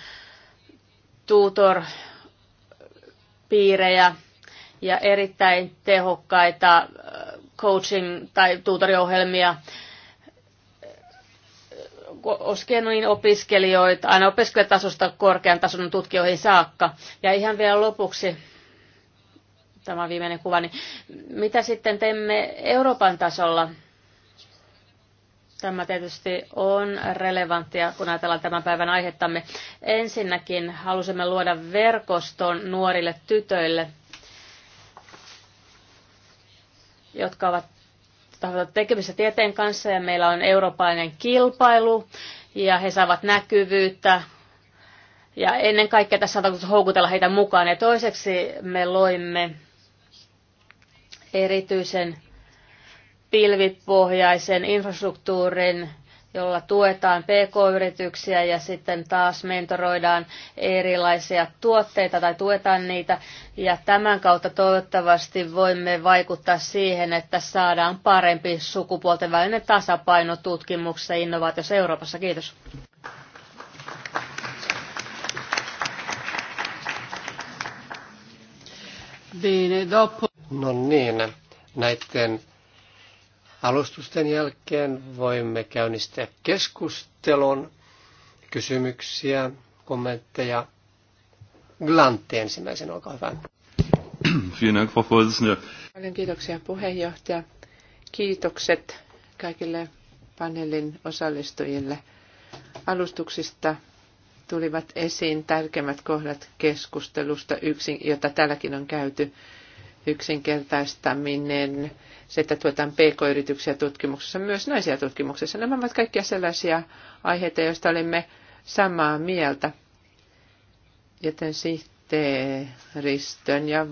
tutor-piirejä ja erittäin tehokkaita äh, coaching- tai tutoriohjelmia äh, koskien niin opiskelijoita, aina opiskelijatasosta korkean tason tutkijoihin saakka. Ja ihan vielä lopuksi, tämä viimeinen kuva, niin mitä sitten teemme Euroopan tasolla – Tämä tietysti on relevanttia, kun ajatellaan tämän päivän aihettamme. Ensinnäkin halusimme luoda verkoston nuorille tytöille, jotka ovat tekemisissä tieteen kanssa ja meillä on eurooppalainen kilpailu ja he saavat näkyvyyttä ja ennen kaikkea tässä on tarkoitus houkutella heitä mukaan. Ja toiseksi me loimme erityisen pilvipohjaisen infrastruktuurin, jolla tuetaan pk-yrityksiä ja sitten taas mentoroidaan erilaisia tuotteita tai tuetaan niitä. Ja tämän kautta toivottavasti voimme vaikuttaa siihen, että saadaan parempi sukupuolten välinen tasapaino tutkimuksessa ja innovaatiossa Euroopassa. Kiitos. No niin, näiden Alustusten jälkeen voimme käynnistää keskustelun, kysymyksiä, kommentteja. Glantti ensimmäisen, olkaa hyvä. Paljon kiitoksia puheenjohtaja. Kiitokset kaikille paneelin osallistujille alustuksista tulivat esiin tärkeimmät kohdat keskustelusta, yksin, jota täälläkin on käyty, yksinkertaistaminen, se, että tuetaan pk-yrityksiä tutkimuksessa, myös naisia tutkimuksessa. Nämä ovat kaikkia sellaisia aiheita, joista olemme samaa mieltä. Joten sihteeristön ja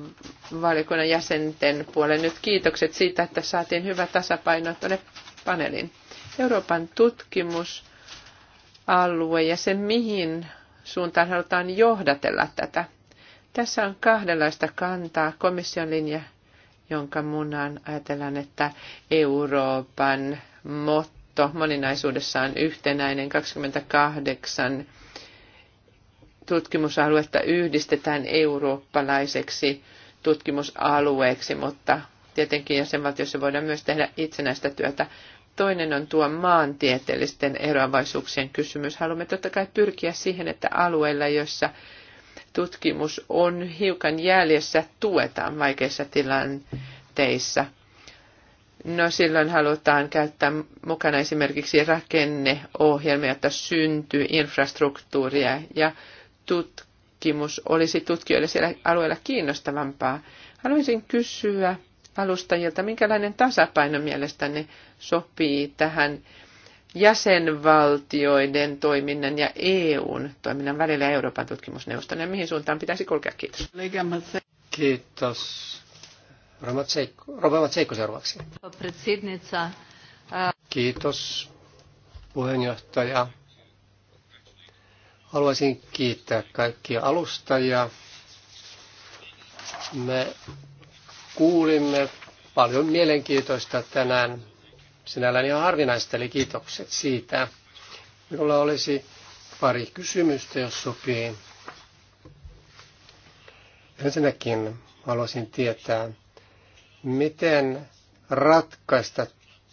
valiokunnan jäsenten puolen nyt kiitokset siitä, että saatiin hyvä tasapaino tuonne paneelin. Euroopan tutkimusalue ja se, mihin suuntaan halutaan johdatella tätä. Tässä on kahdenlaista kantaa, komission linja jonka munan ajatellaan, että Euroopan motto moninaisuudessaan yhtenäinen 28 tutkimusaluetta yhdistetään eurooppalaiseksi tutkimusalueeksi, mutta tietenkin jäsenvaltiossa voidaan myös tehdä itsenäistä työtä. Toinen on tuo maantieteellisten eroavaisuuksien kysymys. Haluamme totta kai pyrkiä siihen, että alueilla, joissa tutkimus on hiukan jäljessä, tuetaan vaikeissa tilanteissa. No silloin halutaan käyttää mukana esimerkiksi rakenneohjelmia, jotta syntyy infrastruktuuria ja tutkimus olisi tutkijoille siellä alueella kiinnostavampaa. Haluaisin kysyä alustajilta, minkälainen tasapaino mielestäni sopii tähän jäsenvaltioiden toiminnan ja EUn toiminnan välillä ja Euroopan tutkimusneuvoston ja mihin suuntaan pitäisi kulkea. Kiitos. Kiitos. Rova Seikko seuraavaksi. Kiitos puheenjohtaja. Haluaisin kiittää kaikkia alustajia. Me kuulimme paljon mielenkiintoista tänään sinällään ihan harvinaista, eli kiitokset siitä. Minulla olisi pari kysymystä, jos sopii. Ensinnäkin haluaisin tietää, miten ratkaista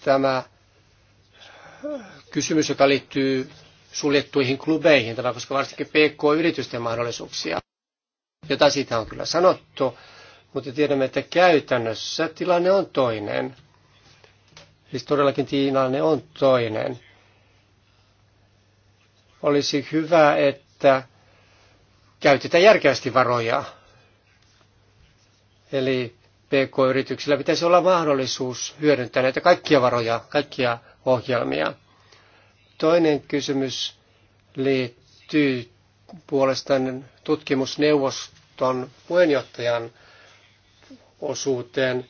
tämä kysymys, joka liittyy suljettuihin klubeihin, tämä koska varsinkin PK-yritysten mahdollisuuksia. jota siitä on kyllä sanottu, mutta tiedämme, että käytännössä tilanne on toinen. Siis todellakin tilanne on toinen. Olisi hyvä, että käytetään järkeästi varoja. Eli PK-yrityksillä pitäisi olla mahdollisuus hyödyntää näitä kaikkia varoja, kaikkia ohjelmia. Toinen kysymys liittyy puolestaan tutkimusneuvoston puheenjohtajan osuuteen.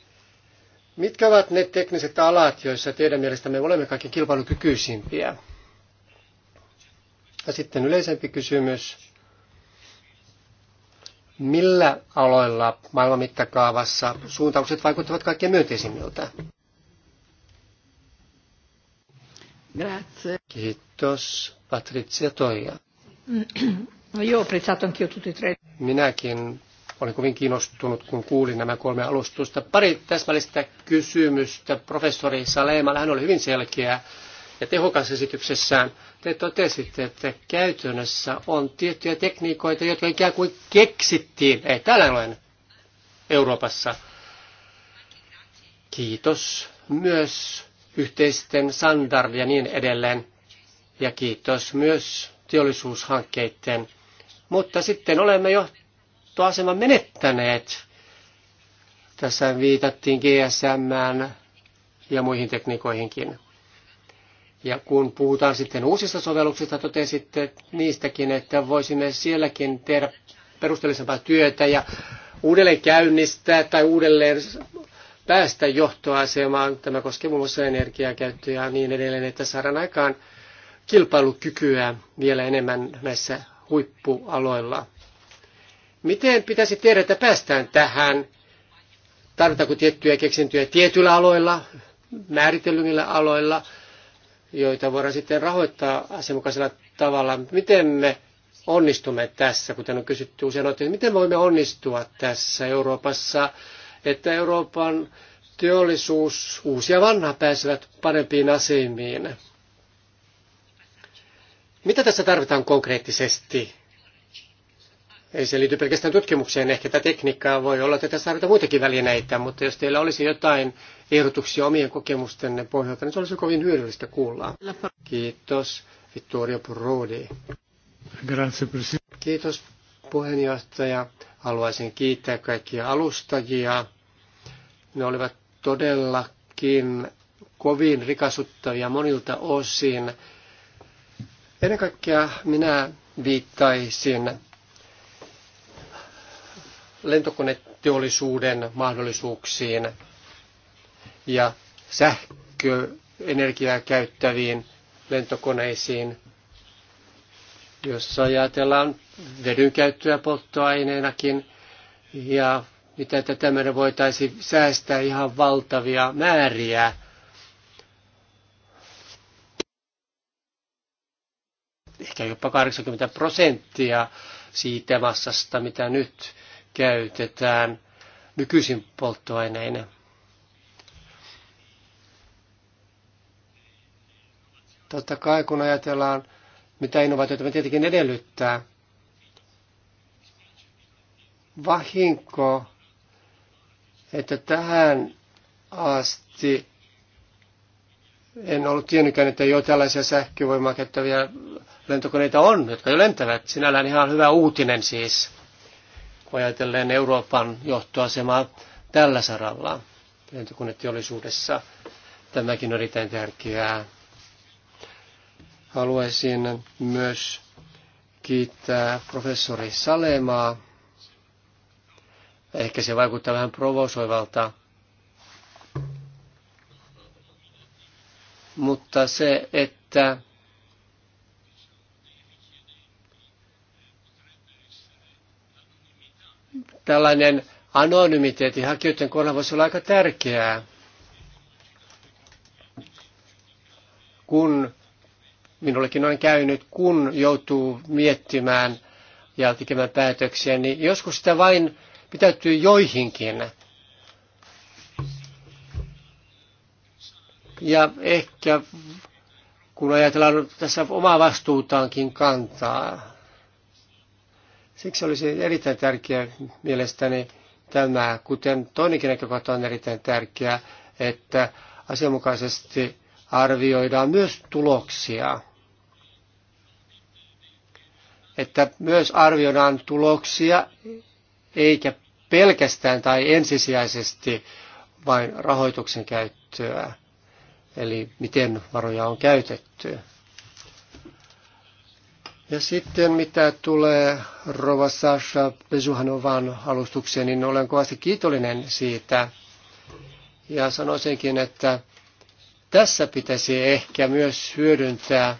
Mitkä ovat ne tekniset alat, joissa teidän mielestämme olemme kaikki kilpailukykyisimpiä? Ja sitten yleisempi kysymys. Millä aloilla maailman mittakaavassa suuntaukset vaikuttavat kaikkein myönteisimmiltä? Grazie. Kiitos. Patrizia Toija. No, io ho tutti e tre. Minäkin olen kovin kiinnostunut, kun kuulin nämä kolme alustusta. Pari täsmällistä kysymystä professori Saleemalla. Hän oli hyvin selkeä ja tehokas esityksessään. Te totesitte, että käytännössä on tiettyjä tekniikoita, jotka ikään kuin keksittiin. Ei, tällainen Euroopassa. Kiitos myös yhteisten standard ja niin edelleen. Ja kiitos myös teollisuushankkeiden. Mutta sitten olemme jo johtoasema menettäneet. Tässä viitattiin GSM ja muihin tekniikoihinkin. Ja kun puhutaan sitten uusista sovelluksista, totesitte niistäkin, että voisimme sielläkin tehdä perusteellisempaa työtä ja uudelleen käynnistää tai uudelleen päästä johtoasemaan. Tämä koskee muun muassa energiakäyttöä ja niin edelleen, että saadaan aikaan kilpailukykyä vielä enemmän näissä huippualoilla. Miten pitäisi tehdä, että päästään tähän? Tarvitaanko tiettyjä keksintöjä tietyillä aloilla, määritellymillä aloilla, joita voidaan sitten rahoittaa asianmukaisella tavalla? Miten me onnistumme tässä, kuten on kysytty usein että miten voimme onnistua tässä Euroopassa, että Euroopan teollisuus, uusi ja vanha, pääsevät parempiin asemiin? Mitä tässä tarvitaan konkreettisesti? Ei se liity pelkästään tutkimukseen, ehkä tätä tekniikkaa voi olla, että tässä tarvitaan muitakin välineitä, mutta jos teillä olisi jotain ehdotuksia omien kokemustenne pohjalta, niin se olisi kovin hyödyllistä kuulla. Kiitos, Vittorio Prodi. Kiitos puheenjohtaja. Haluaisin kiittää kaikkia alustajia. Ne olivat todellakin kovin rikasuttavia monilta osin. Ennen kaikkea minä viittaisin lentokoneteollisuuden mahdollisuuksiin ja sähköenergiaa käyttäviin lentokoneisiin. Jos ajatellaan vedyn käyttöä polttoaineenakin ja mitä tätä meidän voitaisiin säästää ihan valtavia määriä. Ehkä jopa 80 prosenttia siitä massasta, mitä nyt käytetään nykyisin polttoaineina. Totta kai kun ajatellaan, mitä innovaatioita me tietenkin edellyttää, vahinko, että tähän asti en ollut tiennytkään, että jo tällaisia sähkövoimaa käyttäviä lentokoneita on, jotka jo lentävät. Sinällään ihan hyvä uutinen siis kun ajatellen Euroopan johtoasemaa tällä saralla, lentokoneteollisuudessa. Tämäkin on erittäin tärkeää. Haluaisin myös kiittää professori Salemaa. Ehkä se vaikuttaa vähän provosoivalta, mutta se, että tällainen anonymiteetti hakijoiden kohdalla voisi olla aika tärkeää, kun minullekin on käynyt, kun joutuu miettimään ja tekemään päätöksiä, niin joskus sitä vain pitäytyy joihinkin. Ja ehkä kun ajatellaan tässä omaa vastuutaankin kantaa, Siksi olisi erittäin tärkeää mielestäni tämä, kuten toinenkin näkökohta on erittäin tärkeää, että asianmukaisesti arvioidaan myös tuloksia. Että myös arvioidaan tuloksia eikä pelkästään tai ensisijaisesti vain rahoituksen käyttöä, eli miten varoja on käytetty. Ja sitten mitä tulee Rova Sasha Pesuhanovan alustukseen, niin olen kovasti kiitollinen siitä. Ja sanoisinkin, että tässä pitäisi ehkä myös hyödyntää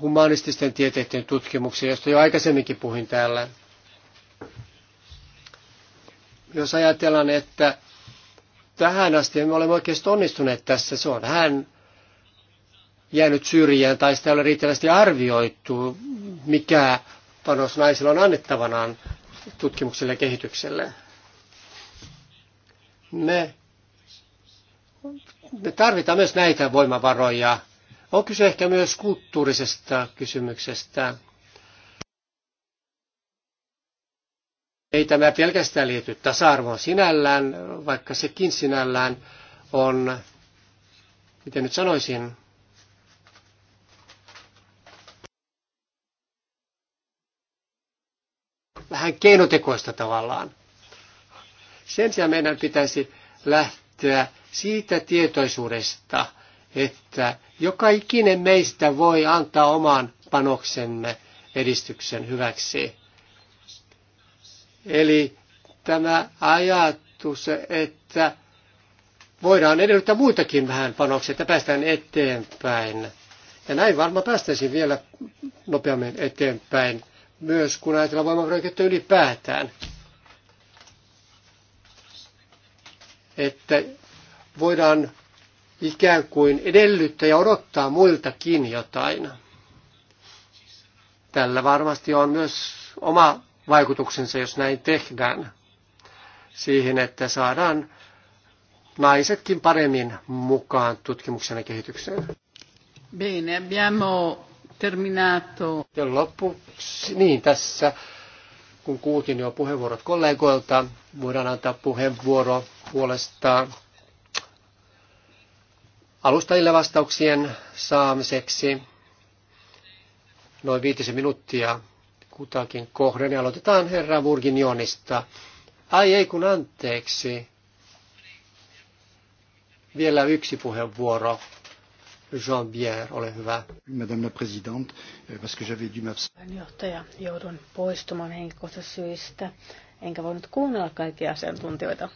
humanististen tieteiden tutkimuksia, josta jo aikaisemminkin puhuin täällä. Jos ajatellaan, että tähän asti emme ole oikeasti onnistuneet tässä, se on vähän jäänyt syrjään tai sitä ei ole riittävästi arvioitu, mikä panos naisilla on annettavanaan tutkimukselle ja kehitykselle. Me, me tarvitaan myös näitä voimavaroja. On kyse ehkä myös kulttuurisesta kysymyksestä. Ei tämä pelkästään liity tasa-arvoon sinällään, vaikka sekin sinällään on, miten nyt sanoisin, vähän keinotekoista tavallaan. Sen sijaan meidän pitäisi lähteä siitä tietoisuudesta, että joka ikinen meistä voi antaa oman panoksemme edistyksen hyväksi. Eli tämä ajatus, että voidaan edellyttää muitakin vähän panoksia, että päästään eteenpäin. Ja näin varmaan päästäisiin vielä nopeammin eteenpäin myös kun ajatellaan käyttöä ylipäätään. Että voidaan ikään kuin edellyttää ja odottaa muiltakin jotain. Tällä varmasti on myös oma vaikutuksensa, jos näin tehdään, siihen, että saadaan naisetkin paremmin mukaan tutkimuksen ja kehitykseen. Bene, abbiamo Terminato. Ja lopuksi, niin tässä kun kuultiin jo puheenvuorot kollegoilta, voidaan antaa puheenvuoro puolestaan alustajille vastauksien saamiseksi noin viitisen minuuttia kutakin kohden. Ja aloitetaan herra Burginionista. Ai ei kun anteeksi. Vielä yksi puheenvuoro Jean-Pierre, ole hyvä. Madame la Présidente, euh, parce que j'avais dû m'absenter. joudun poistumaan henkilökohtaisista syistä, enkä voinut kuunnella kaikkia asiantuntijoita.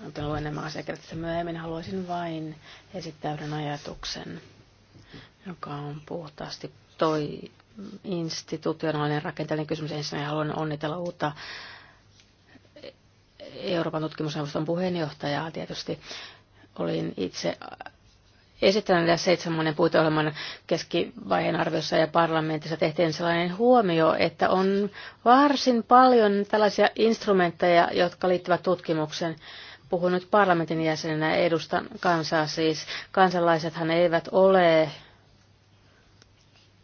Mutta luen nämä asiakirjat myöhemmin. Haluaisin vain esittää yhden ajatuksen, joka on puhtaasti toi institutionaalinen rakenteellinen kysymys. Ensinnäkin haluan onnitella uutta Euroopan tutkimusneuvoston puheenjohtajaa tietysti. Olin itse esittänyt seitsemän puiteohjelman keskivaiheen arviossa ja parlamentissa tehtiin sellainen huomio, että on varsin paljon tällaisia instrumentteja, jotka liittyvät tutkimukseen. Puhun nyt parlamentin jäsenenä ja edustan kansaa siis. Kansalaisethan eivät ole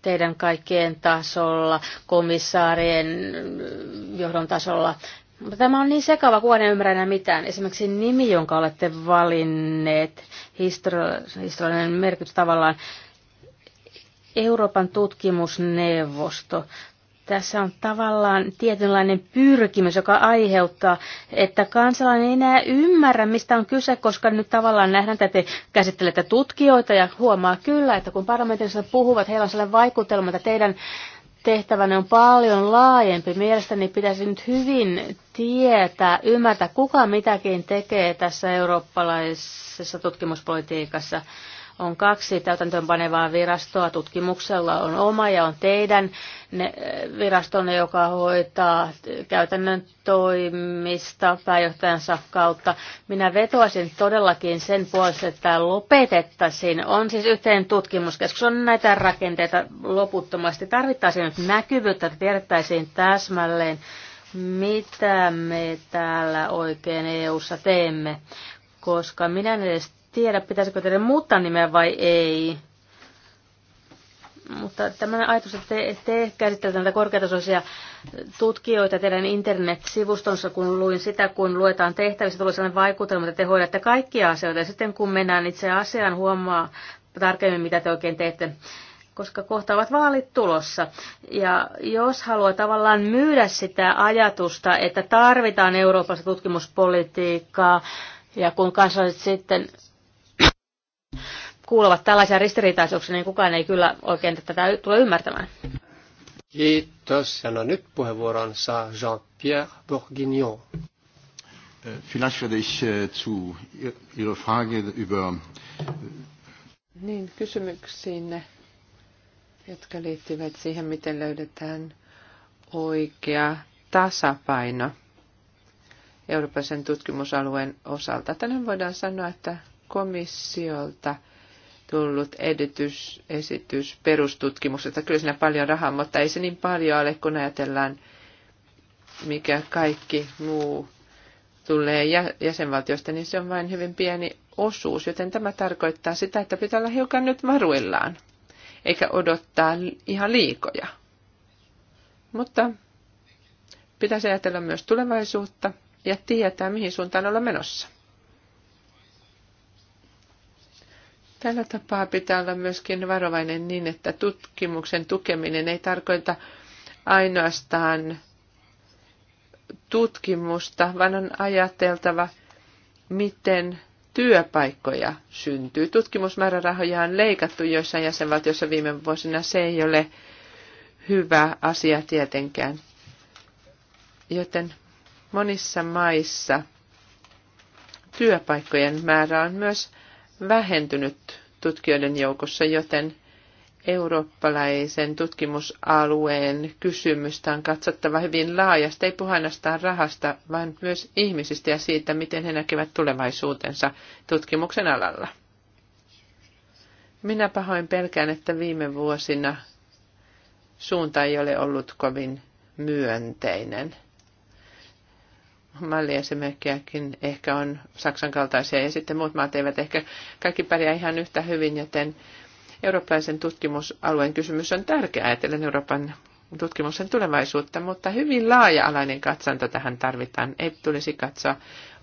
teidän kaikkien tasolla, komissaarien johdon tasolla. Mutta tämä on niin sekava, kun en ymmärrä enää mitään. Esimerkiksi nimi, jonka olette valinneet, histori- historiallinen merkitys tavallaan, Euroopan tutkimusneuvosto. Tässä on tavallaan tietynlainen pyrkimys, joka aiheuttaa, että kansalainen ei enää ymmärrä, mistä on kyse, koska nyt tavallaan nähdään, että te käsittelette tutkijoita ja huomaa kyllä, että kun parlamentissa puhuvat, heillä on sellainen vaikutelma, että teidän tehtävänä on paljon laajempi. Mielestäni pitäisi nyt hyvin tietää, ymmärtää, kuka mitäkin tekee tässä eurooppalaisessa tutkimuspolitiikassa on kaksi täytäntöönpanevaa virastoa. Tutkimuksella on oma ja on teidän virastonne, joka hoitaa käytännön toimista pääjohtajansa kautta. Minä vetoaisin todellakin sen puolesta, että lopetettaisiin. On siis yhteen tutkimuskeskus, on näitä rakenteita loputtomasti. Tarvittaisiin nyt näkyvyyttä, että tiedettäisiin täsmälleen, mitä me täällä oikein EU-ssa teemme koska minä en edes tiedä, pitäisikö teidän muuttaa nimeä vai ei. Mutta tämmöinen ajatus, että te, te käsittelette näitä korkeatasoisia tutkijoita teidän internet-sivustonsa, kun luin sitä, kun luetaan tehtävissä, tulee sellainen vaikutelma, että te hoidatte kaikkia asioita. Ja sitten kun mennään itse asiaan, huomaa tarkemmin, mitä te oikein teette koska kohta ovat vaalit tulossa. Ja jos haluaa tavallaan myydä sitä ajatusta, että tarvitaan Euroopassa tutkimuspolitiikkaa, ja kun kansalaiset sitten kuuluvat tällaisia ristiriitaisuuksia, niin kukaan ei kyllä oikein tätä tule ymmärtämään. Kiitos. Ja no nyt puheenvuoron saa Jean-Pierre Bourguignon. Äh, Vielleicht werde ich äh, zu Ihrer Frage über... Äh, niin, kysymyksiin, jotka liittyvät siihen, miten löydetään oikea tasapaino Euroopan tutkimusalueen osalta. Tänään voidaan sanoa, että komissiolta – tullut edytys, esitys että Kyllä siinä paljon rahaa, mutta ei se niin paljon ole, kun ajatellaan, mikä kaikki muu tulee jäsenvaltiosta, niin se on vain hyvin pieni osuus, joten tämä tarkoittaa sitä, että pitää olla hiukan nyt varuillaan, eikä odottaa ihan liikoja. Mutta pitäisi ajatella myös tulevaisuutta ja tietää, mihin suuntaan olla menossa. Tällä tapaa pitää olla myöskin varovainen niin, että tutkimuksen tukeminen ei tarkoita ainoastaan tutkimusta, vaan on ajateltava, miten työpaikkoja syntyy. Tutkimusmäärärahoja on leikattu joissain jäsenvaltioissa viime vuosina. Se ei ole hyvä asia tietenkään. Joten monissa maissa työpaikkojen määrä on myös vähentynyt tutkijoiden joukossa, joten eurooppalaisen tutkimusalueen kysymystä on katsottava hyvin laajasti, ei puhanastaan rahasta, vaan myös ihmisistä ja siitä, miten he näkevät tulevaisuutensa tutkimuksen alalla. Minä pahoin pelkään, että viime vuosina suunta ei ole ollut kovin myönteinen malliesimerkkejäkin ehkä on Saksan kaltaisia ja sitten muut maat eivät ehkä kaikki pärjää ihan yhtä hyvin, joten eurooppalaisen tutkimusalueen kysymys on tärkeä ajatellen Euroopan tutkimuksen tulevaisuutta, mutta hyvin laaja-alainen katsanto tähän tarvitaan. Ei tulisi katsoa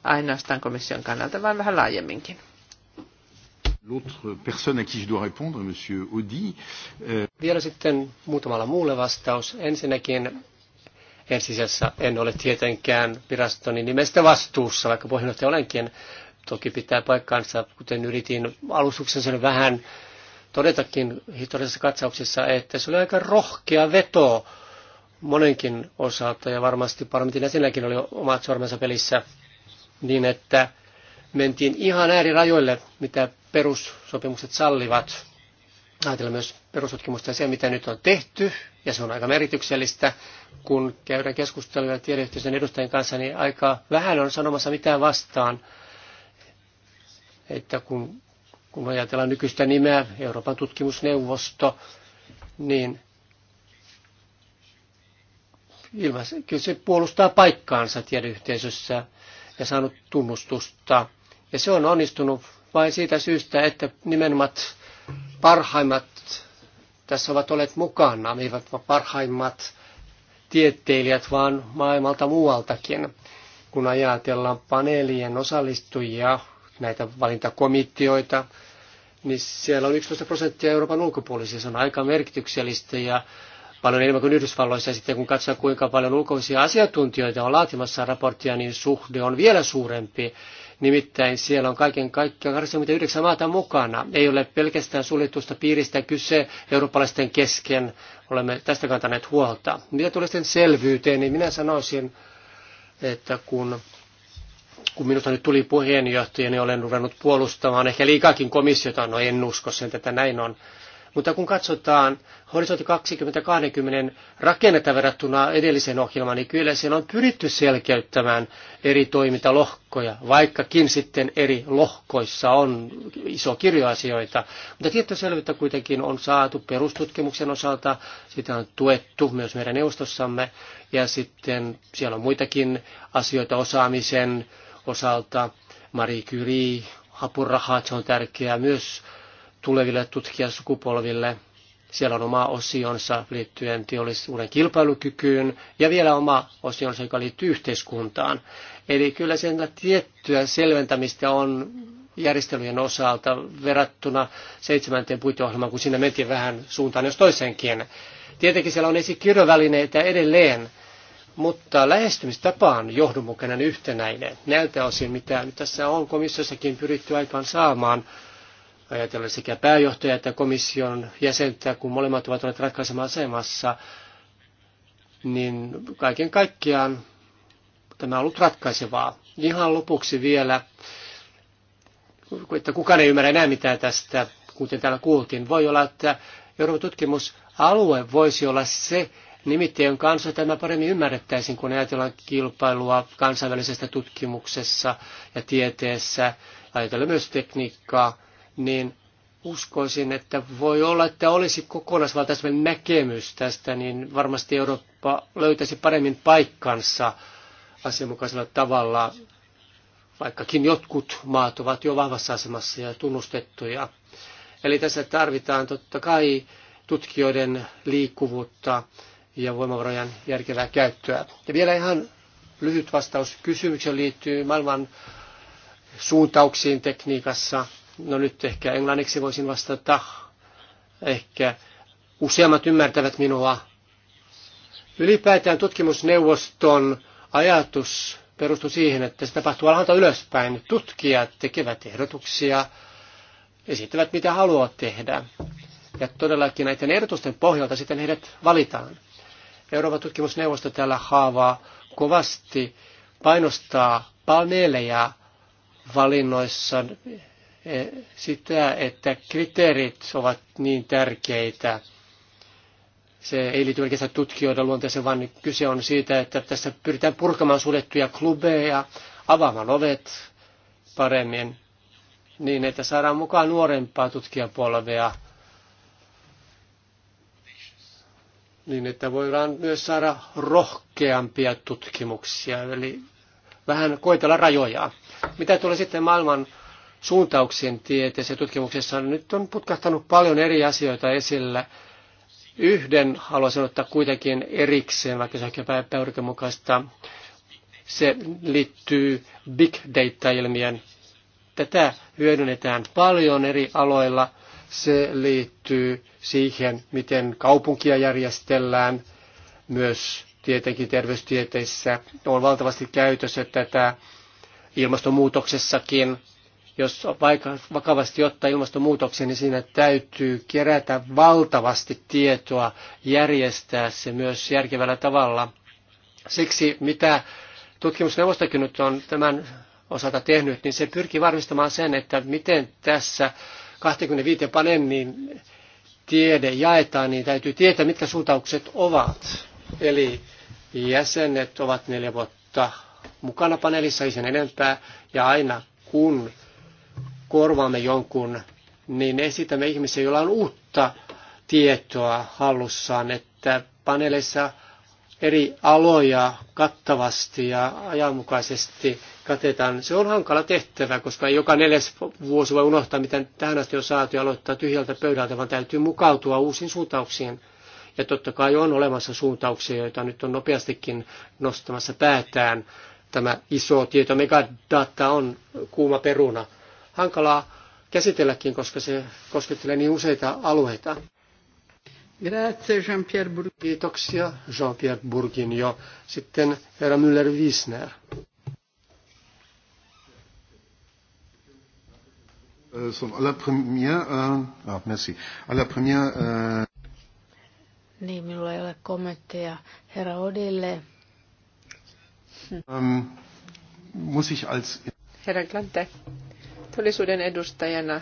ainoastaan komission kannalta, vaan vähän laajemminkin. L'autre personne à qui je dois répondre, monsieur Audi. Euh, Vielä sitten muutamalla muulle vastaus. Ensinnäkin Ensisijassa en ole tietenkään virastoni nimestä vastuussa, vaikka puheenjohtaja olenkin. Toki pitää paikkaansa, kuten yritin alustuksen vähän todetakin historiallisessa katsauksessa, että se oli aika rohkea veto monenkin osalta ja varmasti parlamentin jäsenelläkin oli omat sormensa pelissä niin, että mentiin ihan äärirajoille, mitä perussopimukset sallivat ajatella myös perustutkimusta ja se, mitä nyt on tehty, ja se on aika merkityksellistä, kun käydään keskusteluja tiedeyhteisön edustajien kanssa, niin aika vähän on sanomassa mitään vastaan, että kun, kun ajatellaan nykyistä nimeä, Euroopan tutkimusneuvosto, niin ilma, kyllä se puolustaa paikkaansa tiedeyhteisössä ja saanut tunnustusta. Ja se on onnistunut vain siitä syystä, että nimenomaan parhaimmat tässä ovat olleet mukana, eivät parhaimmat tieteilijät, vaan maailmalta muualtakin. Kun ajatellaan paneelien osallistujia, näitä valintakomiteoita, niin siellä on 11 prosenttia Euroopan ulkopuolisia. Se on aika merkityksellistä ja paljon enemmän kuin Yhdysvalloissa. Ja sitten kun katsoo, kuinka paljon ulkoisia asiantuntijoita on laatimassa raporttia, niin suhde on vielä suurempi. Nimittäin siellä on kaiken kaikkiaan 29 maata mukana. Ei ole pelkästään suljetusta piiristä kyse eurooppalaisten kesken. Olemme tästä kantaneet huolta. Mitä tulee sitten selvyyteen, niin minä sanoisin, että kun, kun minusta nyt tuli puheenjohtaja, niin olen ruvennut puolustamaan ehkä liikaakin komissiota. No en usko sen, että näin on. Mutta kun katsotaan horisontti 2020 rakennetta verrattuna edelliseen ohjelmaan, niin kyllä siellä on pyritty selkeyttämään eri toimintalohkoja, vaikkakin sitten eri lohkoissa on iso asioita. Mutta selvyyttä kuitenkin on saatu perustutkimuksen osalta, sitä on tuettu myös meidän neuvostossamme, ja sitten siellä on muitakin asioita osaamisen osalta, Marie Curie, apurahat, se on tärkeää myös tuleville tutkijasukupolville. Siellä on oma osionsa liittyen teollisuuden kilpailukykyyn ja vielä oma osionsa, joka liittyy yhteiskuntaan. Eli kyllä sen tiettyä selventämistä on järjestelyjen osalta verrattuna seitsemänteen puiteohjelmaan, kun siinä mentiin vähän suuntaan jos toiseenkin. Tietenkin siellä on esikirjovälineitä edelleen, mutta lähestymistapa on johdonmukainen yhtenäinen. Näiltä osin, mitä nyt tässä on komissiossakin pyritty aikaan saamaan, ajatellen sekä pääjohtajaa että komission jäsentä, kun molemmat ovat olleet ratkaisemassa asemassa, niin kaiken kaikkiaan tämä on ollut ratkaisevaa. Ihan lopuksi vielä, että kukaan ei ymmärrä enää mitään tästä, kuten täällä kuultiin. Voi olla, että Euroopan tutkimusalue voisi olla se nimittäin kanssa tämä paremmin ymmärrettäisiin, kun ajatellaan kilpailua kansainvälisestä tutkimuksessa ja tieteessä, ajatellaan myös tekniikkaa, niin uskoisin, että voi olla, että olisi kokonaisvaltaisemmin näkemys tästä, niin varmasti Eurooppa löytäisi paremmin paikkansa asianmukaisella tavalla, vaikkakin jotkut maat ovat jo vahvassa asemassa ja tunnustettuja. Eli tässä tarvitaan totta kai tutkijoiden liikkuvuutta ja voimavarojen järkevää käyttöä. Ja vielä ihan lyhyt vastaus kysymykseen liittyy maailman suuntauksiin tekniikassa – No nyt ehkä englanniksi voisin vastata. Ehkä useammat ymmärtävät minua. Ylipäätään tutkimusneuvoston ajatus perustuu siihen, että se tapahtuu alhaalta ylöspäin. Tutkijat tekevät ehdotuksia, esittävät mitä haluavat tehdä. Ja todellakin näiden ehdotusten pohjalta sitten heidät valitaan. Euroopan tutkimusneuvosto täällä haavaa kovasti painostaa paneeleja valinnoissa Eh, sitä, että kriteerit ovat niin tärkeitä. Se ei liity oikeastaan tutkijoiden luonteeseen, vaan kyse on siitä, että tässä pyritään purkamaan suljettuja klubeja, avaamaan ovet paremmin, niin että saadaan mukaan nuorempaa tutkijapolvea, niin että voidaan myös saada rohkeampia tutkimuksia, eli vähän koitella rajoja. Mitä tulee sitten maailman suuntauksien tieteessä ja tutkimuksessa niin nyt on putkahtanut paljon eri asioita esillä. Yhden haluaisin ottaa kuitenkin erikseen, vaikka se on ehkä mukaista. Se liittyy big data-ilmiön. Tätä hyödynnetään paljon eri aloilla. Se liittyy siihen, miten kaupunkia järjestellään, myös tietenkin terveystieteissä on valtavasti käytössä tätä ilmastonmuutoksessakin jos vakavasti ottaa ilmastonmuutoksen, niin siinä täytyy kerätä valtavasti tietoa, järjestää se myös järkevällä tavalla. Siksi mitä tutkimusneuvostokin nyt on tämän osalta tehnyt, niin se pyrkii varmistamaan sen, että miten tässä 25 paneelin tiede jaetaan, niin täytyy tietää, mitkä suuntaukset ovat. Eli jäsenet ovat neljä vuotta mukana paneelissa, ei sen enempää, ja aina kun korvaamme jonkun, niin esitämme ihmisiä, joilla on uutta tietoa hallussaan, että paneeleissa eri aloja kattavasti ja ajanmukaisesti katetaan. Se on hankala tehtävä, koska joka neljäs vuosi voi unohtaa, miten tähän asti on saatu ja aloittaa tyhjältä pöydältä, vaan täytyy mukautua uusiin suuntauksiin. Ja totta kai on olemassa suuntauksia, joita nyt on nopeastikin nostamassa päätään. Tämä iso tieto, megadata on kuuma peruna – hankalaa käsitelläkin, koska se koskettelee niin useita alueita. Grazie Jean-Pierre Burgin. Kiitoksia Jean-Pierre Burgin ja Sitten herra Müller-Wiesner. alla Alla Niin, minulla ei ole kommentteja herra Odille. Euh, muss ich als... Herra Glante teollisuuden edustajana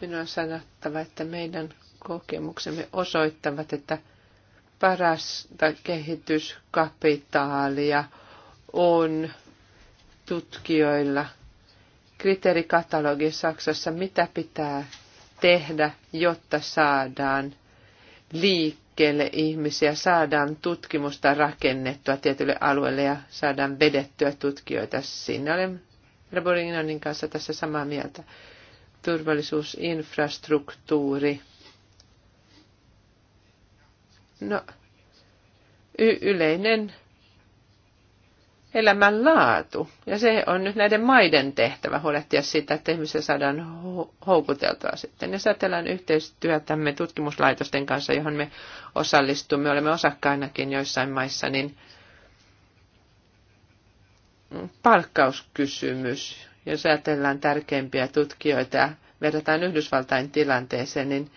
minun on sanottava, että meidän kokemuksemme osoittavat, että parasta kehityskapitaalia on tutkijoilla. Kriteerikatalogi Saksassa, mitä pitää tehdä, jotta saadaan liikkeelle ihmisiä, saadaan tutkimusta rakennettua tietylle alueelle ja saadaan vedettyä tutkijoita sinne. Olen Raborignonin kanssa tässä samaa mieltä. Turvallisuusinfrastruktuuri. No, y- yleinen elämänlaatu. Ja se on nyt näiden maiden tehtävä huolehtia siitä, että ihmisiä saadaan houkuteltua sitten. Ja säätellään yhteistyötämme tutkimuslaitosten kanssa, johon me osallistumme, olemme osakkainakin joissain maissa, niin – palkkauskysymys, jos ajatellaan tärkeimpiä tutkijoita ja verrataan Yhdysvaltain tilanteeseen, niin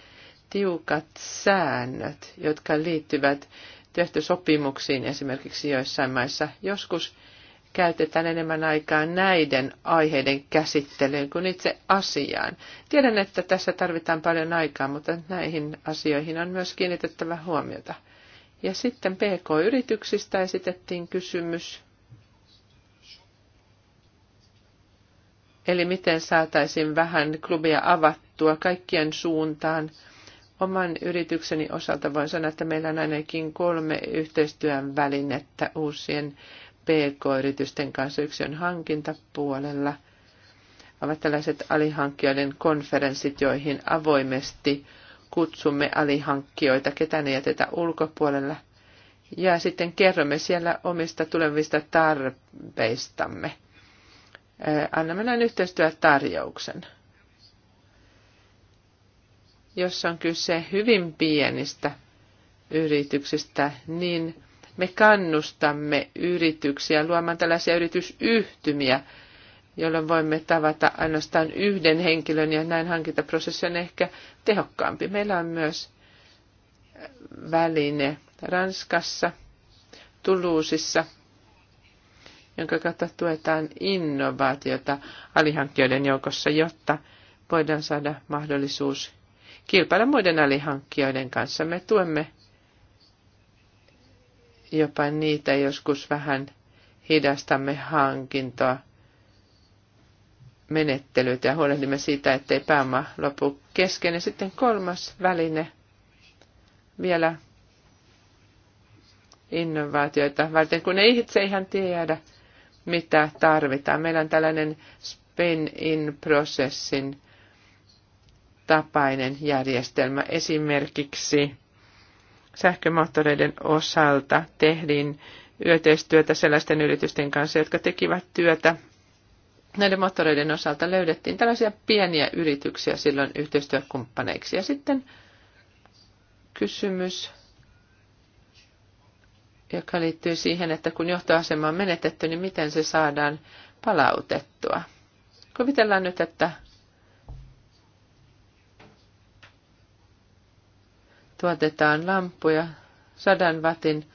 tiukat säännöt, jotka liittyvät työhtösopimuksiin esimerkiksi joissain maissa, joskus käytetään enemmän aikaa näiden aiheiden käsittelyyn kuin itse asiaan. Tiedän, että tässä tarvitaan paljon aikaa, mutta näihin asioihin on myös kiinnitettävä huomiota. Ja sitten PK-yrityksistä esitettiin kysymys. Eli miten saataisiin vähän klubia avattua kaikkien suuntaan. Oman yritykseni osalta voin sanoa, että meillä on ainakin kolme yhteistyön välinettä uusien PK-yritysten kanssa. Yksi on hankintapuolella. Ovat tällaiset alihankkijoiden konferenssit, joihin avoimesti kutsumme alihankkijoita, ketä ne jätetä ulkopuolella. Ja sitten kerromme siellä omista tulevista tarpeistamme anna mennä yhteistyötarjouksen. Jos on kyse hyvin pienistä yrityksistä, niin me kannustamme yrityksiä luomaan tällaisia yritysyhtymiä, jolloin voimme tavata ainoastaan yhden henkilön ja näin hankintaprosessi on ehkä tehokkaampi. Meillä on myös väline Ranskassa, Tuluusissa – jonka kautta tuetaan innovaatiota alihankkijoiden joukossa, jotta voidaan saada mahdollisuus kilpailla muiden alihankkijoiden kanssa. Me tuemme jopa niitä joskus vähän hidastamme hankintoa menettelyitä ja huolehdimme siitä, ettei pääoma lopu kesken. Ja sitten kolmas väline vielä innovaatioita varten, kun ei itse ihan tiedä, mitä tarvitaan. Meillä on tällainen spin-in-prosessin tapainen järjestelmä. Esimerkiksi sähkömoottoreiden osalta tehdin yhteistyötä sellaisten yritysten kanssa, jotka tekivät työtä näiden moottoreiden osalta löydettiin tällaisia pieniä yrityksiä silloin yhteistyökumppaneiksi. Ja sitten kysymys joka liittyy siihen, että kun johtoasema on menetetty, niin miten se saadaan palautettua. Kuvitellaan nyt, että tuotetaan lampuja, sadan vatin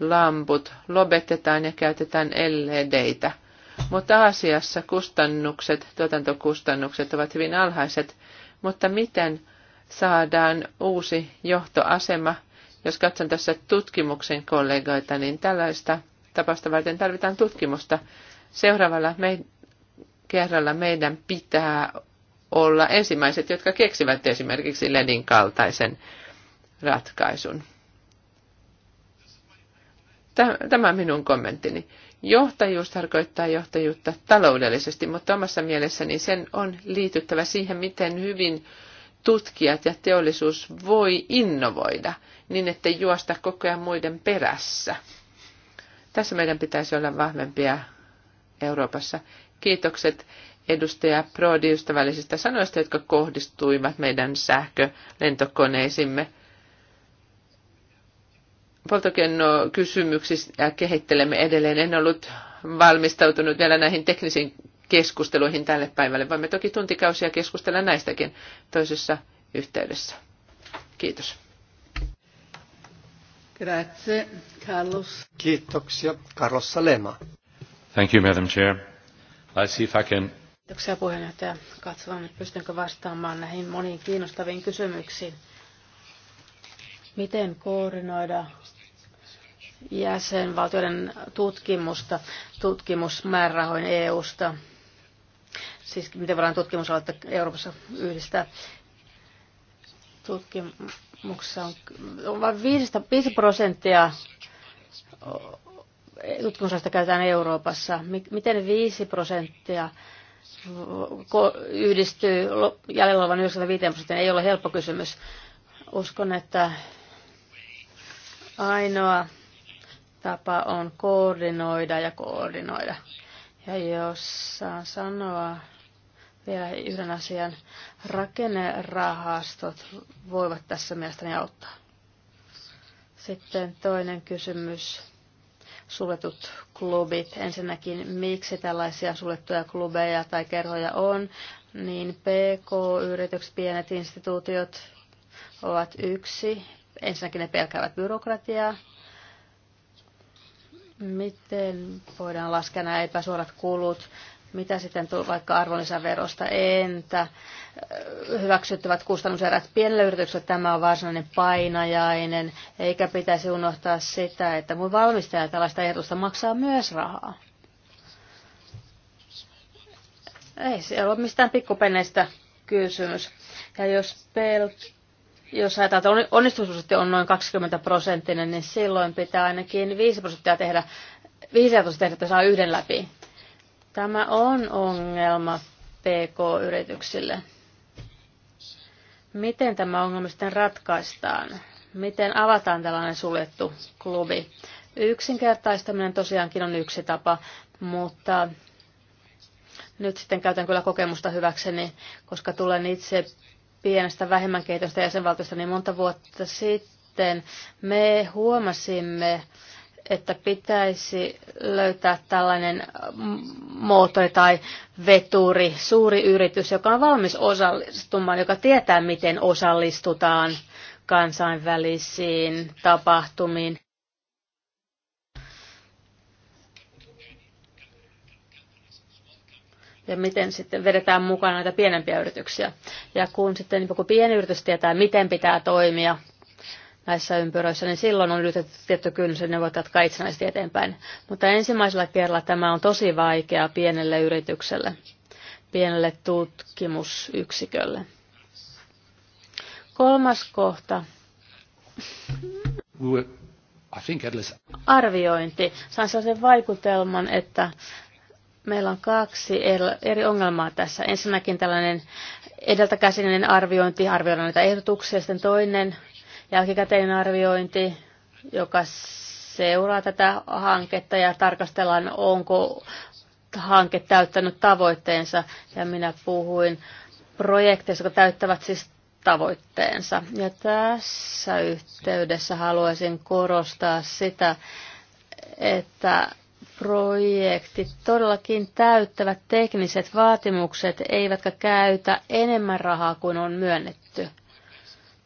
lamput lopetetaan ja käytetään LEDitä. Mutta Aasiassa kustannukset, tuotantokustannukset ovat hyvin alhaiset, mutta miten saadaan uusi johtoasema – jos katson tässä tutkimuksen kollegoita, niin tällaista tapausta varten tarvitaan tutkimusta. Seuraavalla me, kerralla meidän pitää olla ensimmäiset, jotka keksivät esimerkiksi LEDin kaltaisen ratkaisun. Tämä on minun kommenttini. Johtajuus tarkoittaa johtajuutta taloudellisesti, mutta omassa mielessäni sen on liityttävä siihen, miten hyvin tutkijat ja teollisuus voi innovoida niin, että juosta koko ajan muiden perässä. Tässä meidän pitäisi olla vahvempia Euroopassa. Kiitokset edustaja Prodi ystävällisistä sanoista, jotka kohdistuivat meidän sähkölentokoneisimme. Poltokennokysymyksiä kehittelemme edelleen. En ollut valmistautunut vielä näihin teknisiin keskusteluihin tälle päivälle. Voimme toki tuntikausia keskustella näistäkin toisessa yhteydessä. Kiitos. Grazie, Carlos. Kiitoksia, Carlos Salema. Thank you, Madam Chair. I see if I can... Kiitoksia puheenjohtaja. Katsotaan, pystynkö vastaamaan näihin moniin kiinnostaviin kysymyksiin. Miten koordinoida jäsenvaltioiden tutkimusta, tutkimusmäärärahoin EU-sta? siis miten voidaan tutkimusaloitetta Euroopassa yhdistää. Tutkimuksessa on vain 5 prosenttia tutkimusalasta käytetään Euroopassa. Miten 5 prosenttia yhdistyy jäljellä olevan 95 prosenttia? Ei ole helppo kysymys. Uskon, että ainoa tapa on koordinoida ja koordinoida. Ja jos saan sanoa vielä yhden asian. Rakennerahastot voivat tässä mielestäni auttaa. Sitten toinen kysymys. Suljetut klubit. Ensinnäkin, miksi tällaisia suljettuja klubeja tai kerhoja on? Niin PK-yritykset, pienet instituutiot ovat yksi. Ensinnäkin ne pelkäävät byrokratiaa. Miten voidaan laskea nämä epäsuorat kulut? Mitä sitten tulee vaikka arvonlisäverosta? Entä hyväksyttävät kustannuserät pienelle yritykselle? Tämä on varsinainen painajainen, eikä pitäisi unohtaa sitä, että mun valmistaja tällaista ehdotusta maksaa myös rahaa. Ei siellä ole mistään pikkupenneistä kysymys. Ja jos pel- jos ajatellaan, että onnistusprosentti on noin 20 prosenttinen, niin silloin pitää ainakin 5 prosenttia tehdä, 5 tehdä, että saa yhden läpi. Tämä on ongelma PK-yrityksille. Miten tämä ongelma sitten ratkaistaan? Miten avataan tällainen suljettu klubi? Yksinkertaistaminen tosiaankin on yksi tapa, mutta nyt sitten käytän kyllä kokemusta hyväkseni, koska tulen itse pienestä vähemmän kehitystä jäsenvaltiosta niin monta vuotta sitten me huomasimme, että pitäisi löytää tällainen moottori tai veturi, suuri yritys, joka on valmis osallistumaan, joka tietää, miten osallistutaan kansainvälisiin tapahtumiin. ja miten sitten vedetään mukaan näitä pienempiä yrityksiä. Ja kun sitten niin kun pieni yritys tietää, miten pitää toimia, näissä ympyröissä, niin silloin on ylitetty tietty kynnys ja ne voivat jatkaa itsenäisesti eteenpäin. Mutta ensimmäisellä kerralla tämä on tosi vaikeaa pienelle yritykselle, pienelle tutkimusyksikölle. Kolmas kohta. Arviointi. Saan sellaisen vaikutelman, että meillä on kaksi eri ongelmaa tässä. Ensinnäkin tällainen edeltäkäsinen arviointi, arvioidaan näitä ehdotuksia, sitten toinen jälkikäteinen arviointi, joka seuraa tätä hanketta ja tarkastellaan, onko hanke täyttänyt tavoitteensa. Ja minä puhuin projekteista, jotka täyttävät siis tavoitteensa. Ja tässä yhteydessä haluaisin korostaa sitä, että projektit todellakin täyttävät tekniset vaatimukset, eivätkä käytä enemmän rahaa kuin on myönnetty.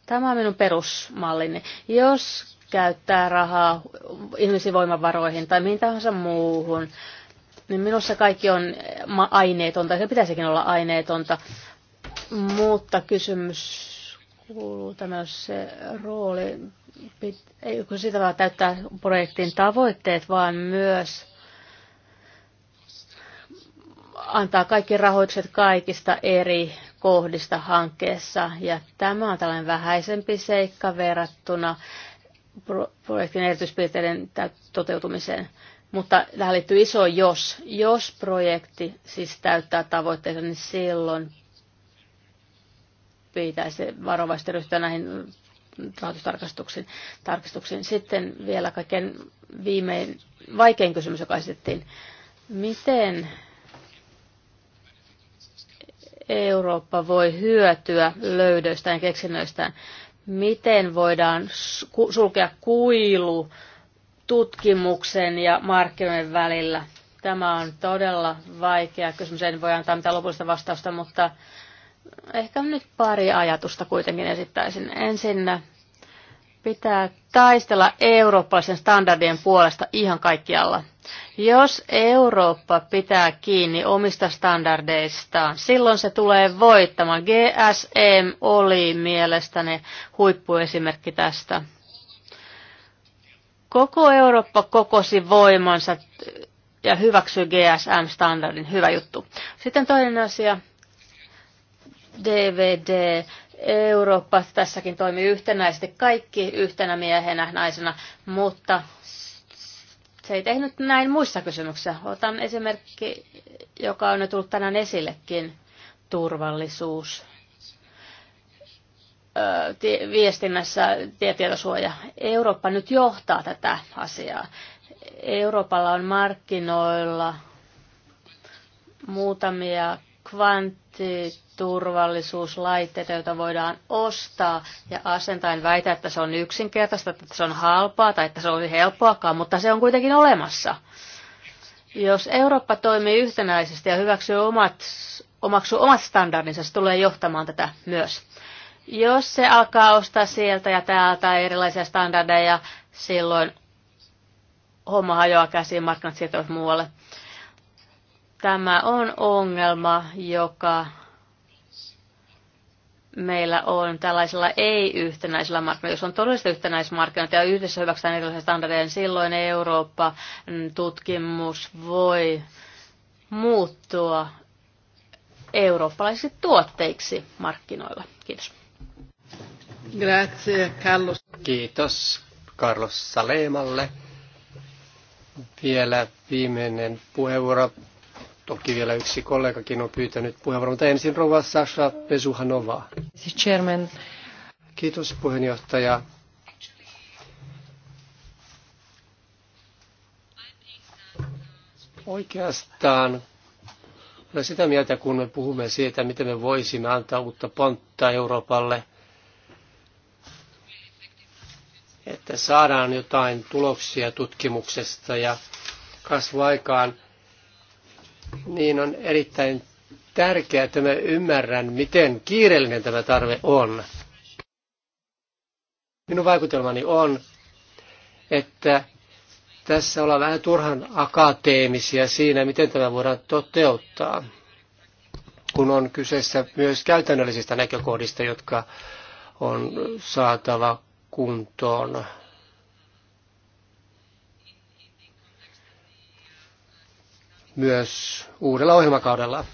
Tämä on minun perusmallini. Jos käyttää rahaa ihmisen voimavaroihin tai mihin tahansa muuhun, niin minussa kaikki on aineetonta, se pitäisikin olla aineetonta. Mutta kysymys kuuluu tämä on se rooli, ei kun sitä vaan täyttää projektin tavoitteet, vaan myös antaa kaikki rahoitukset kaikista eri kohdista hankkeessa. Ja tämä on tällainen vähäisempi seikka verrattuna projektin erityispiirteiden toteutumiseen. Mutta tähän liittyy iso jos. Jos projekti siis täyttää tavoitteensa, niin silloin pitäisi varovasti ryhtyä näihin rahoitustarkastuksiin. Tarkistuksiin. Sitten vielä kaiken viimein vaikein kysymys, joka esitettiin. Miten Eurooppa voi hyötyä löydöistään ja keksinnöistään. Miten voidaan sulkea kuilu tutkimuksen ja markkinoiden välillä? Tämä on todella vaikea kysymys. En voi antaa mitään lopullista vastausta, mutta ehkä nyt pari ajatusta kuitenkin esittäisin. Ensinnä Pitää taistella eurooppalaisen standardien puolesta ihan kaikkialla. Jos Eurooppa pitää kiinni omista standardeistaan, silloin se tulee voittamaan. GSM oli mielestäni huippuesimerkki tästä. Koko Eurooppa kokosi voimansa ja hyväksyi GSM-standardin. Hyvä juttu. Sitten toinen asia, DVD. Eurooppa tässäkin toimii yhtenäisesti, kaikki yhtenä miehenä, naisena, mutta se ei tehnyt näin muissa kysymyksissä. Otan esimerkki, joka on jo tullut tänään esillekin, turvallisuus viestinnässä tietosuoja. Eurooppa nyt johtaa tätä asiaa. Euroopalla on markkinoilla muutamia kvanttiturvallisuuslaitteita, joita voidaan ostaa ja En väitä, että se on yksinkertaista, että se on halpaa tai että se on helppoakaan, mutta se on kuitenkin olemassa. Jos Eurooppa toimii yhtenäisesti ja hyväksyy omat, omaksuu omat standardinsa, se tulee johtamaan tätä myös. Jos se alkaa ostaa sieltä ja täältä erilaisia standardeja, silloin homma hajoaa käsiin, markkinat siirtyvät muualle. Tämä on ongelma, joka meillä on tällaisella ei yhtenäisellä markkinoilla. Jos on todellista yhtenäismarkkinoita ja yhdessä hyväksytään erilaisia standardeja, niin silloin Eurooppa mm, tutkimus voi muuttua eurooppalaisiksi tuotteiksi markkinoilla. Kiitos. Grazie, Carlos. Kiitos Carlos Salemalle. Vielä viimeinen puheenvuoro Toki vielä yksi kollegakin on pyytänyt puheenvuoron, mutta ensin rouva Sasha Pesuhanova. Chairman. Kiitos puheenjohtaja. Oikeastaan olen sitä mieltä, kun me puhumme siitä, miten me voisimme antaa uutta pontta Euroopalle, että saadaan jotain tuloksia tutkimuksesta ja kasvuaikaan. aikaan niin on erittäin tärkeää, että me ymmärrän, miten kiireellinen tämä tarve on. Minun vaikutelmani on, että tässä ollaan vähän turhan akateemisia siinä, miten tämä voidaan toteuttaa, kun on kyseessä myös käytännöllisistä näkökohdista, jotka on saatava kuntoon myös uudella ohjelmakaudella.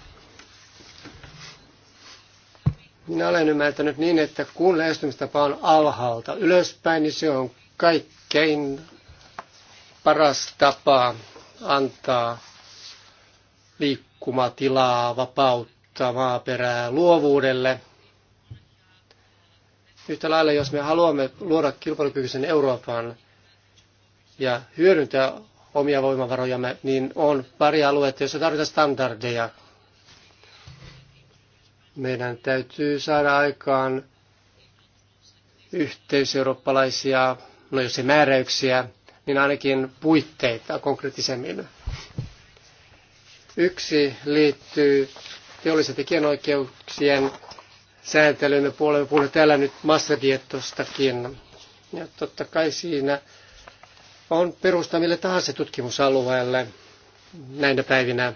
Minä olen ymmärtänyt niin, että kun lähestymistapa on alhaalta ylöspäin, niin se on kaikkein paras tapa antaa liikkumatilaa, vapautta, maaperää luovuudelle. Yhtä lailla, jos me haluamme luoda kilpailukykyisen Euroopan ja hyödyntää omia voimavarojamme, niin on pari aluetta, joissa tarvitaan standardeja. Meidän täytyy saada aikaan yhteiseurooppalaisia, no jos ei määräyksiä, niin ainakin puitteita konkreettisemmin. Yksi liittyy teollisen tekijänoikeuksien sääntelyyn. Me puolemme puhunut täällä nyt massadiettostakin. Ja totta kai siinä on perusta mille tahansa tutkimusalueelle näinä päivinä.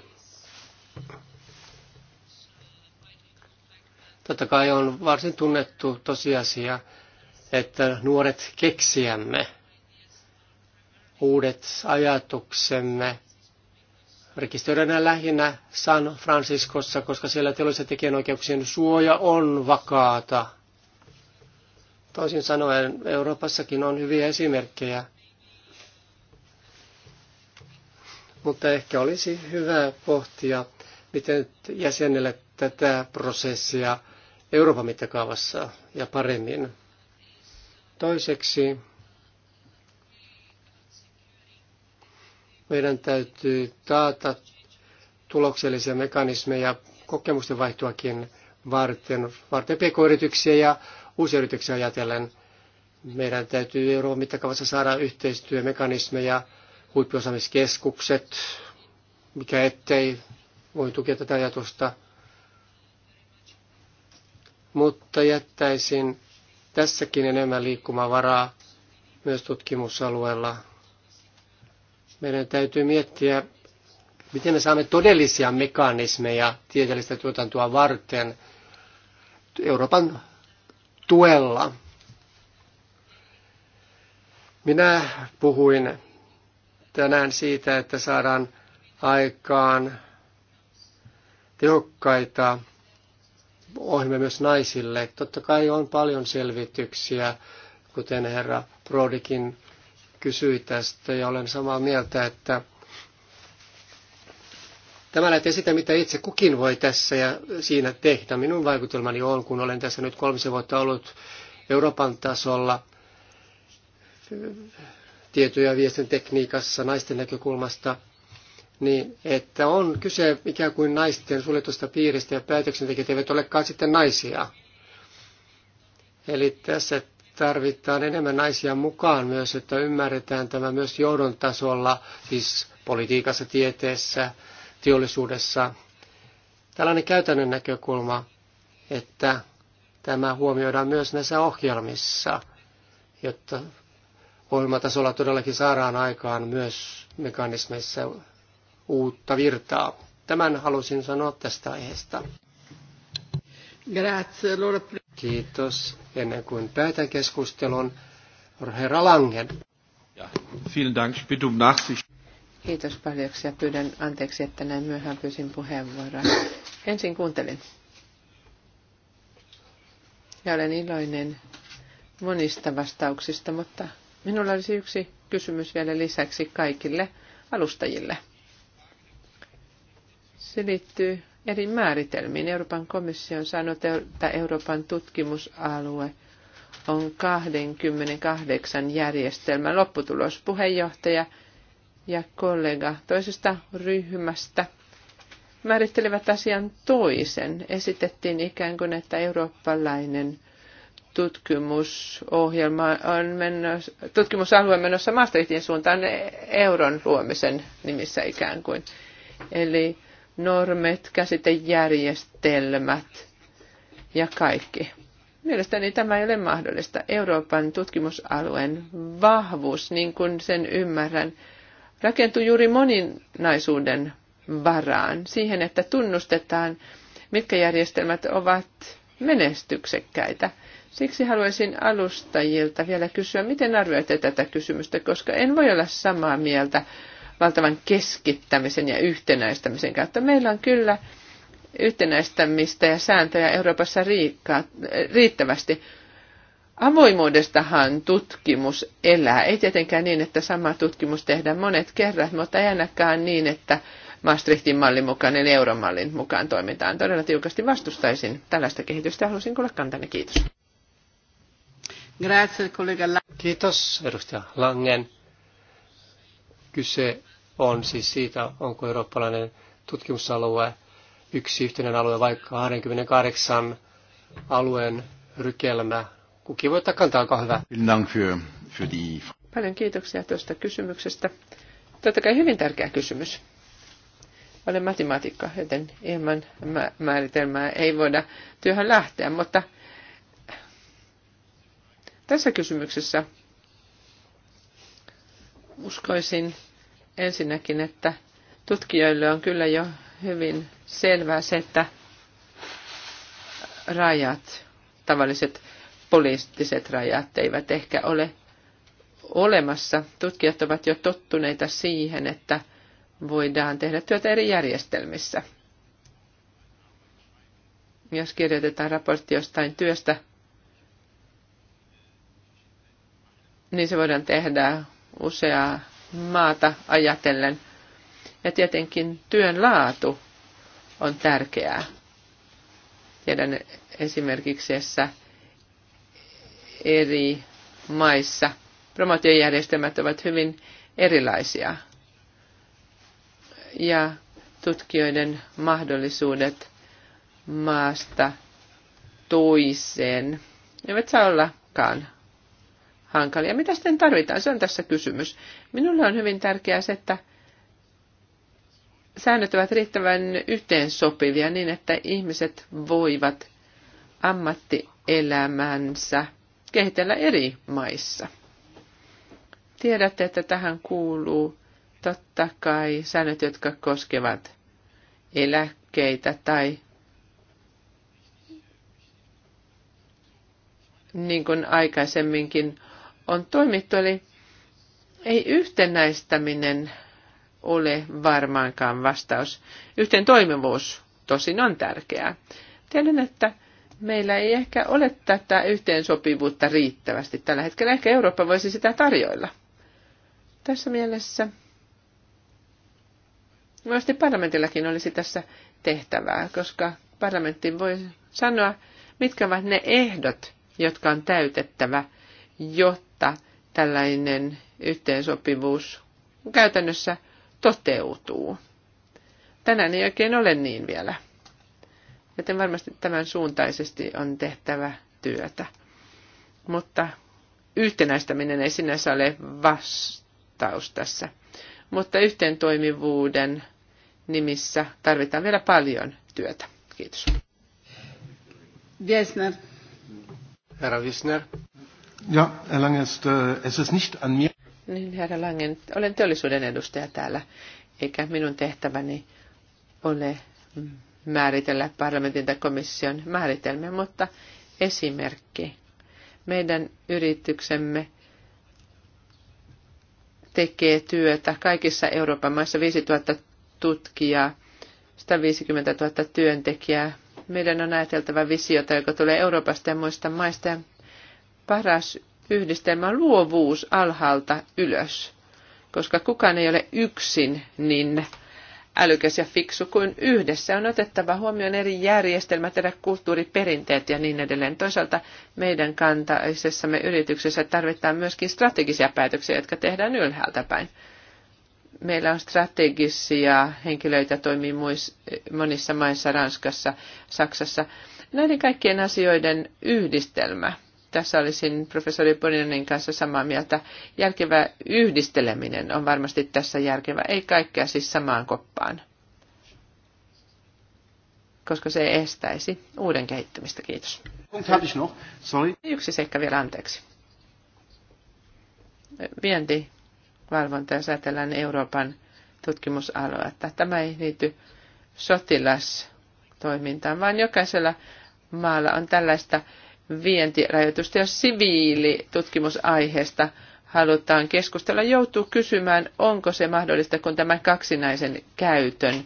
Totta kai on varsin tunnettu tosiasia, että nuoret keksiämme uudet ajatuksemme, rekisteröidään lähinnä San Franciscossa, koska siellä teollisen tekijänoikeuksien suoja on vakaata. Toisin sanoen Euroopassakin on hyviä esimerkkejä – mutta ehkä olisi hyvä pohtia, miten jäsenellä tätä prosessia Euroopan mittakaavassa ja paremmin. Toiseksi meidän täytyy taata tuloksellisia mekanismeja kokemusten vaihtoakin varten, varten pk-yrityksiä ja uusia yrityksiä ajatellen. Meidän täytyy Euroopan mittakaavassa saada yhteistyömekanismeja huippuosaamiskeskukset, mikä ettei voi tukea tätä ajatusta. Mutta jättäisin tässäkin enemmän liikkumavaraa myös tutkimusalueella. Meidän täytyy miettiä, miten me saamme todellisia mekanismeja tieteellistä tuotantoa varten Euroopan tuella. Minä puhuin tänään siitä, että saadaan aikaan tehokkaita ohjelmia myös naisille. Totta kai on paljon selvityksiä, kuten herra Prodikin kysyi tästä, ja olen samaa mieltä, että Tämä lähtee sitä, mitä itse kukin voi tässä ja siinä tehdä. Minun vaikutelmani on, kun olen tässä nyt kolmisen vuotta ollut Euroopan tasolla tietoja viestin tekniikassa naisten näkökulmasta, niin että on kyse ikään kuin naisten suljetusta piiristä ja päätöksentekijät eivät olekaan sitten naisia. Eli tässä tarvitaan enemmän naisia mukaan myös, että ymmärretään tämä myös johdon tasolla, siis politiikassa, tieteessä, teollisuudessa. Tällainen käytännön näkökulma, että tämä huomioidaan myös näissä ohjelmissa, jotta ohjelmatasolla todellakin saadaan aikaan myös mekanismeissa uutta virtaa. Tämän halusin sanoa tästä aiheesta. Kiitos. Ennen kuin päätän keskustelun, herra Langen. Ja, vielen Dank. um Kiitos paljon ja pyydän anteeksi, että näin myöhään pyysin puheenvuoroa. Ensin kuuntelin. Ja olen iloinen monista vastauksista, mutta Minulla olisi yksi kysymys vielä lisäksi kaikille alustajille. Se liittyy eri määritelmiin. Euroopan komissio on sanonut, että Euroopan tutkimusalue on 28 järjestelmän lopputulos. Puheenjohtaja ja kollega toisesta ryhmästä määrittelivät asian toisen. Esitettiin ikään kuin, että eurooppalainen tutkimusohjelma on menossa, tutkimusalue menossa Maastrichtin suuntaan euron luomisen nimissä ikään kuin. Eli normit, käsitejärjestelmät ja kaikki. Mielestäni tämä ei ole mahdollista. Euroopan tutkimusalueen vahvuus, niin kuin sen ymmärrän, rakentuu juuri moninaisuuden varaan, siihen, että tunnustetaan, mitkä järjestelmät ovat menestyksekkäitä Siksi haluaisin alustajilta vielä kysyä, miten arvioitte tätä kysymystä, koska en voi olla samaa mieltä valtavan keskittämisen ja yhtenäistämisen kautta. Meillä on kyllä yhtenäistämistä ja sääntöjä Euroopassa riittävästi. Avoimuudestahan tutkimus elää. Ei tietenkään niin, että sama tutkimus tehdään monet kerrat, mutta ei ainakaan niin, että Maastrichtin mallin mukaan, eli euromallin mukaan toimitaan. Todella tiukasti vastustaisin tällaista kehitystä. Haluaisin kuulla kantani. Kiitos. Grazie, Kiitos, edustaja Langen. Kyse on siis siitä, onko eurooppalainen tutkimusalue yksi yhteinen alue, vaikka 28 alueen rykelmä. Kuki voi ottaa kantaa, olkaa hyvä. Paljon kiitoksia tuosta kysymyksestä. Totta kai hyvin tärkeä kysymys. Olen matemaatikko, joten ilman määritelmää ei voida työhön lähteä, mutta – tässä kysymyksessä uskoisin ensinnäkin, että tutkijoille on kyllä jo hyvin selvää se, että rajat, tavalliset poliittiset rajat eivät ehkä ole olemassa. Tutkijat ovat jo tottuneita siihen, että voidaan tehdä työtä eri järjestelmissä. Jos kirjoitetaan raportti jostain työstä, niin se voidaan tehdä useaa maata ajatellen. Ja tietenkin työn laatu on tärkeää. Tiedän esimerkiksi, että eri maissa promotiojärjestelmät ovat hyvin erilaisia. Ja tutkijoiden mahdollisuudet maasta toiseen eivät saa ollakaan hankalia. Mitä sitten tarvitaan? Se on tässä kysymys. Minulle on hyvin tärkeää se, että säännöt ovat riittävän yhteensopivia niin, että ihmiset voivat ammattielämänsä kehitellä eri maissa. Tiedätte, että tähän kuuluu totta kai säännöt, jotka koskevat eläkkeitä tai niin kuin aikaisemminkin on toimittu. Eli ei yhtenäistäminen ole varmaankaan vastaus. Yhteen toimivuus tosin on tärkeää. Tiedän, että meillä ei ehkä ole tätä yhteensopivuutta riittävästi tällä hetkellä. Ehkä Eurooppa voisi sitä tarjoilla. Tässä mielessä myös parlamentillakin olisi tässä tehtävää, koska parlamentti voi sanoa, mitkä ovat ne ehdot, jotka on täytettävä, jotta jotta tällainen yhteensopivuus käytännössä toteutuu. Tänään ei oikein ole niin vielä. Joten varmasti tämän suuntaisesti on tehtävä työtä. Mutta yhtenäistäminen ei sinänsä ole vastaus tässä. Mutta yhteen toimivuuden nimissä tarvitaan vielä paljon työtä. Kiitos. Wiesner. Herra Wiesner. Ja, Herr Lange, äh, es ist nicht an mir. Niin, herra Langen, olen teollisuuden edustaja täällä, eikä minun tehtäväni ole määritellä parlamentin tai komission määritelmiä, mutta esimerkki. Meidän yrityksemme tekee työtä kaikissa Euroopan maissa 5000 tutkijaa, 150 000 työntekijää. Meidän on ajateltava visiota, joka tulee Euroopasta ja muista maista ja paras yhdistelmä luovuus alhaalta ylös, koska kukaan ei ole yksin niin älykäs ja fiksu kuin yhdessä. On otettava huomioon eri järjestelmät, eri kulttuuriperinteet ja niin edelleen. Toisaalta meidän kantaisessamme yrityksessä tarvitaan myöskin strategisia päätöksiä, jotka tehdään ylhäältä päin. Meillä on strategisia henkilöitä toimii monissa maissa, Ranskassa, Saksassa. Näiden kaikkien asioiden yhdistelmä – tässä olisin professori Poninen kanssa samaa mieltä. Järkevä yhdisteleminen on varmasti tässä järkevä, ei kaikkea siis samaan koppaan, koska se estäisi uuden kehittymistä. Kiitos. No? Yksi seikka vielä, anteeksi. Vientivalvonta, jos ajatellaan Euroopan tutkimusaluetta. Tämä ei liity sotilastoimintaan, vaan jokaisella maalla on tällaista vientirajoitusta ja siviilitutkimusaiheesta halutaan keskustella, joutuu kysymään, onko se mahdollista, kun tämä kaksinaisen käytön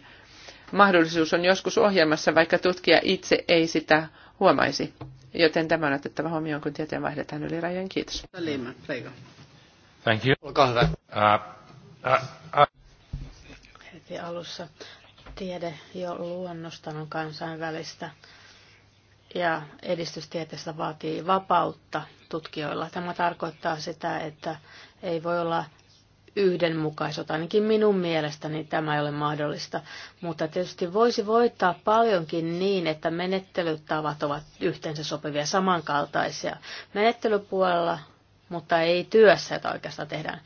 mahdollisuus on joskus ohjelmassa, vaikka tutkija itse ei sitä huomaisi. Joten tämä on otettava huomioon, kun tietoja vaihdetaan yli rajojen. Kiitos. Thank you. Olkaa hyvä. Uh, uh, uh. Heti alussa tiede jo luonnostanut kansainvälistä ja edistystieteestä vaatii vapautta tutkijoilla. Tämä tarkoittaa sitä, että ei voi olla yhdenmukaisuutta. Ainakin minun mielestäni tämä ei ole mahdollista. Mutta tietysti voisi voittaa paljonkin niin, että menettelytavat ovat yhteensä sopivia, samankaltaisia menettelypuolella, mutta ei työssä, että oikeastaan tehdään.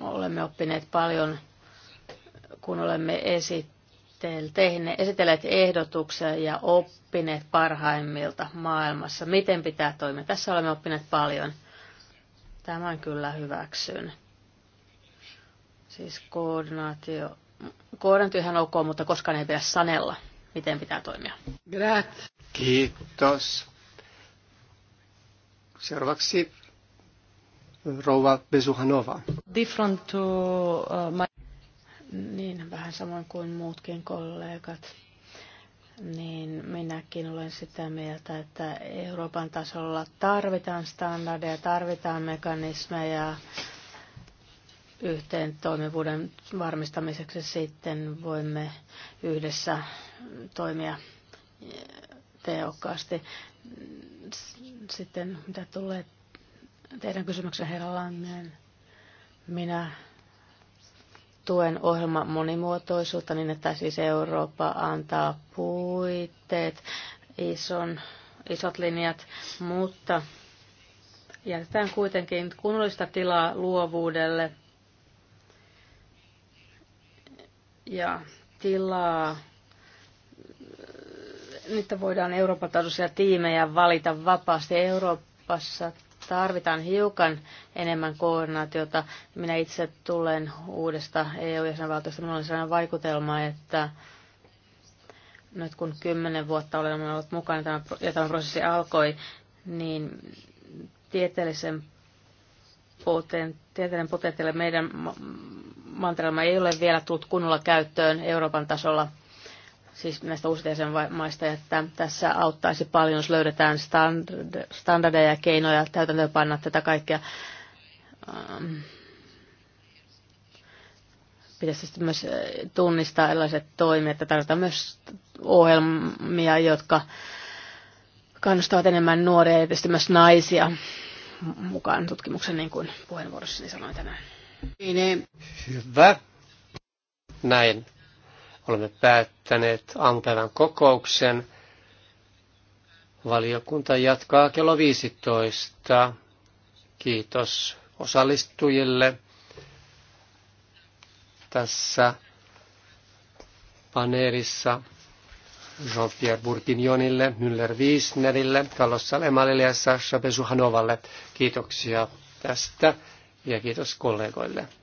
Olemme oppineet paljon, kun olemme esittäneet esitelleet ehdotuksia ja oppineet parhaimmilta maailmassa, miten pitää toimia. Tässä olemme oppineet paljon. Tämän kyllä hyväksyn. Siis koordinaatio. Koordinaatio ihan ok, mutta koskaan ei pidä sanella, miten pitää toimia. Grät. Kiitos. Seuraavaksi rouva Besuhanova. Different to, uh, my... Niin, vähän samoin kuin muutkin kollegat. Niin minäkin olen sitä mieltä, että Euroopan tasolla tarvitaan standardeja, tarvitaan mekanismeja yhteen toimivuuden varmistamiseksi sitten voimme yhdessä toimia tehokkaasti. Sitten mitä tulee teidän kysymyksen herra Langeen, minä tuen ohjelma monimuotoisuutta niin, että siis Eurooppa antaa puitteet, ison, isot linjat, mutta jätetään kuitenkin kunnollista tilaa luovuudelle ja tilaa. Niitä voidaan Euroopan tasoisia tiimejä valita vapaasti Euroopassa tarvitaan hiukan enemmän koordinaatiota. Minä itse tulen uudesta EU-jäsenvaltiosta. Minulla on sellainen vaikutelma, että nyt kun kymmenen vuotta olen ollut mukana ja tämä prosessi alkoi, niin tieteellisen poten, tieteellinen potentiaali meidän mantereella ei ole vielä tullut kunnolla käyttöön Euroopan tasolla – siis näistä uusista jäsenmaista, että tässä auttaisi paljon, jos löydetään standard, standardeja ja keinoja täytäntöönpanna tätä kaikkea. Ähm. Pitäisi sitten myös äh, tunnistaa erilaiset toimet, että tarvitaan myös ohjelmia, jotka kannustavat enemmän nuoria ja tietysti myös naisia mukaan tutkimuksen, niin kuin puheenvuorossani sanoin tänään. Hyvä. Näin Olemme päättäneet aamupäivän kokouksen. Valiokunta jatkaa kello 15. Kiitos osallistujille tässä paneelissa Jean-Pierre Bourguignonille, Müller Wiesnerille, Carlos Salemalille ja Sasha Besuhanovalle. Kiitoksia tästä ja kiitos kollegoille.